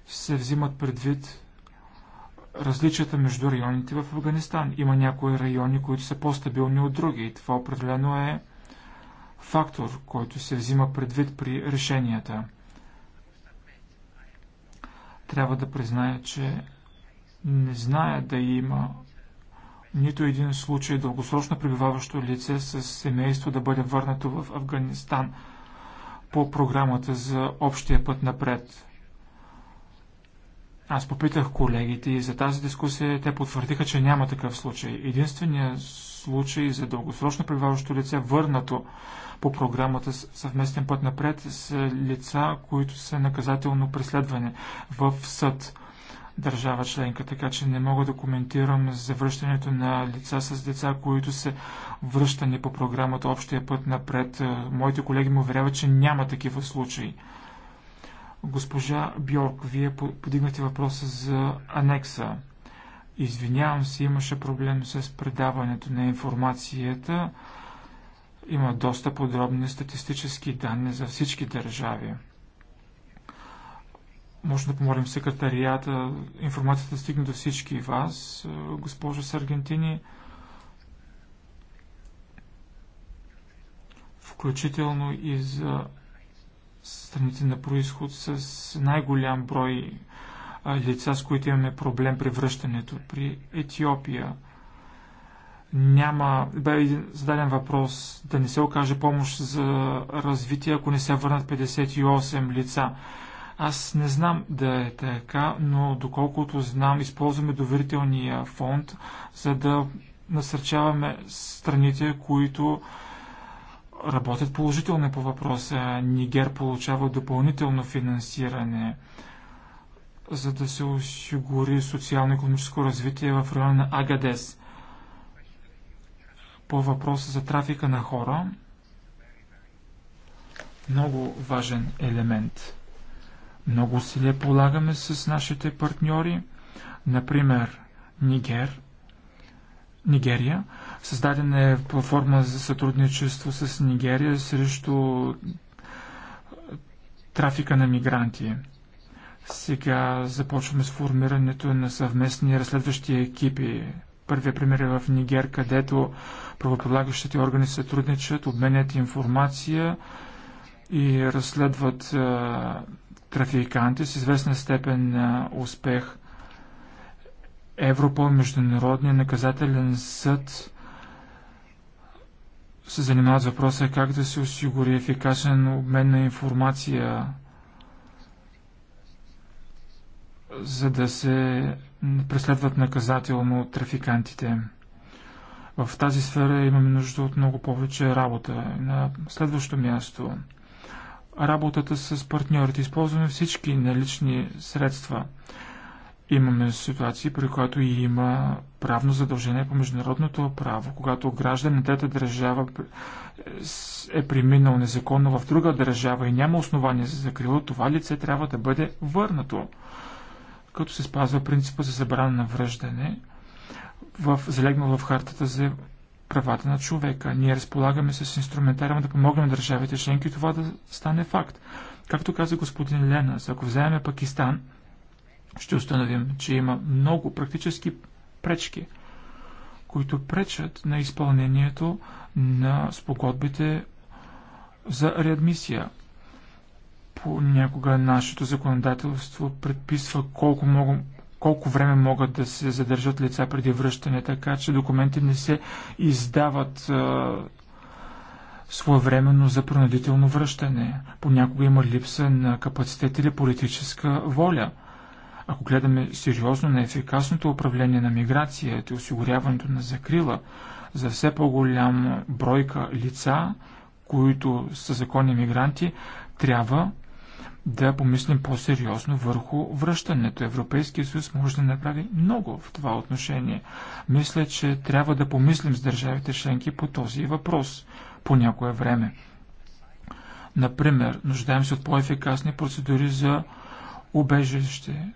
се взимат предвид различията между районите в Афганистан. Има някои райони, които са по-стабилни от други и това определено е фактор, който се взима предвид при решенията. Трябва да призная, че не зная да има нито един случай дългосрочно пребиваващо лице с семейство да бъде върнато в Афганистан по програмата за общия път напред. Аз попитах колегите и за тази дискусия те потвърдиха, че няма такъв случай. Единственият случай за дългосрочно пребиваващо лице, върнато по програмата съвместен път напред, са лица, които са наказателно преследване в съд държава членка, така че не мога да коментирам за връщането на лица с деца, които са връщани по програмата Общия път напред. Е, моите колеги му уверяват, че няма такива случаи. Госпожа Бьорк, вие подигнахте въпроса за анекса. Извинявам се, имаше проблем с предаването на информацията. Има доста подробни статистически данни за всички държави. Може да помолим секретарията, информацията да стигне до всички вас, е, госпожо Саргентини, включително и за страните на происход с най-голям брой е, лица, с които имаме проблем при връщането. При Етиопия няма, бе зададен въпрос да не се окаже помощ за развитие, ако не се върнат 58 лица. Аз не знам да е така, но доколкото знам, използваме доверителния фонд, за да насърчаваме страните, които работят положително по въпроса. Нигер получава допълнително финансиране, за да се осигури социално-економическо развитие в района на Агадес. По въпроса за трафика на хора, много важен елемент – много усилия полагаме с нашите партньори, например Нигер, Нигерия. Създадена е платформа за сътрудничество с Нигерия срещу трафика на мигранти. Сега започваме с формирането на съвместни разследващи екипи. Първият пример е в Нигер, където правополагащите органи сътрудничат, обменят информация и разследват трафиканти с известна степен на успех. Европол, Международния наказателен съд се занимават с въпроса как да се осигури ефикасен обмен на информация, за да се преследват наказателно трафикантите. В тази сфера имаме нужда от много повече работа. На следващо място – работата с партньорите. Използваме всички налични средства. Имаме ситуации, при които и има правно задължение по международното право. Когато гражданин трета държава е преминал незаконно в друга държава и няма основание за закрила, това лице трябва да бъде върнато. Като се спазва принципа за забрана на връждане, в, залегнал в хартата за правата на човека. Ние разполагаме с инструментариум да помогнем държавите членки това да стане факт. Както каза господин Ленас, ако вземем Пакистан, ще установим, че има много практически пречки, които пречат на изпълнението на спогодбите за реадмисия. Понякога нашето законодателство предписва колко много колко време могат да се задържат лица преди връщане, така че документи не се издават своевременно за принудително връщане. Понякога има липса на капацитет или политическа воля. Ако гледаме сериозно на ефикасното управление на миграцията и осигуряването на закрила за все по-голям бройка лица, които са законни мигранти, трябва да помислим по-сериозно върху връщането. Европейския съюз може да направи много в това отношение. Мисля, че трябва да помислим с държавите членки по този въпрос по някое време. Например, нуждаем се от по-ефикасни процедури за обежище,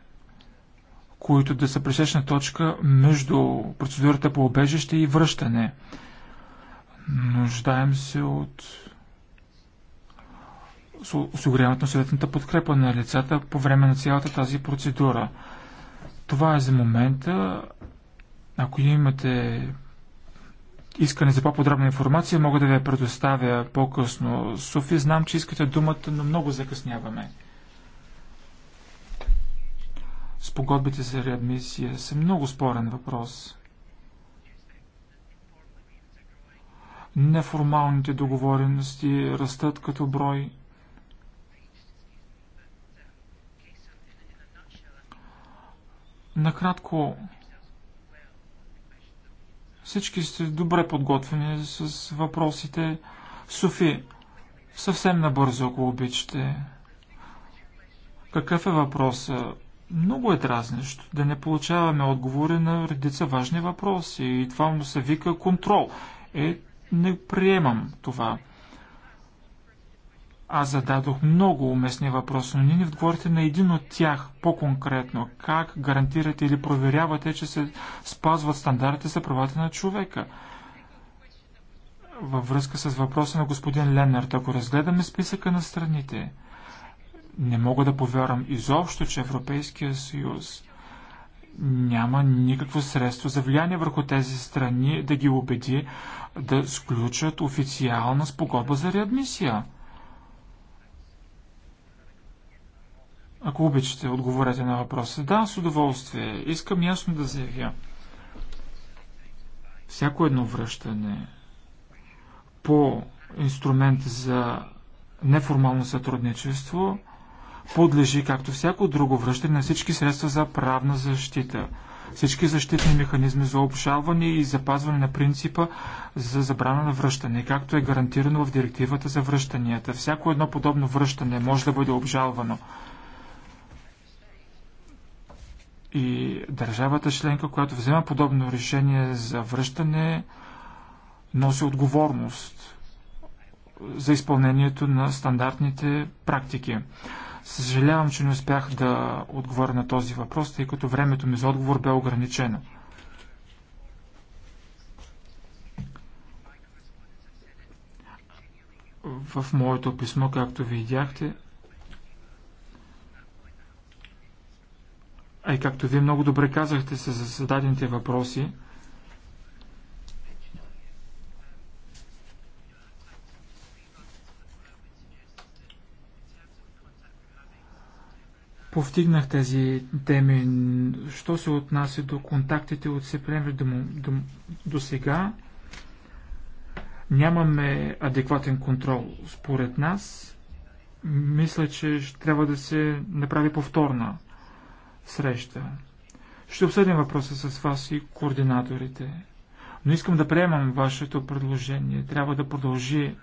които да са пресечна точка между процедурата по обежище и връщане. Нуждаем се от осигуряването на съответната подкрепа на лицата по време на цялата тази процедура. Това е за момента. Ако имате искане за по-подробна информация, мога да ви я предоставя по-късно. Софи, знам, че искате думата, но много закъсняваме. Спогодбите за реадмисия са много спорен въпрос. Неформалните договорености растат като брой. Накратко, всички сте добре подготвени с въпросите. Софи, съвсем набързо, ако обичате. Какъв е въпросът? Много е дразнещо да не получаваме отговори на редица важни въпроси и това му се вика контрол. Е, не приемам това. Аз зададох много уместни въпроси, но ние не отговорите на един от тях по-конкретно. Как гарантирате или проверявате, че се спазват стандартите за правата на човека? Във връзка с въпроса на господин Ленард, ако разгледаме списъка на страните, не мога да повярвам изобщо, че Европейския съюз няма никакво средство за влияние върху тези страни да ги убеди да сключат официална спогодба за реадмисия. Ако обичате, отговорете на въпроса. Да, с удоволствие. Искам ясно да заявя. Всяко едно връщане по инструмент за неформално сътрудничество подлежи, както всяко друго връщане, на всички средства за правна защита, всички защитни механизми за обжалване и запазване на принципа за забрана на връщане, както е гарантирано в директивата за връщанията. Всяко едно подобно връщане може да бъде обжалвано. И държавата членка, която взема подобно решение за връщане, носи отговорност за изпълнението на стандартните практики. Съжалявам, че не успях да отговоря на този въпрос, тъй като времето ми за отговор бе ограничено. В моето писмо, както видяхте, А и както вие много добре казахте с зададените въпроси, повтигнах тези теми. Що се отнася до контактите от септември до, до, до сега, нямаме адекватен контрол. Според нас, мисля, че трябва да се направи повторна среща. Ще обсъдим въпроса с вас и координаторите. Но искам да приемам вашето предложение. Трябва да продължи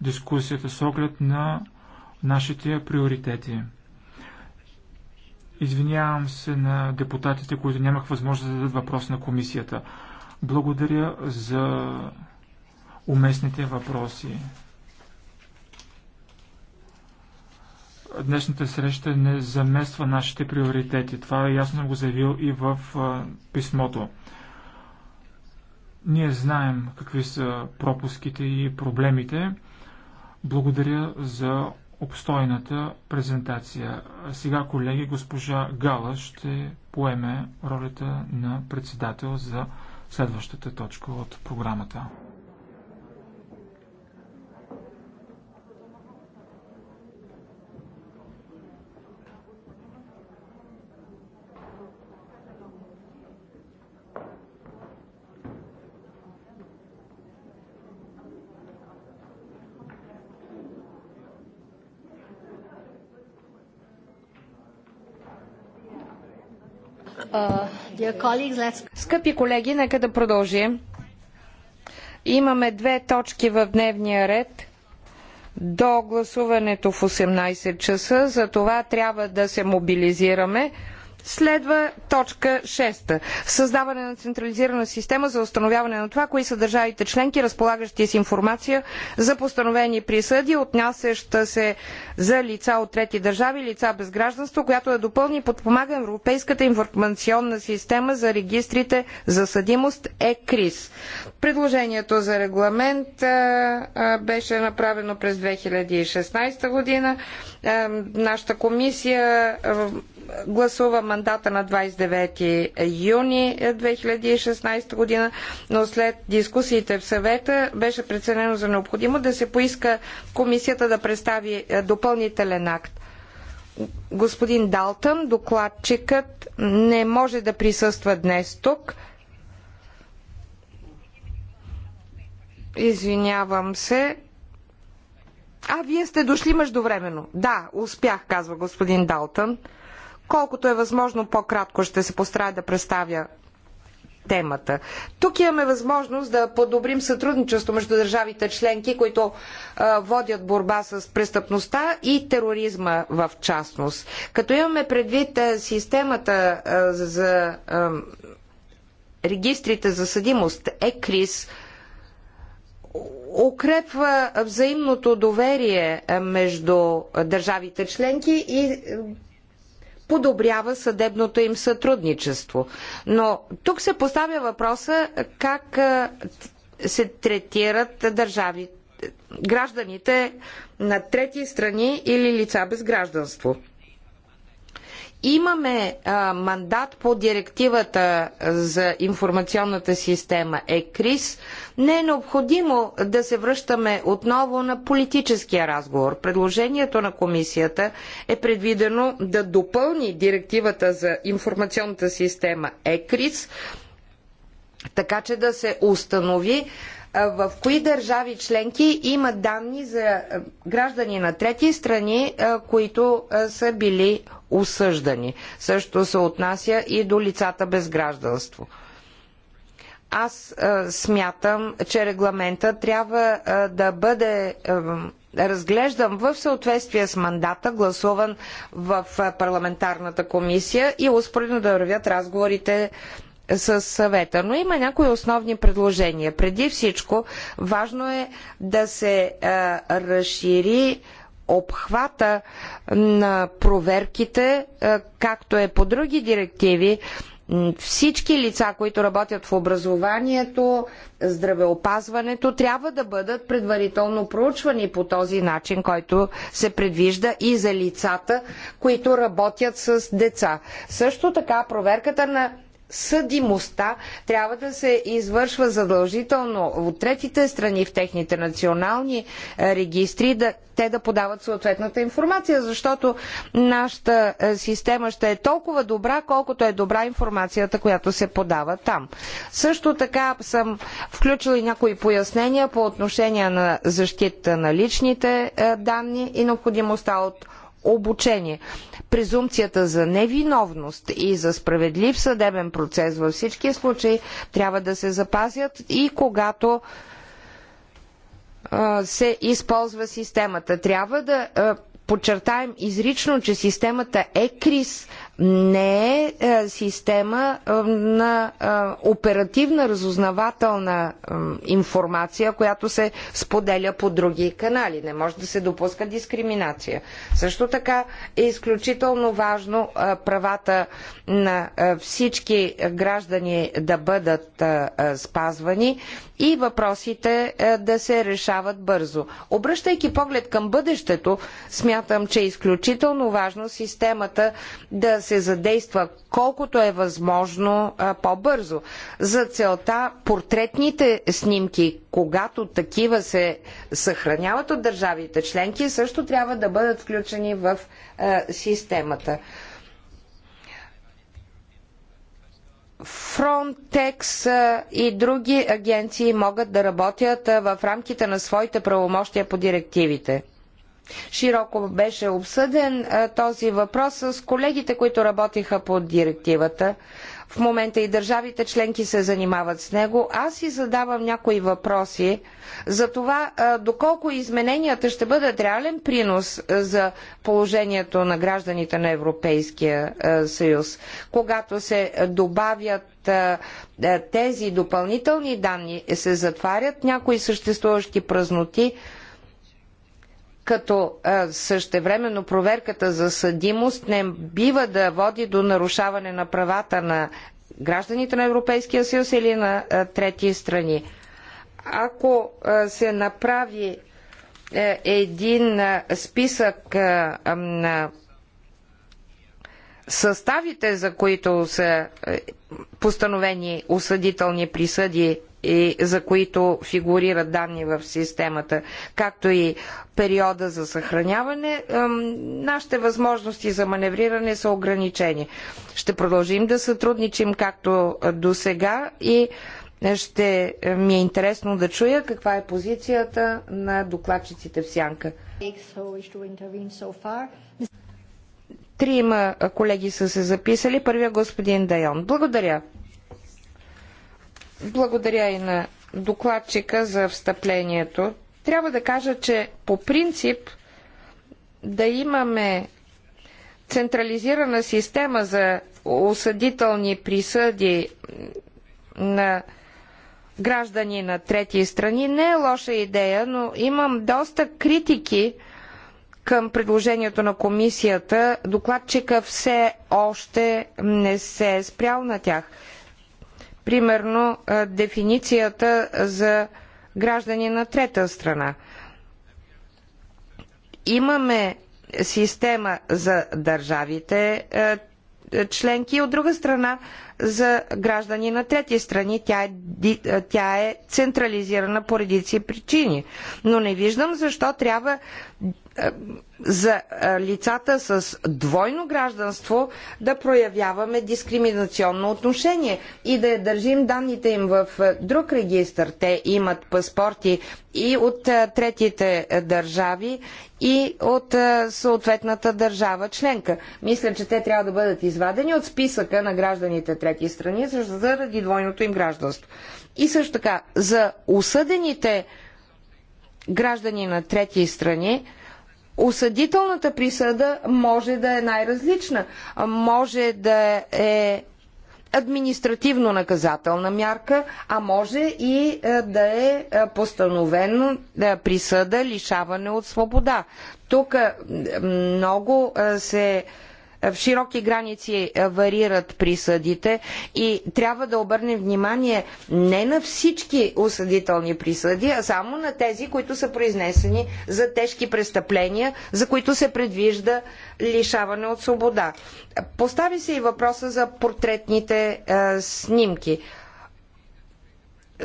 дискусията с оглед на нашите приоритети. Извинявам се на депутатите, които нямах възможност да дадат въпрос на комисията. Благодаря за уместните въпроси. днешната среща не замества нашите приоритети. Това е ясно го заявил и в писмото. Ние знаем какви са пропуските и проблемите. Благодаря за обстойната презентация. Сега, колеги, госпожа Гала ще поеме ролята на председател за следващата точка от програмата. Uh, Скъпи колеги, нека да продължим. Имаме две точки в дневния ред до гласуването в 18 часа, за това трябва да се мобилизираме. Следва точка 6. Създаване на централизирана система за установяване на това, кои са държавите членки, разполагащи с информация за постановени присъди, отнасяща се за лица от трети държави лица без гражданство, която да допълни и подпомага Европейската информационна система за регистрите за съдимост ЕКРИС. Предложението за регламент а, а, беше направено през 2016 година. А, нашата комисия гласува мандата на 29 юни 2016 година, но след дискусиите в съвета беше преценено за необходимо да се поиска комисията да представи е, допълнителен акт. Господин Далтън, докладчикът, не може да присъства днес тук. Извинявам се. А, вие сте дошли междувременно. Да, успях, казва господин Далтън колкото е възможно по-кратко ще се постарая да представя темата. Тук имаме възможност да подобрим сътрудничество между държавите членки, които а, водят борба с престъпността и тероризма в частност. Като имаме предвид а, системата а, за регистрите за съдимост ЕКРИС, укрепва взаимното доверие между държавите членки и подобрява съдебното им сътрудничество. Но тук се поставя въпроса как се третират държави, гражданите на трети страни или лица без гражданство. Имаме а, мандат по директивата за информационната система ЕКРИС. Не е необходимо да се връщаме отново на политическия разговор. Предложението на комисията е предвидено да допълни директивата за информационната система ЕКРИС, така че да се установи в кои държави членки има данни за граждани на трети страни, които са били осъждани. Също се отнася и до лицата без гражданство. Аз смятам, че регламента трябва да бъде разглеждан в съответствие с мандата, гласуван в парламентарната комисия и успоредно да вървят разговорите с съвета. Но има някои основни предложения. Преди всичко, важно е да се а, разшири обхвата на проверките, а, както е по други директиви. Всички лица, които работят в образованието, здравеопазването, трябва да бъдат предварително проучвани по този начин, който се предвижда и за лицата, които работят с деца. Също така, проверката на съдимостта трябва да се извършва задължително от третите страни в техните национални е, регистри, да, те да подават съответната информация, защото нашата е, система ще е толкова добра, колкото е добра информацията, която се подава там. Също така съм включила и някои пояснения по отношение на защита на личните е, данни и необходимостта от обучение. Презумпцията за невиновност и за справедлив съдебен процес във всички случаи трябва да се запазят и когато се използва системата. Трябва да подчертаем изрично, че системата е КРИС не е, е система е, на е, оперативна разузнавателна информация, която се споделя по други канали. Не може да се допуска дискриминация. Също така е изключително важно правата на всички граждани да бъдат спазвани и въпросите да се решават бързо. Обръщайки поглед към бъдещето, смятам, че е изключително важно системата да да се задейства колкото е възможно по-бързо. За целта портретните снимки, когато такива се съхраняват от държавите членки, също трябва да бъдат включени в а, системата. Frontex и други агенции могат да работят в рамките на своите правомощия по директивите. Широко беше обсъден този въпрос с колегите, които работиха по директивата. В момента и държавите членки се занимават с него. Аз си задавам някои въпроси за това доколко измененията ще бъдат реален принос за положението на гражданите на Европейския съюз, когато се добавят тези допълнителни данни, се затварят някои съществуващи празноти като същевременно проверката за съдимост не бива да води до нарушаване на правата на гражданите на Европейския съюз или на трети страни. Ако се направи е, един списък на съставите, за които са е, постановени осъдителни присъди и за които фигурират данни в системата, както и периода за съхраняване, нашите възможности за маневриране са ограничени. Ще продължим да сътрудничим както до сега и ще ми е интересно да чуя каква е позицията на докладчиците в Сянка. Трима колеги са се записали. Първия е господин Дайон. Благодаря. Благодаря и на докладчика за встъплението. Трябва да кажа, че по принцип да имаме централизирана система за осъдителни присъди на граждани на трети страни не е лоша идея, но имам доста критики към предложението на комисията. Докладчика все още не се е спрял на тях примерно дефиницията за граждани на трета страна. Имаме система за държавите членки и от друга страна за граждани на трети страни. Тя е, тя е централизирана по редици причини. Но не виждам защо трябва е, за е, лицата с двойно гражданство да проявяваме дискриминационно отношение и да я държим данните им в е, друг регистр. Те имат паспорти и от третите държави и от съответната държава членка. Мисля, че те трябва да бъдат извадени от списъка на гражданите трети страни заради двойното им гражданство. И също така, за осъдените граждани на трети страни, осъдителната присъда може да е най-различна. Може да е административно-наказателна мярка, а може и е, да е, е постановено да е, присъда лишаване от свобода. Тук много се е, в широки граници е, варират присъдите и трябва да обърнем внимание не на всички осъдителни присъди, а само на тези, които са произнесени за тежки престъпления, за които се предвижда лишаване от свобода. Е, постави се и въпроса за портретните е, снимки.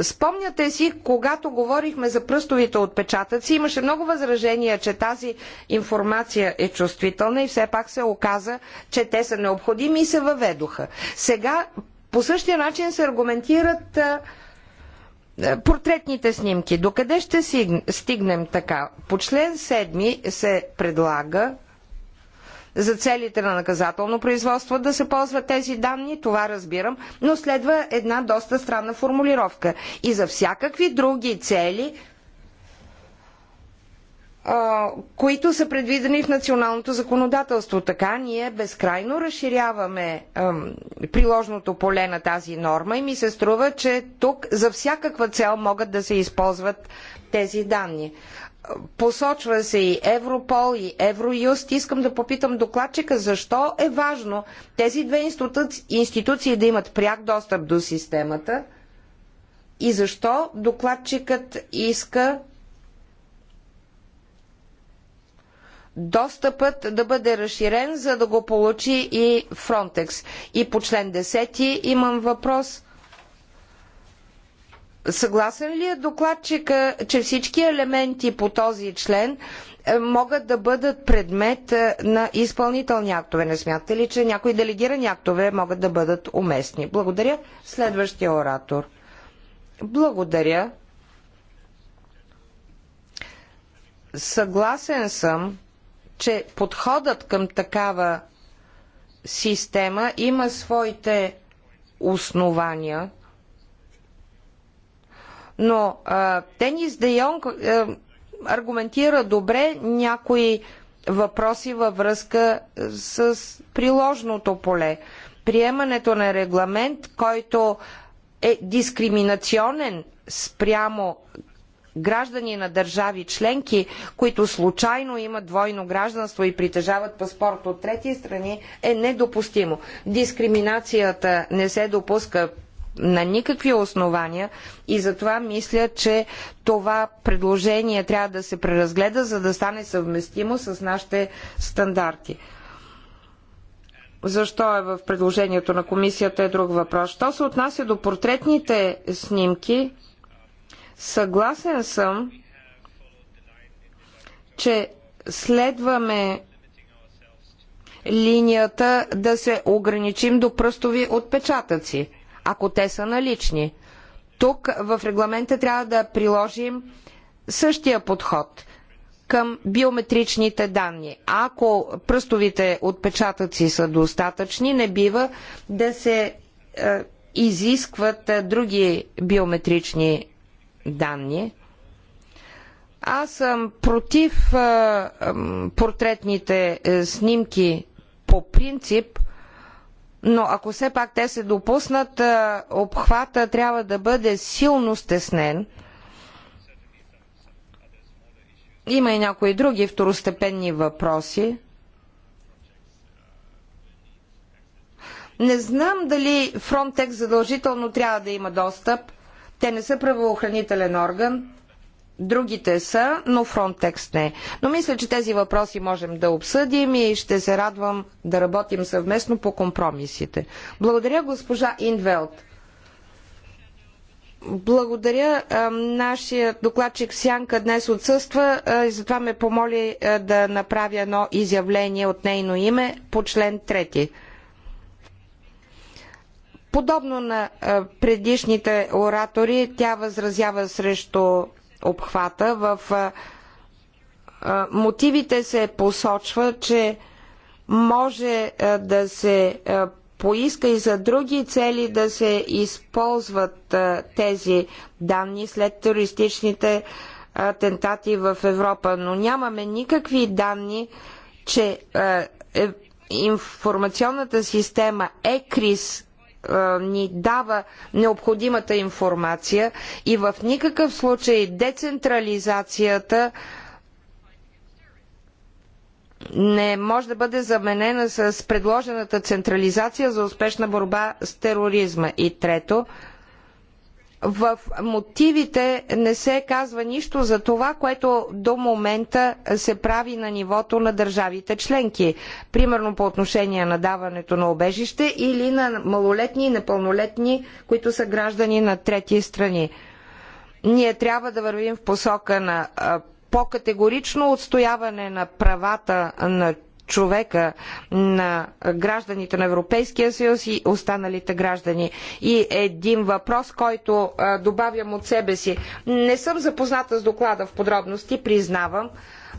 Спомняте си, когато говорихме за пръстовите отпечатъци, имаше много възражения, че тази информация е чувствителна и все пак се оказа, че те са необходими и се въведоха. Сега по същия начин се аргументират а, портретните снимки. Докъде ще стигнем така? По член 7 се предлага за целите на наказателно производство да се ползват тези данни, това разбирам, но следва една доста странна формулировка. И за всякакви други цели които са предвидени в националното законодателство. Така ние безкрайно разширяваме приложното поле на тази норма и ми се струва, че тук за всякаква цел могат да се използват тези данни. Посочва се и Европол, и Евроюст. Искам да попитам докладчика защо е важно тези две институции да имат пряк достъп до системата и защо докладчикът иска достъпът да бъде разширен, за да го получи и Фронтекс. И по член 10 имам въпрос. Съгласен ли е докладчика, че всички елементи по този член е, могат да бъдат предмет е, на изпълнителни актове? Не смятате ли, че някои делегирани актове могат да бъдат уместни? Благодаря. Следващия оратор. Благодаря. Съгласен съм, че подходът към такава система има своите основания, но а, Денис Де Йонг а, аргументира добре някои въпроси във връзка с приложното поле. Приемането на регламент, който е дискриминационен спрямо граждани на държави членки, които случайно имат двойно гражданство и притежават паспорт от трети страни, е недопустимо. Дискриминацията не се допуска на никакви основания и затова мисля, че това предложение трябва да се преразгледа, за да стане съвместимо с нашите стандарти. Защо е в предложението на комисията е друг въпрос. Що се отнася до портретните снимки, Съгласен съм, че следваме линията да се ограничим до пръстови отпечатъци, ако те са налични. Тук в регламента трябва да приложим същия подход към биометричните данни. Ако пръстовите отпечатъци са достатъчни, не бива да се е, изискват е, други биометрични данни. Аз съм против портретните е, снимки по принцип, но ако все пак те се допуснат, обхвата трябва да бъде силно стеснен. Има и някои други второстепенни въпроси. Не знам дали Frontex задължително трябва да има достъп те не са правоохранителен орган, другите са, но Frontex не. Но мисля, че тези въпроси можем да обсъдим и ще се радвам да работим съвместно по компромисите. Благодаря госпожа Инвелт. Благодаря. Нашия докладчик Сянка днес отсъства и затова ме помоли да направя едно изявление от нейно име по член 3. Подобно на предишните оратори, тя възразява срещу обхвата. В мотивите се посочва, че може да се поиска и за други цели да се използват тези данни след терористичните атентати в Европа, но нямаме никакви данни, че е, информационната система ЕКРИС ни дава необходимата информация и в никакъв случай децентрализацията не може да бъде заменена с предложената централизация за успешна борба с тероризма. И трето, в мотивите не се казва нищо за това, което до момента се прави на нивото на държавите членки. Примерно по отношение на даването на обежище или на малолетни и непълнолетни, които са граждани на трети страни. Ние трябва да вървим в посока на по-категорично отстояване на правата на човека на гражданите на Европейския съюз и останалите граждани. И един въпрос, който добавям от себе си. Не съм запозната с доклада в подробности, признавам,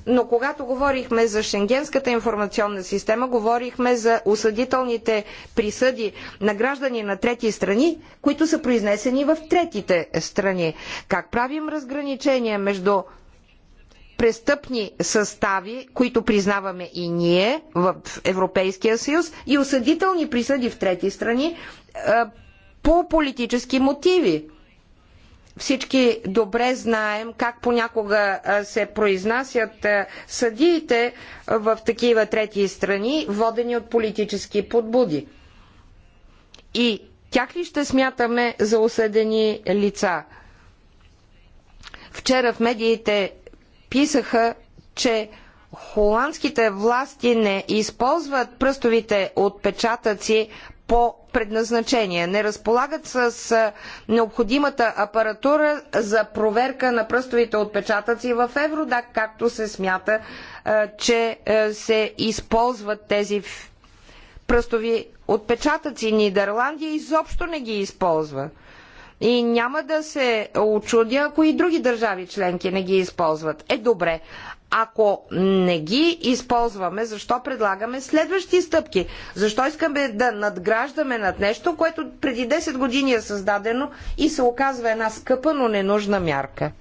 но когато говорихме за Шенгенската информационна система, говорихме за осъдителните присъди на граждани на трети страни, които са произнесени в третите страни. Как правим разграничение между престъпни състави, които признаваме и ние в Европейския съюз, и осъдителни присъди в трети страни е, по политически мотиви. Всички добре знаем как понякога е, се произнасят е, съдиите в такива трети страни, водени от политически подбуди. И тях ли ще смятаме за осъдени лица? Вчера в медиите писаха, че холандските власти не използват пръстовите отпечатъци по предназначение. Не разполагат с необходимата апаратура за проверка на пръстовите отпечатъци в Евродак, както се смята, че се използват тези пръстови отпечатъци. Нидерландия изобщо не ги използва. И няма да се очудя, ако и други държави членки не ги използват. Е, добре. Ако не ги използваме, защо предлагаме следващи стъпки? Защо искаме да надграждаме над нещо, което преди 10 години е създадено и се оказва една скъпа, но ненужна мярка?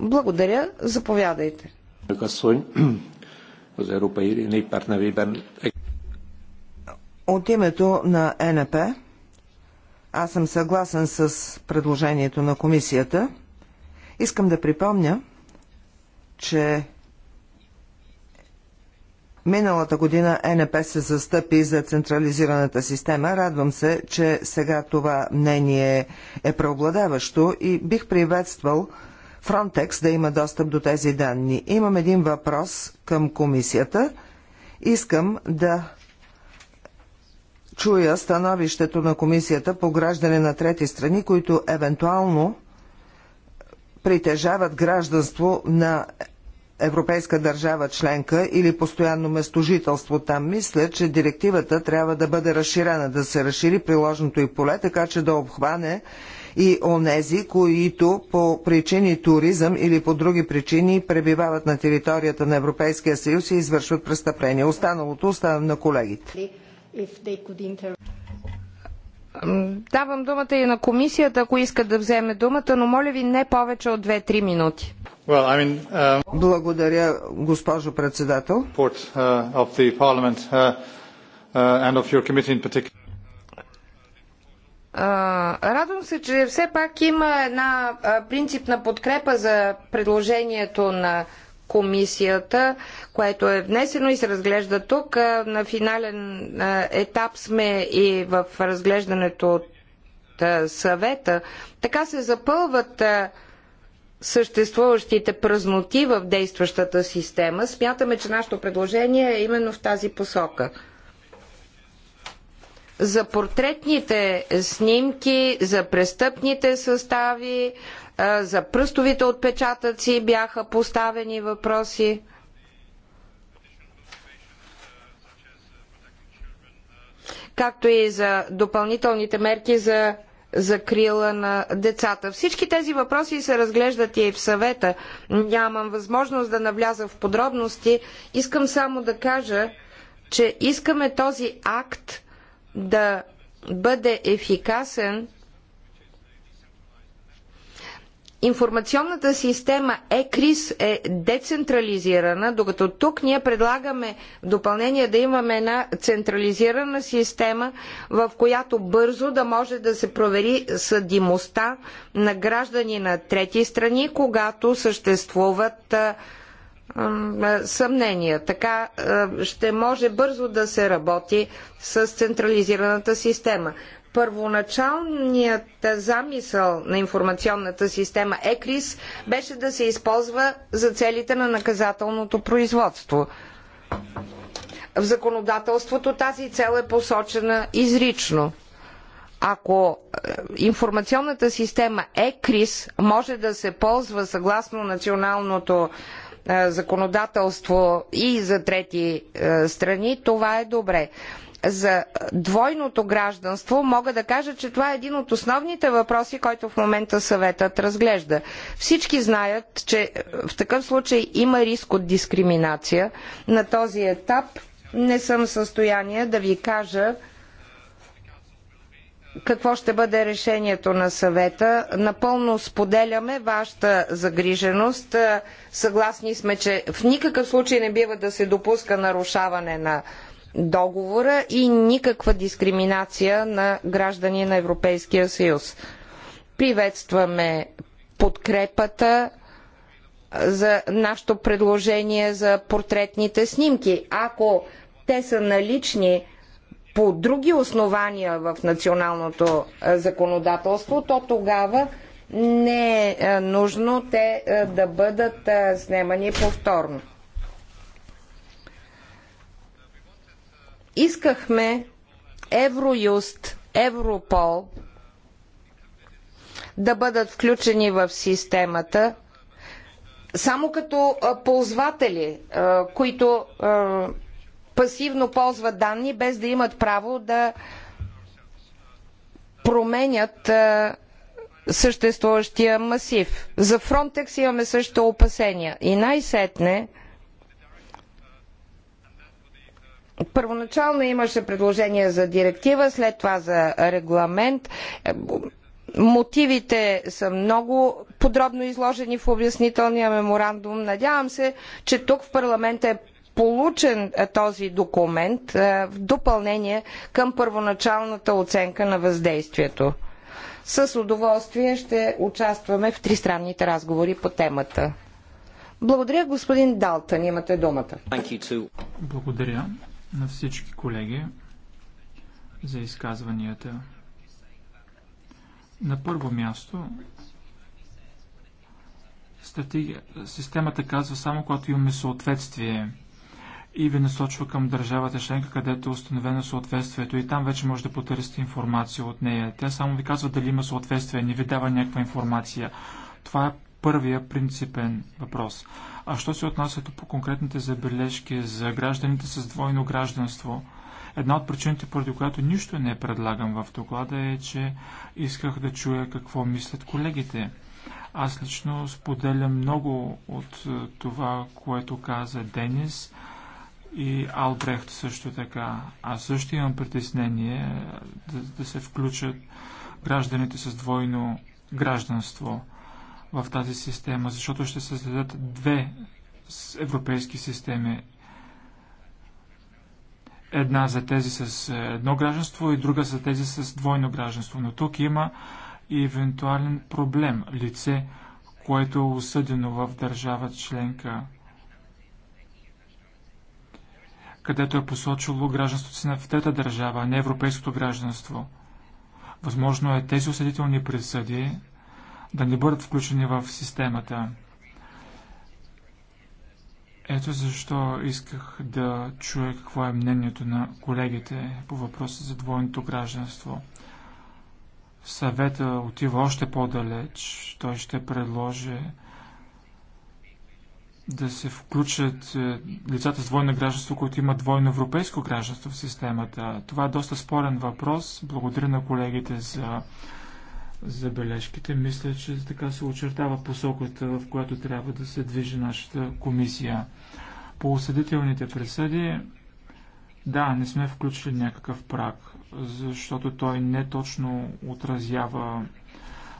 Благодаря. Заповядайте. От името на НП аз съм съгласен с предложението на комисията. Искам да припомня, че Миналата година НП се застъпи за централизираната система. Радвам се, че сега това мнение е преобладаващо и бих приветствал Frontex да има достъп до тези данни. Имам един въпрос към комисията. Искам да чуя становището на Комисията по граждане на трети страни, които евентуално притежават гражданство на европейска държава членка или постоянно местожителство там. Мисля, че директивата трябва да бъде разширена, да се разшири приложното и поле, така че да обхване и онези, които по причини туризъм или по други причини пребивават на територията на Европейския съюз и извършват престъпления. Останалото оставям на колегите if they could inter... Давам думата и на комисията, ако иска да вземе думата, но моля ви не повече от 2-3 минути. Well, I mean, uh... Благодаря, госпожо председател. Радвам се, че все пак има една принципна подкрепа за предложението на комисията, което е внесено и се разглежда тук. На финален етап сме и в разглеждането от съвета. Така се запълват съществуващите празноти в действащата система. Смятаме, че нашето предложение е именно в тази посока за портретните снимки, за престъпните състави, за пръстовите отпечатъци бяха поставени въпроси. както и за допълнителните мерки за закрила на децата. Всички тези въпроси се разглеждат и в съвета. Нямам възможност да навляза в подробности. Искам само да кажа, че искаме този акт да бъде ефикасен, информационната система ЕКРИС е децентрализирана, докато тук ние предлагаме в допълнение да имаме една централизирана система, в която бързо да може да се провери съдимостта на граждани на трети страни, когато съществуват а, е, съмнения. Така е, ще може бързо да се работи с централизираната система. Първоначалният замисъл на информационната система ЕКРИС беше да се използва за целите на наказателното производство. В законодателството тази цел е посочена изрично. Ако е, информационната система ЕКРИС може да се ползва съгласно националното законодателство и за трети страни, това е добре. За двойното гражданство мога да кажа, че това е един от основните въпроси, който в момента съветът разглежда. Всички знаят, че в такъв случай има риск от дискриминация. На този етап не съм в състояние да ви кажа какво ще бъде решението на съвета. Напълно споделяме вашата загриженост. Съгласни сме, че в никакъв случай не бива да се допуска нарушаване на договора и никаква дискриминация на граждани на Европейския съюз. Приветстваме подкрепата за нашето предложение за портретните снимки. Ако те са налични по други основания в националното е, законодателство, то тогава не е, е нужно те е, да бъдат снимани повторно. Искахме Евроюст, Европол да бъдат включени в системата само като ползватели, които пасивно ползват данни, без да имат право да променят съществуващия масив. За Фронтекс имаме също опасения. И най-сетне, първоначално имаше предложение за директива, след това за регламент. Мотивите са много подробно изложени в обяснителния меморандум. Надявам се, че тук в парламента е получен този документ в допълнение към първоначалната оценка на въздействието. С удоволствие ще участваме в тристранните разговори по темата. Благодаря, господин Далтън. Имате думата. Благодаря на всички колеги за изказванията. На първо място, стратегия, системата казва само когато имаме съответствие – и ви насочва към държавата членка, където е установено съответствието и там вече може да потърсите информация от нея. Тя само ви казва дали има съответствие, не ви дава някаква информация. Това е първия принципен въпрос. А що се отнася по конкретните забележки за гражданите с двойно гражданство? Една от причините, поради която нищо не предлагам в доклада е, че исках да чуя какво мислят колегите. Аз лично споделям много от е, това, което каза Денис и Албрехт също така. Аз също имам притеснение е, да, да се включат гражданите с двойно гражданство в тази система, защото ще създадат две европейски системи. Една за тези с е, едно гражданство и друга за тези с двойно гражданство. Но тук има и евентуален проблем. Лице, което е осъдено в държава членка където е посочило гражданството си на в трета държава, а не европейското гражданство. Възможно е тези осъдителни присъди да не бъдат включени в системата. Ето защо исках да чуя какво е мнението на колегите по въпроса за двойното гражданство. Съвета отива още по-далеч. Той ще предложи да се включат е, лицата с двойно гражданство, които имат двойно европейско гражданство в системата. Това е доста спорен въпрос. Благодаря на колегите за забележките. Мисля, че така се очертава посоката, в която трябва да се движи нашата комисия. По осъдителните присъди, да, не сме включили някакъв прак, защото той не точно отразява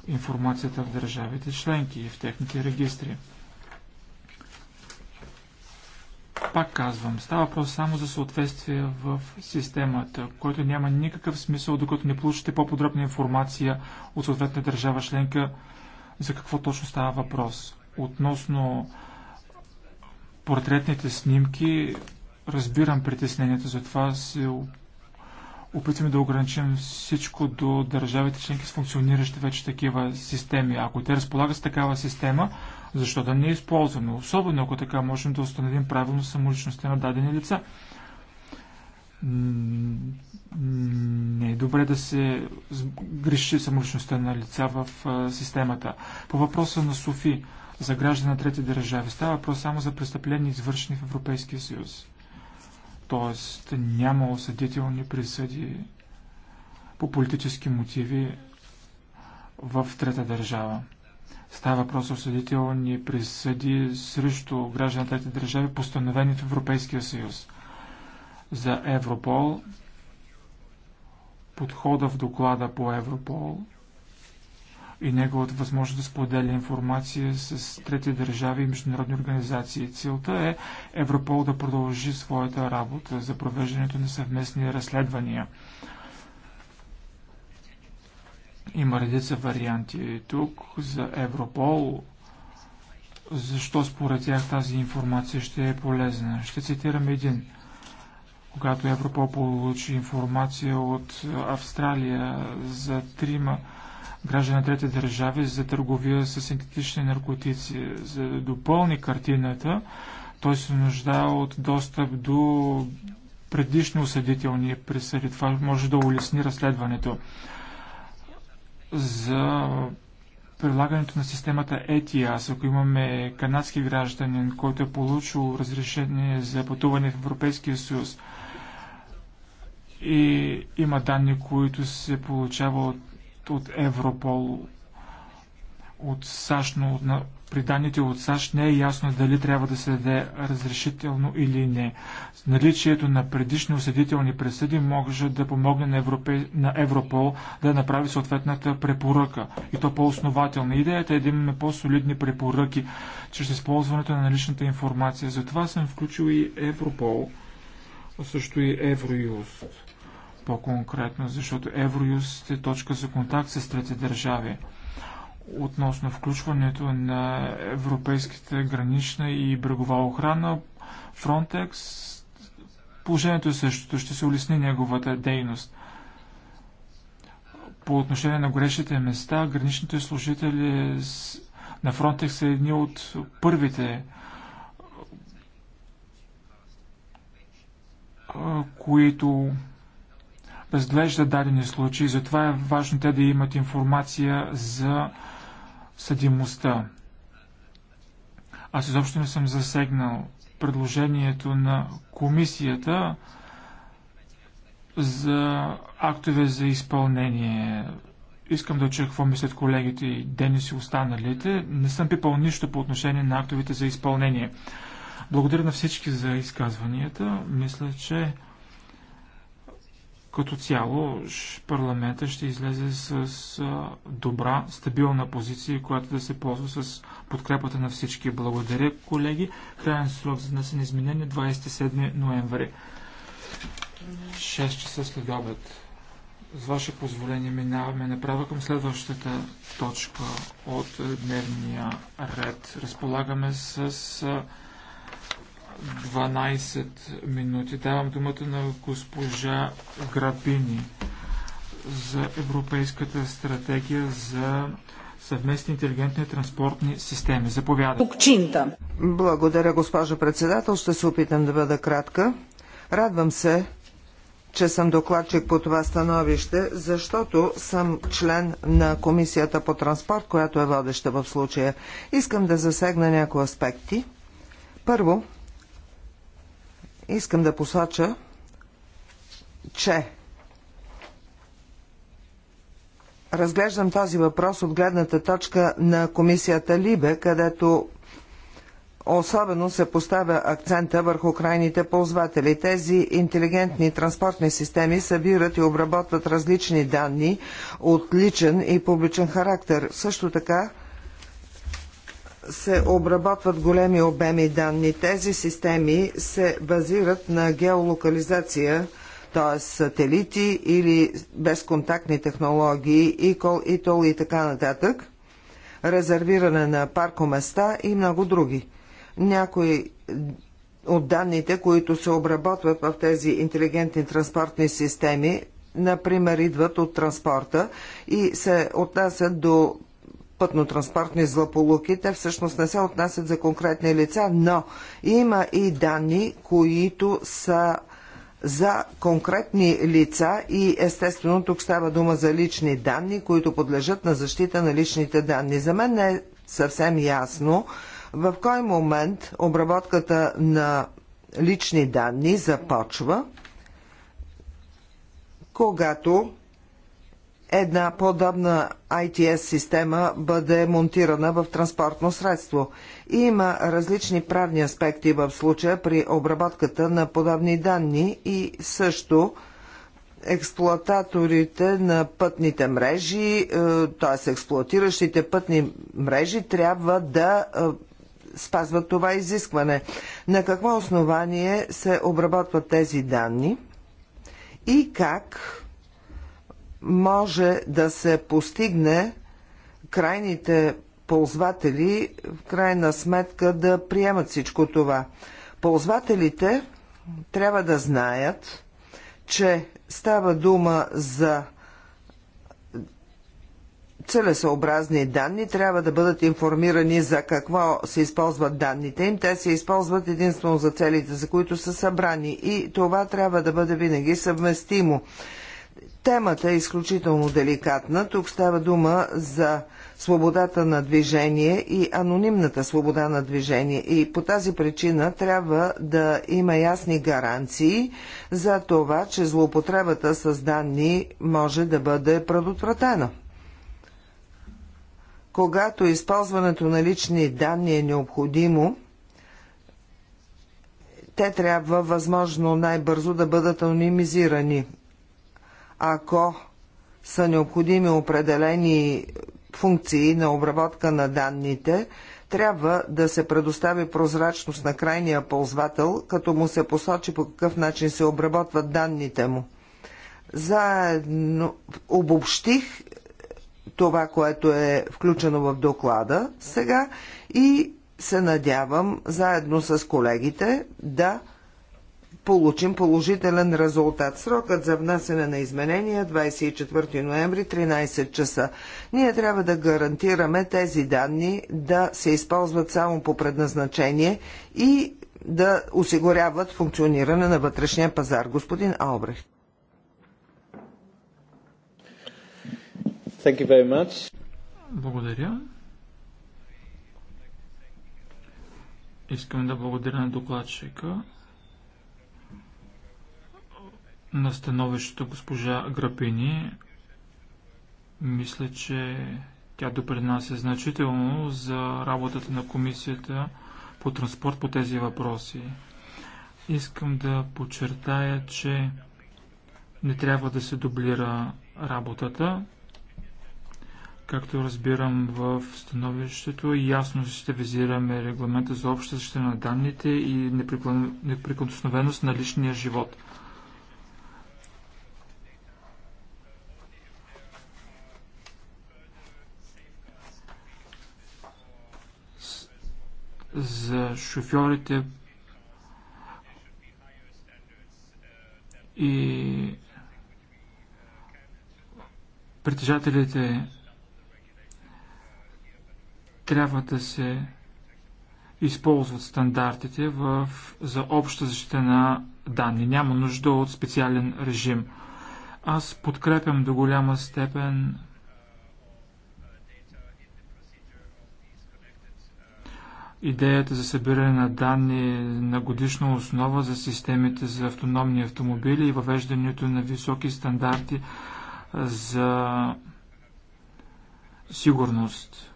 информацията в държавите членки и в техните регистри. Пак казвам, става въпрос само за съответствие в системата, което няма никакъв смисъл, докато не получите по-подробна информация от съответната държава членка за какво точно става въпрос. Относно портретните снимки, разбирам притеснението, затова се опитваме да ограничим всичко до държавите членки с функциониращи вече такива системи. Ако те разполагат с такава система, защо да не е използваме. особено ако така можем да установим правилно самоличността на дадени лица. Не е добре да се греши самоличността на лица в системата. По въпроса на Софи за граждани на трети държави става въпрос само за престъпления, извършени в Европейския съюз. Тоест няма осъдителни присъди по политически мотиви в трета държава. Става въпрос за осъдителни присъди срещу граждани на трети държави, постановени в Европейския съюз. За Европол, подхода в доклада по Европол и неговата възможност да споделя информация с трети държави и международни организации. Целта е Европол да продължи своята работа за провеждането на съвместни разследвания има редица варианти тук за Европол. Защо според тях тази информация ще е полезна? Ще цитирам един. Когато Европол получи информация от Австралия за трима граждани на трети държави за търговия с синтетични наркотици, за да допълни картината, той се нуждае от достъп до предишни осъдителни присъди. Това може да улесни разследването за прилагането на системата ETIAS, ако имаме канадски гражданин, който е получил разрешение за пътуване в Европейския съюз и има данни, които се получава от, от Европол, от САЩ, но от, при данните от САЩ не е ясно дали трябва да се даде разрешително или не. Наличието на предишни осъдителни присъди може да помогне на, Европе... на Европол да направи съответната препоръка. И то по-основателна. Идеята е да имаме по-солидни препоръки чрез използването на наличната информация. Затова съм включил и Европол, а също и Евроюст по-конкретно, защото Евроюст е точка за контакт с трети държави относно включването на европейските гранична и брегова охрана, Frontex, положението е същото, ще се улесни неговата дейност. По отношение на горещите места, граничните служители на Frontex са едни от първите, които разглеждат дадени случаи, затова е важно те да имат информация за съдимостта. Аз изобщо не съм засегнал предложението на комисията за актове за изпълнение. Искам да чуя какво мислят колегите и Денис и останалите. Не съм пипал нищо по отношение на актовете за изпълнение. Благодаря на всички за изказванията. Мисля, че като цяло парламента ще излезе с добра, стабилна позиция, която да се ползва с подкрепата на всички. Благодаря, колеги. Крайен срок за внесен изменение 27 е ноември. 6 часа след обед. С ваше позволение минаваме направо към следващата точка от дневния ред. Разполагаме с 12 минути. Давам думата на госпожа Грабини за Европейската стратегия за съвместни интелигентни транспортни системи. Заповядайте. Благодаря, госпожо председател. Ще се опитам да бъда кратка. Радвам се, че съм докладчик по това становище, защото съм член на Комисията по транспорт, която е водеща в случая. Искам да засегна някои аспекти. Първо, Искам да посоча, че разглеждам този въпрос от гледната точка на комисията Либе, където Особено се поставя акцента върху крайните ползватели. Тези интелигентни транспортни системи събират и обработват различни данни от личен и публичен характер. Също така се обработват големи обеми данни. Тези системи се базират на геолокализация, т.е. сателити или безконтактни технологии, ИКОЛ, ИТОЛ и така нататък, резервиране на паркоместа и много други. Някои от данните, които се обработват в тези интелигентни транспортни системи, например, идват от транспорта и се отнасят до пътно-транспортни злополуки, те всъщност не се отнасят за конкретни лица, но има и данни, които са за конкретни лица и естествено тук става дума за лични данни, които подлежат на защита на личните данни. За мен не е съвсем ясно в кой момент обработката на лични данни започва, когато една подобна ITS система бъде монтирана в транспортно средство. Има различни правни аспекти в случая при обработката на подобни данни и също експлоататорите на пътните мрежи, е, т.е. експлоатиращите пътни мрежи трябва да е, спазват това изискване. На какво основание се обработват тези данни и как може да се постигне крайните ползватели в крайна сметка да приемат всичко това. Ползвателите трябва да знаят, че става дума за целесообразни данни, трябва да бъдат информирани за какво се използват данните им. Те се използват единствено за целите, за които са събрани и това трябва да бъде винаги съвместимо Темата е изключително деликатна. Тук става дума за свободата на движение и анонимната свобода на движение. И по тази причина трябва да има ясни гаранции за това, че злоупотребата с данни може да бъде предотвратена. Когато използването на лични данни е необходимо, те трябва възможно най-бързо да бъдат анонимизирани ако са необходими определени функции на обработка на данните, трябва да се предостави прозрачност на крайния ползвател, като му се посочи по какъв начин се обработват данните му. Заедно обобщих това, което е включено в доклада сега и се надявам заедно с колегите да получим положителен резултат. Срокът за внасене на изменения 24 е ноември 13 часа. Ние трябва да гарантираме тези данни да се използват само по предназначение и да осигуряват функциониране на вътрешния пазар. Господин Албрехт. Thank you very much. Благодаря. Искам да благодаря на докладчика на становището госпожа Грапини. Мисля, че тя допринася значително за работата на комисията по транспорт по тези въпроси. Искам да подчертая, че не трябва да се дублира работата. Както разбирам в становището, ясно ще визираме регламента за обща защита на данните и неприкосновеност на личния живот – за шофьорите и притежателите трябва да се използват стандартите в, за обща защита на данни. Няма нужда от специален режим. Аз подкрепям до голяма степен идеята за събиране на данни на годишна основа за системите за автономни автомобили и въвеждането на високи стандарти за сигурност.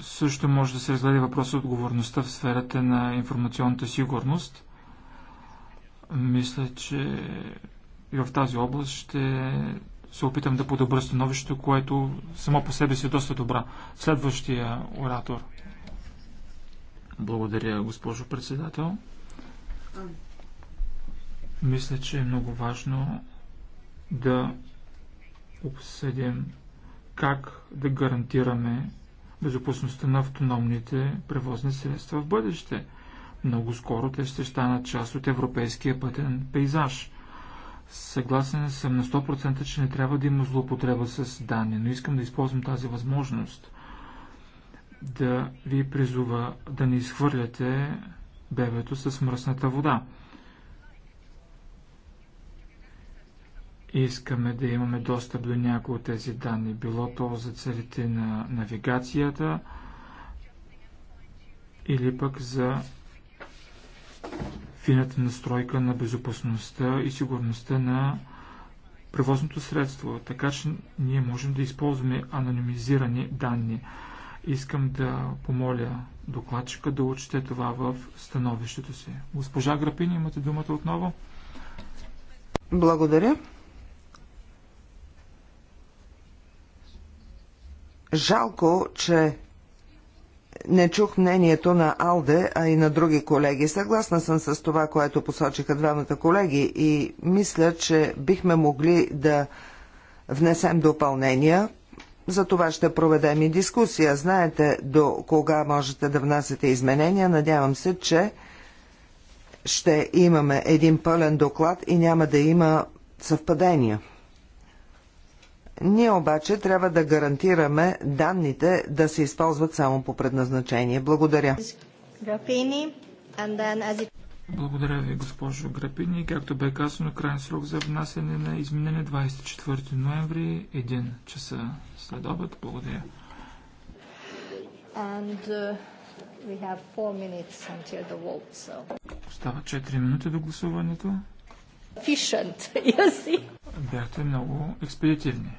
Също може да се разгледа въпрос от отговорността в сферата на информационната сигурност. Мисля, че и в тази област ще се опитам да подобра становището, което само по себе си е доста добра. Следващия оратор. Благодаря, госпожо председател. Мисля, че е много важно да обсъдим как да гарантираме безопасността на автономните превозни средства в бъдеще. Много скоро те ще станат част от европейския пътен пейзаж. Съгласен съм на 100%, че не трябва да има злоупотреба с данни, но искам да използвам тази възможност да ви призува да не изхвърляте бебето с мръсната вода. Искаме да имаме достъп до някои от тези данни, било то за целите на навигацията или пък за фината настройка на безопасността и сигурността на превозното средство, така че ние можем да използваме анонимизирани данни. Искам да помоля докладчика да учите това в становището си. Госпожа Грапин, имате думата отново. Благодаря. Жалко, че не чух мнението на Алде, а и на други колеги. Съгласна съм с това, което посочиха двамата колеги и мисля, че бихме могли да внесем допълнения. За това ще проведем и дискусия. Знаете до кога можете да внасяте изменения. Надявам се, че ще имаме един пълен доклад и няма да има съвпадения. Ние обаче трябва да гарантираме данните да се използват само по предназначение. Благодаря. Благодаря ви, госпожо Грапини. Както бе казано, крайен срок за внасяне на изменение 24 е ноември, 1 часа след обед. Благодаря. And, uh, we have four minutes until the vote, so... Остава 4 минути до гласуването. Efficient, *laughs* you see. Бяхте много експедитивни.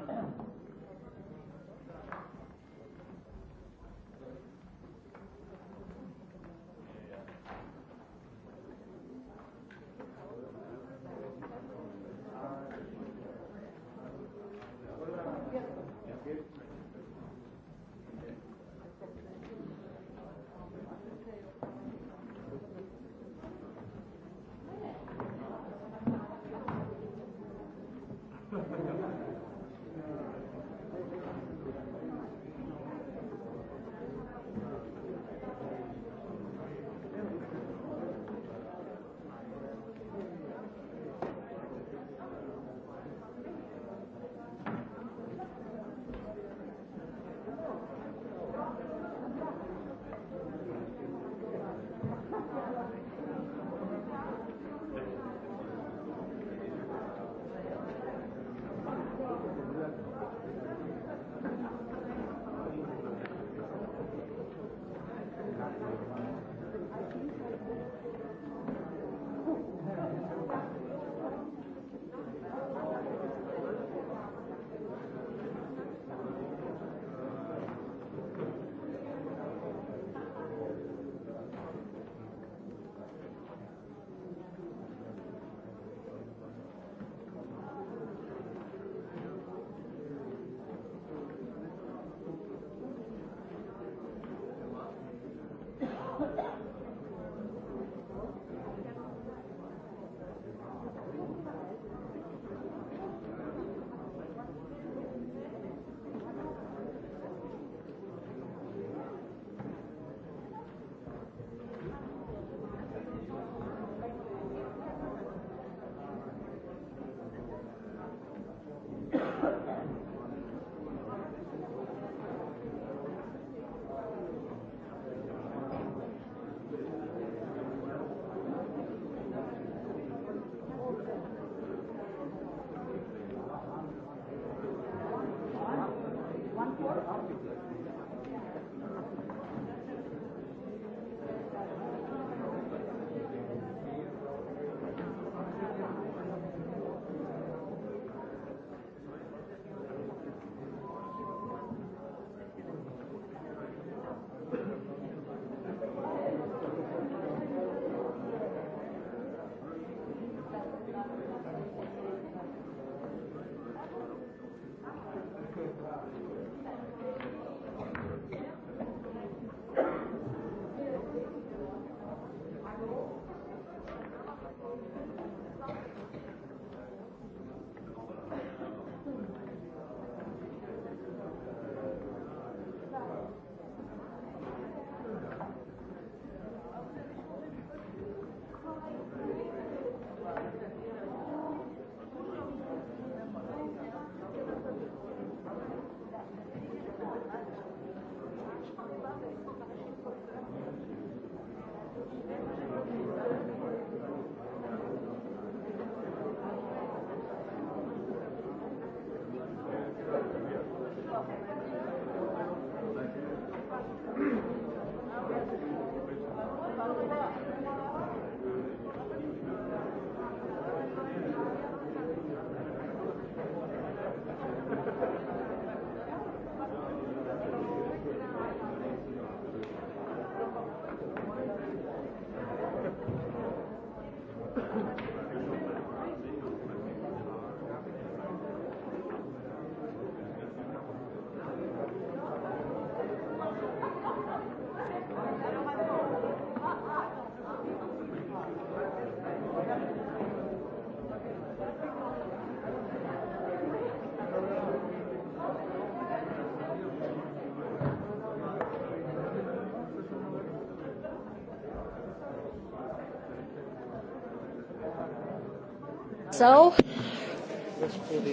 So,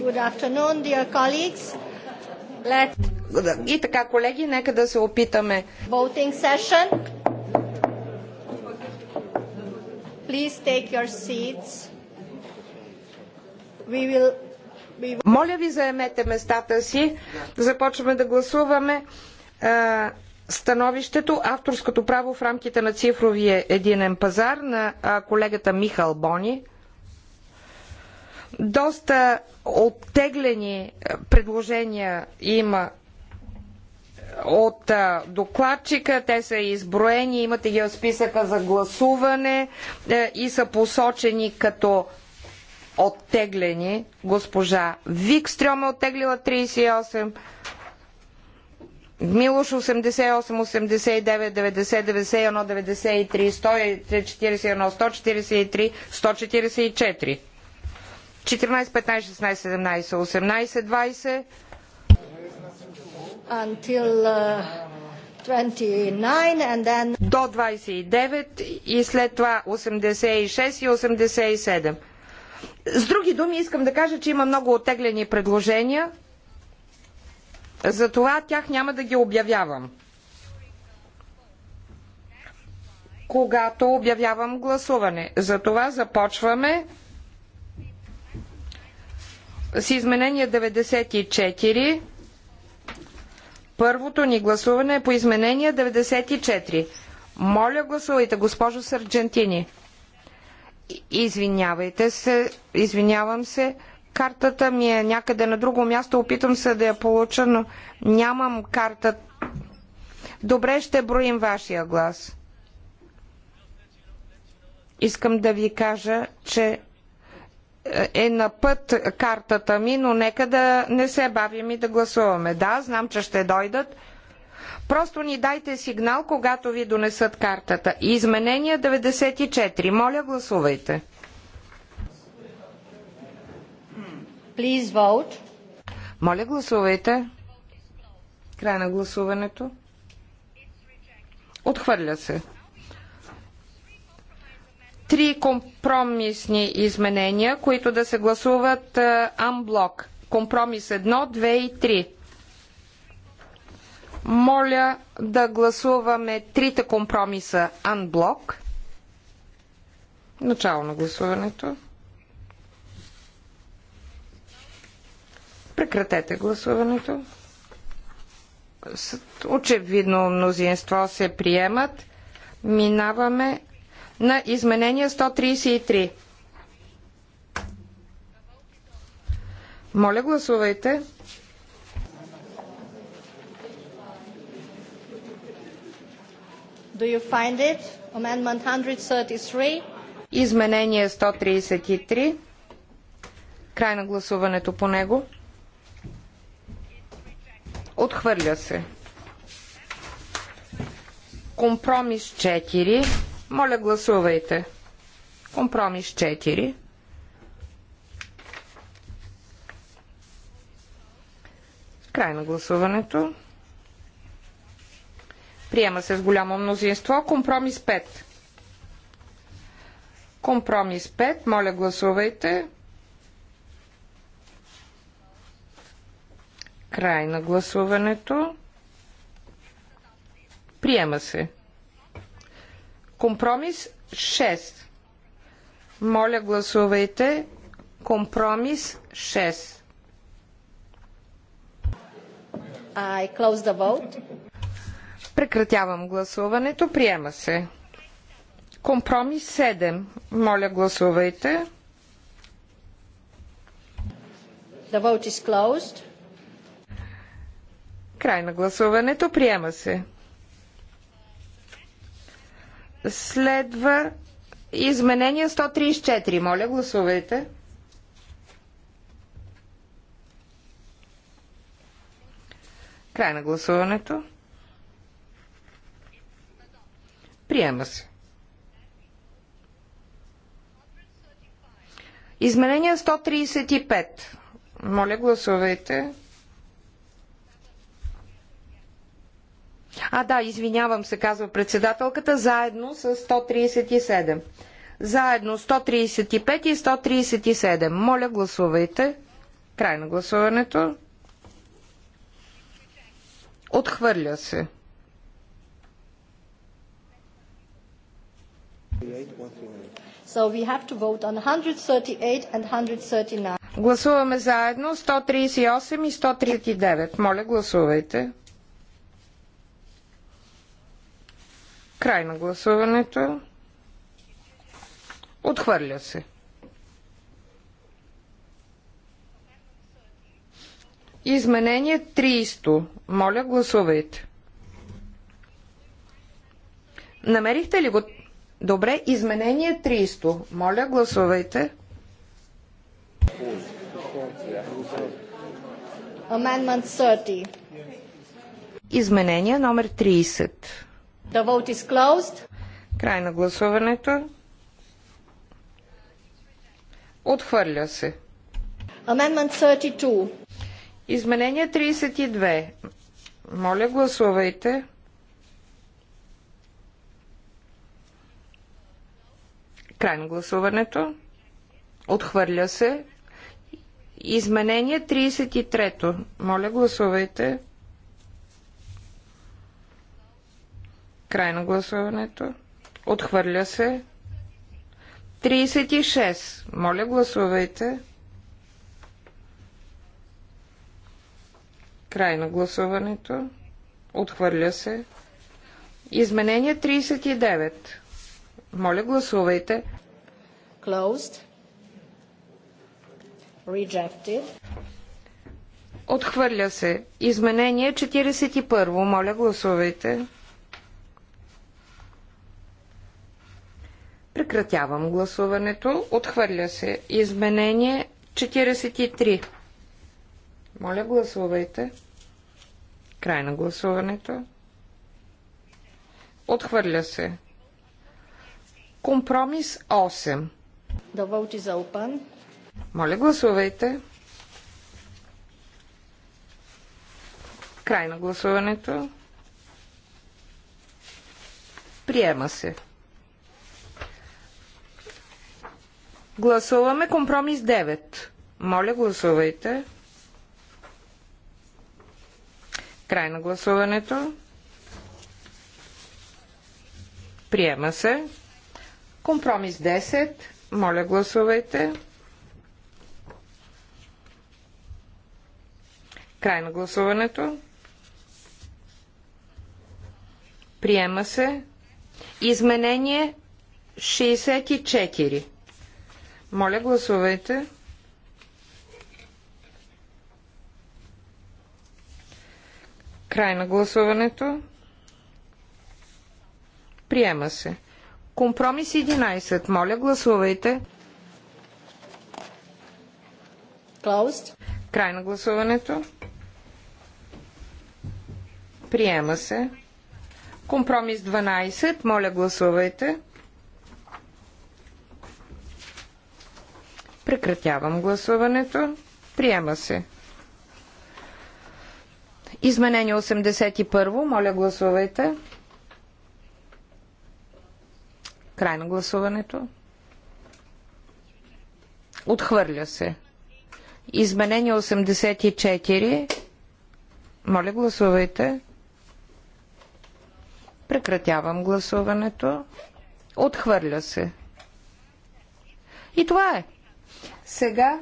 good afternoon, dear colleagues. Let... И така, колеги, нека да се опитаме. Voting session. Please take your seats. We will... We will... Моля ви, заемете местата си. Започваме да гласуваме становището авторското право в рамките на цифровия единен пазар на колегата Михал Бони. Доста оттеглени предложения има от докладчика. Те са изброени, имате ги в списъка за гласуване е, и са посочени като оттеглени. Госпожа Викстрем е оттеглила 38. Милош 88, 89, 90, 91, 93, 141, 143, 144. 14, 15, 16, 17, 18, 20. До 29 и след това 86 и 87. С други думи искам да кажа, че има много отеглени предложения. Затова тях няма да ги обявявам. Когато обявявам гласуване. Затова започваме с изменение 94. Първото ни гласуване е по изменение 94. Моля, гласувайте, госпожо Сърджентини. Извинявайте се, извинявам се. Картата ми е някъде на друго място. Опитвам се да я получа, но нямам карта. Добре, ще броим вашия глас. Искам да ви кажа, че е на път картата ми, но нека да не се бавим и да гласуваме. Да, знам, че ще дойдат. Просто ни дайте сигнал, когато ви донесат картата. Изменение 94. Моля, гласувайте. Please vote. Моля, гласувайте. Край на гласуването. Отхвърля се три компромисни изменения, които да се гласуват е, анблок. Компромис 1, 2 и 3. Моля да гласуваме трите компромиса анблок. Начало на гласуването. Прекратете гласуването. Очевидно мнозинство се приемат. Минаваме на изменение 133. Моля, гласувайте. Do you find it? Amendment 133. Изменение 133. Край на гласуването по него. Отхвърля се. Компромис 4. Моля, гласувайте. Компромис 4. Край на гласуването. Приема се с голямо мнозинство. Компромис 5. Компромис 5. Моля, гласувайте. Край на гласуването. Приема се. Компромис 6. Моля, гласувайте. Компромис 6. I close the vote. Прекратявам гласуването. Приема се. Компромис 7. Моля, гласувайте. The vote is closed. Край на гласуването. Приема се. Следва изменение 134. Моля, гласувайте. Край на гласуването. Приема се. Изменение 135. Моля, гласувайте. А да, извинявам се, казва председателката, заедно с 137. Заедно 135 и 137. Моля, гласувайте. Край на гласуването. Отхвърля се. So we have to vote on 138 and 139. Гласуваме заедно 138 и 139. Моля, гласувайте. Край на гласуването. Отхвърля се. Изменение 300. Моля, гласувайте. Намерихте ли го? Добре, изменение 300. Моля, гласувайте. Amendment 30. Изменение номер 30. The vote is closed. Край на гласуването. Отхвърля се. Amendment 32. Изменение 32. Моля, гласувайте. Край на гласуването. Отхвърля се. Изменение 33. Моля, гласувайте. Край на гласуването. Отхвърля се. 36. Моля, гласувайте. Край на гласуването. Отхвърля се. Изменение 39. Моля, гласувайте. Closed. Rejected. Отхвърля се. Изменение 41. Моля, гласувайте. Прекратявам гласуването. Отхвърля се изменение 43. Моля, гласувайте. Край на гласуването. Отхвърля се. Компромис 8. Да вълчи за опан. Моля, гласувайте. Край на гласуването. Приема се. Гласуваме компромис 9. Моля, гласувайте. Край на гласуването. Приема се. Компромис 10. Моля, гласувайте. Край на гласуването. Приема се. Изменение 64. Моля, гласувайте. Край на гласуването. Приема се. Компромис 11. Моля, гласувайте. Closed. Край на гласуването. Приема се. Компромис 12. Моля, гласувайте. Прекратявам гласуването. Приема се. Изменение 81. Моля, гласувайте. Край на гласуването. Отхвърля се. Изменение 84. Моля, гласувайте. Прекратявам гласуването. Отхвърля се. И това е. Сега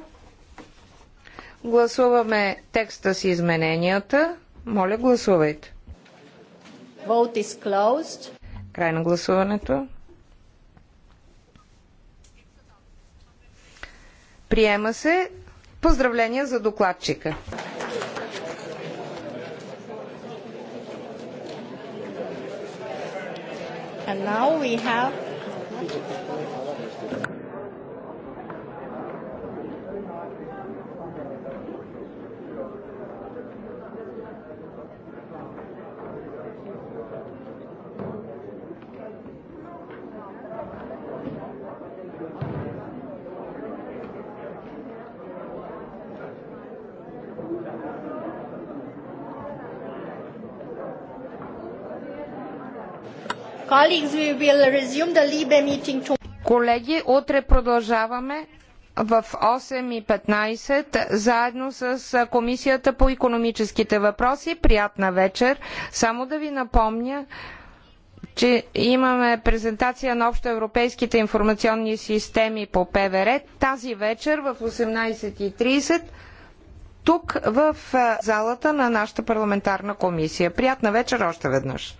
гласуваме текста с измененията. Моля, гласувайте. Vote is closed. Край на гласуването. Приема се. Поздравления за докладчика. And now we have Колеги, утре продължаваме в 8.15 заедно с Комисията по економическите въпроси. Приятна вечер. Само да ви напомня, че имаме презентация на общо Европейските информационни системи по ПВР е. тази вечер в 18.30 тук в залата на нашата парламентарна комисия. Приятна вечер още веднъж!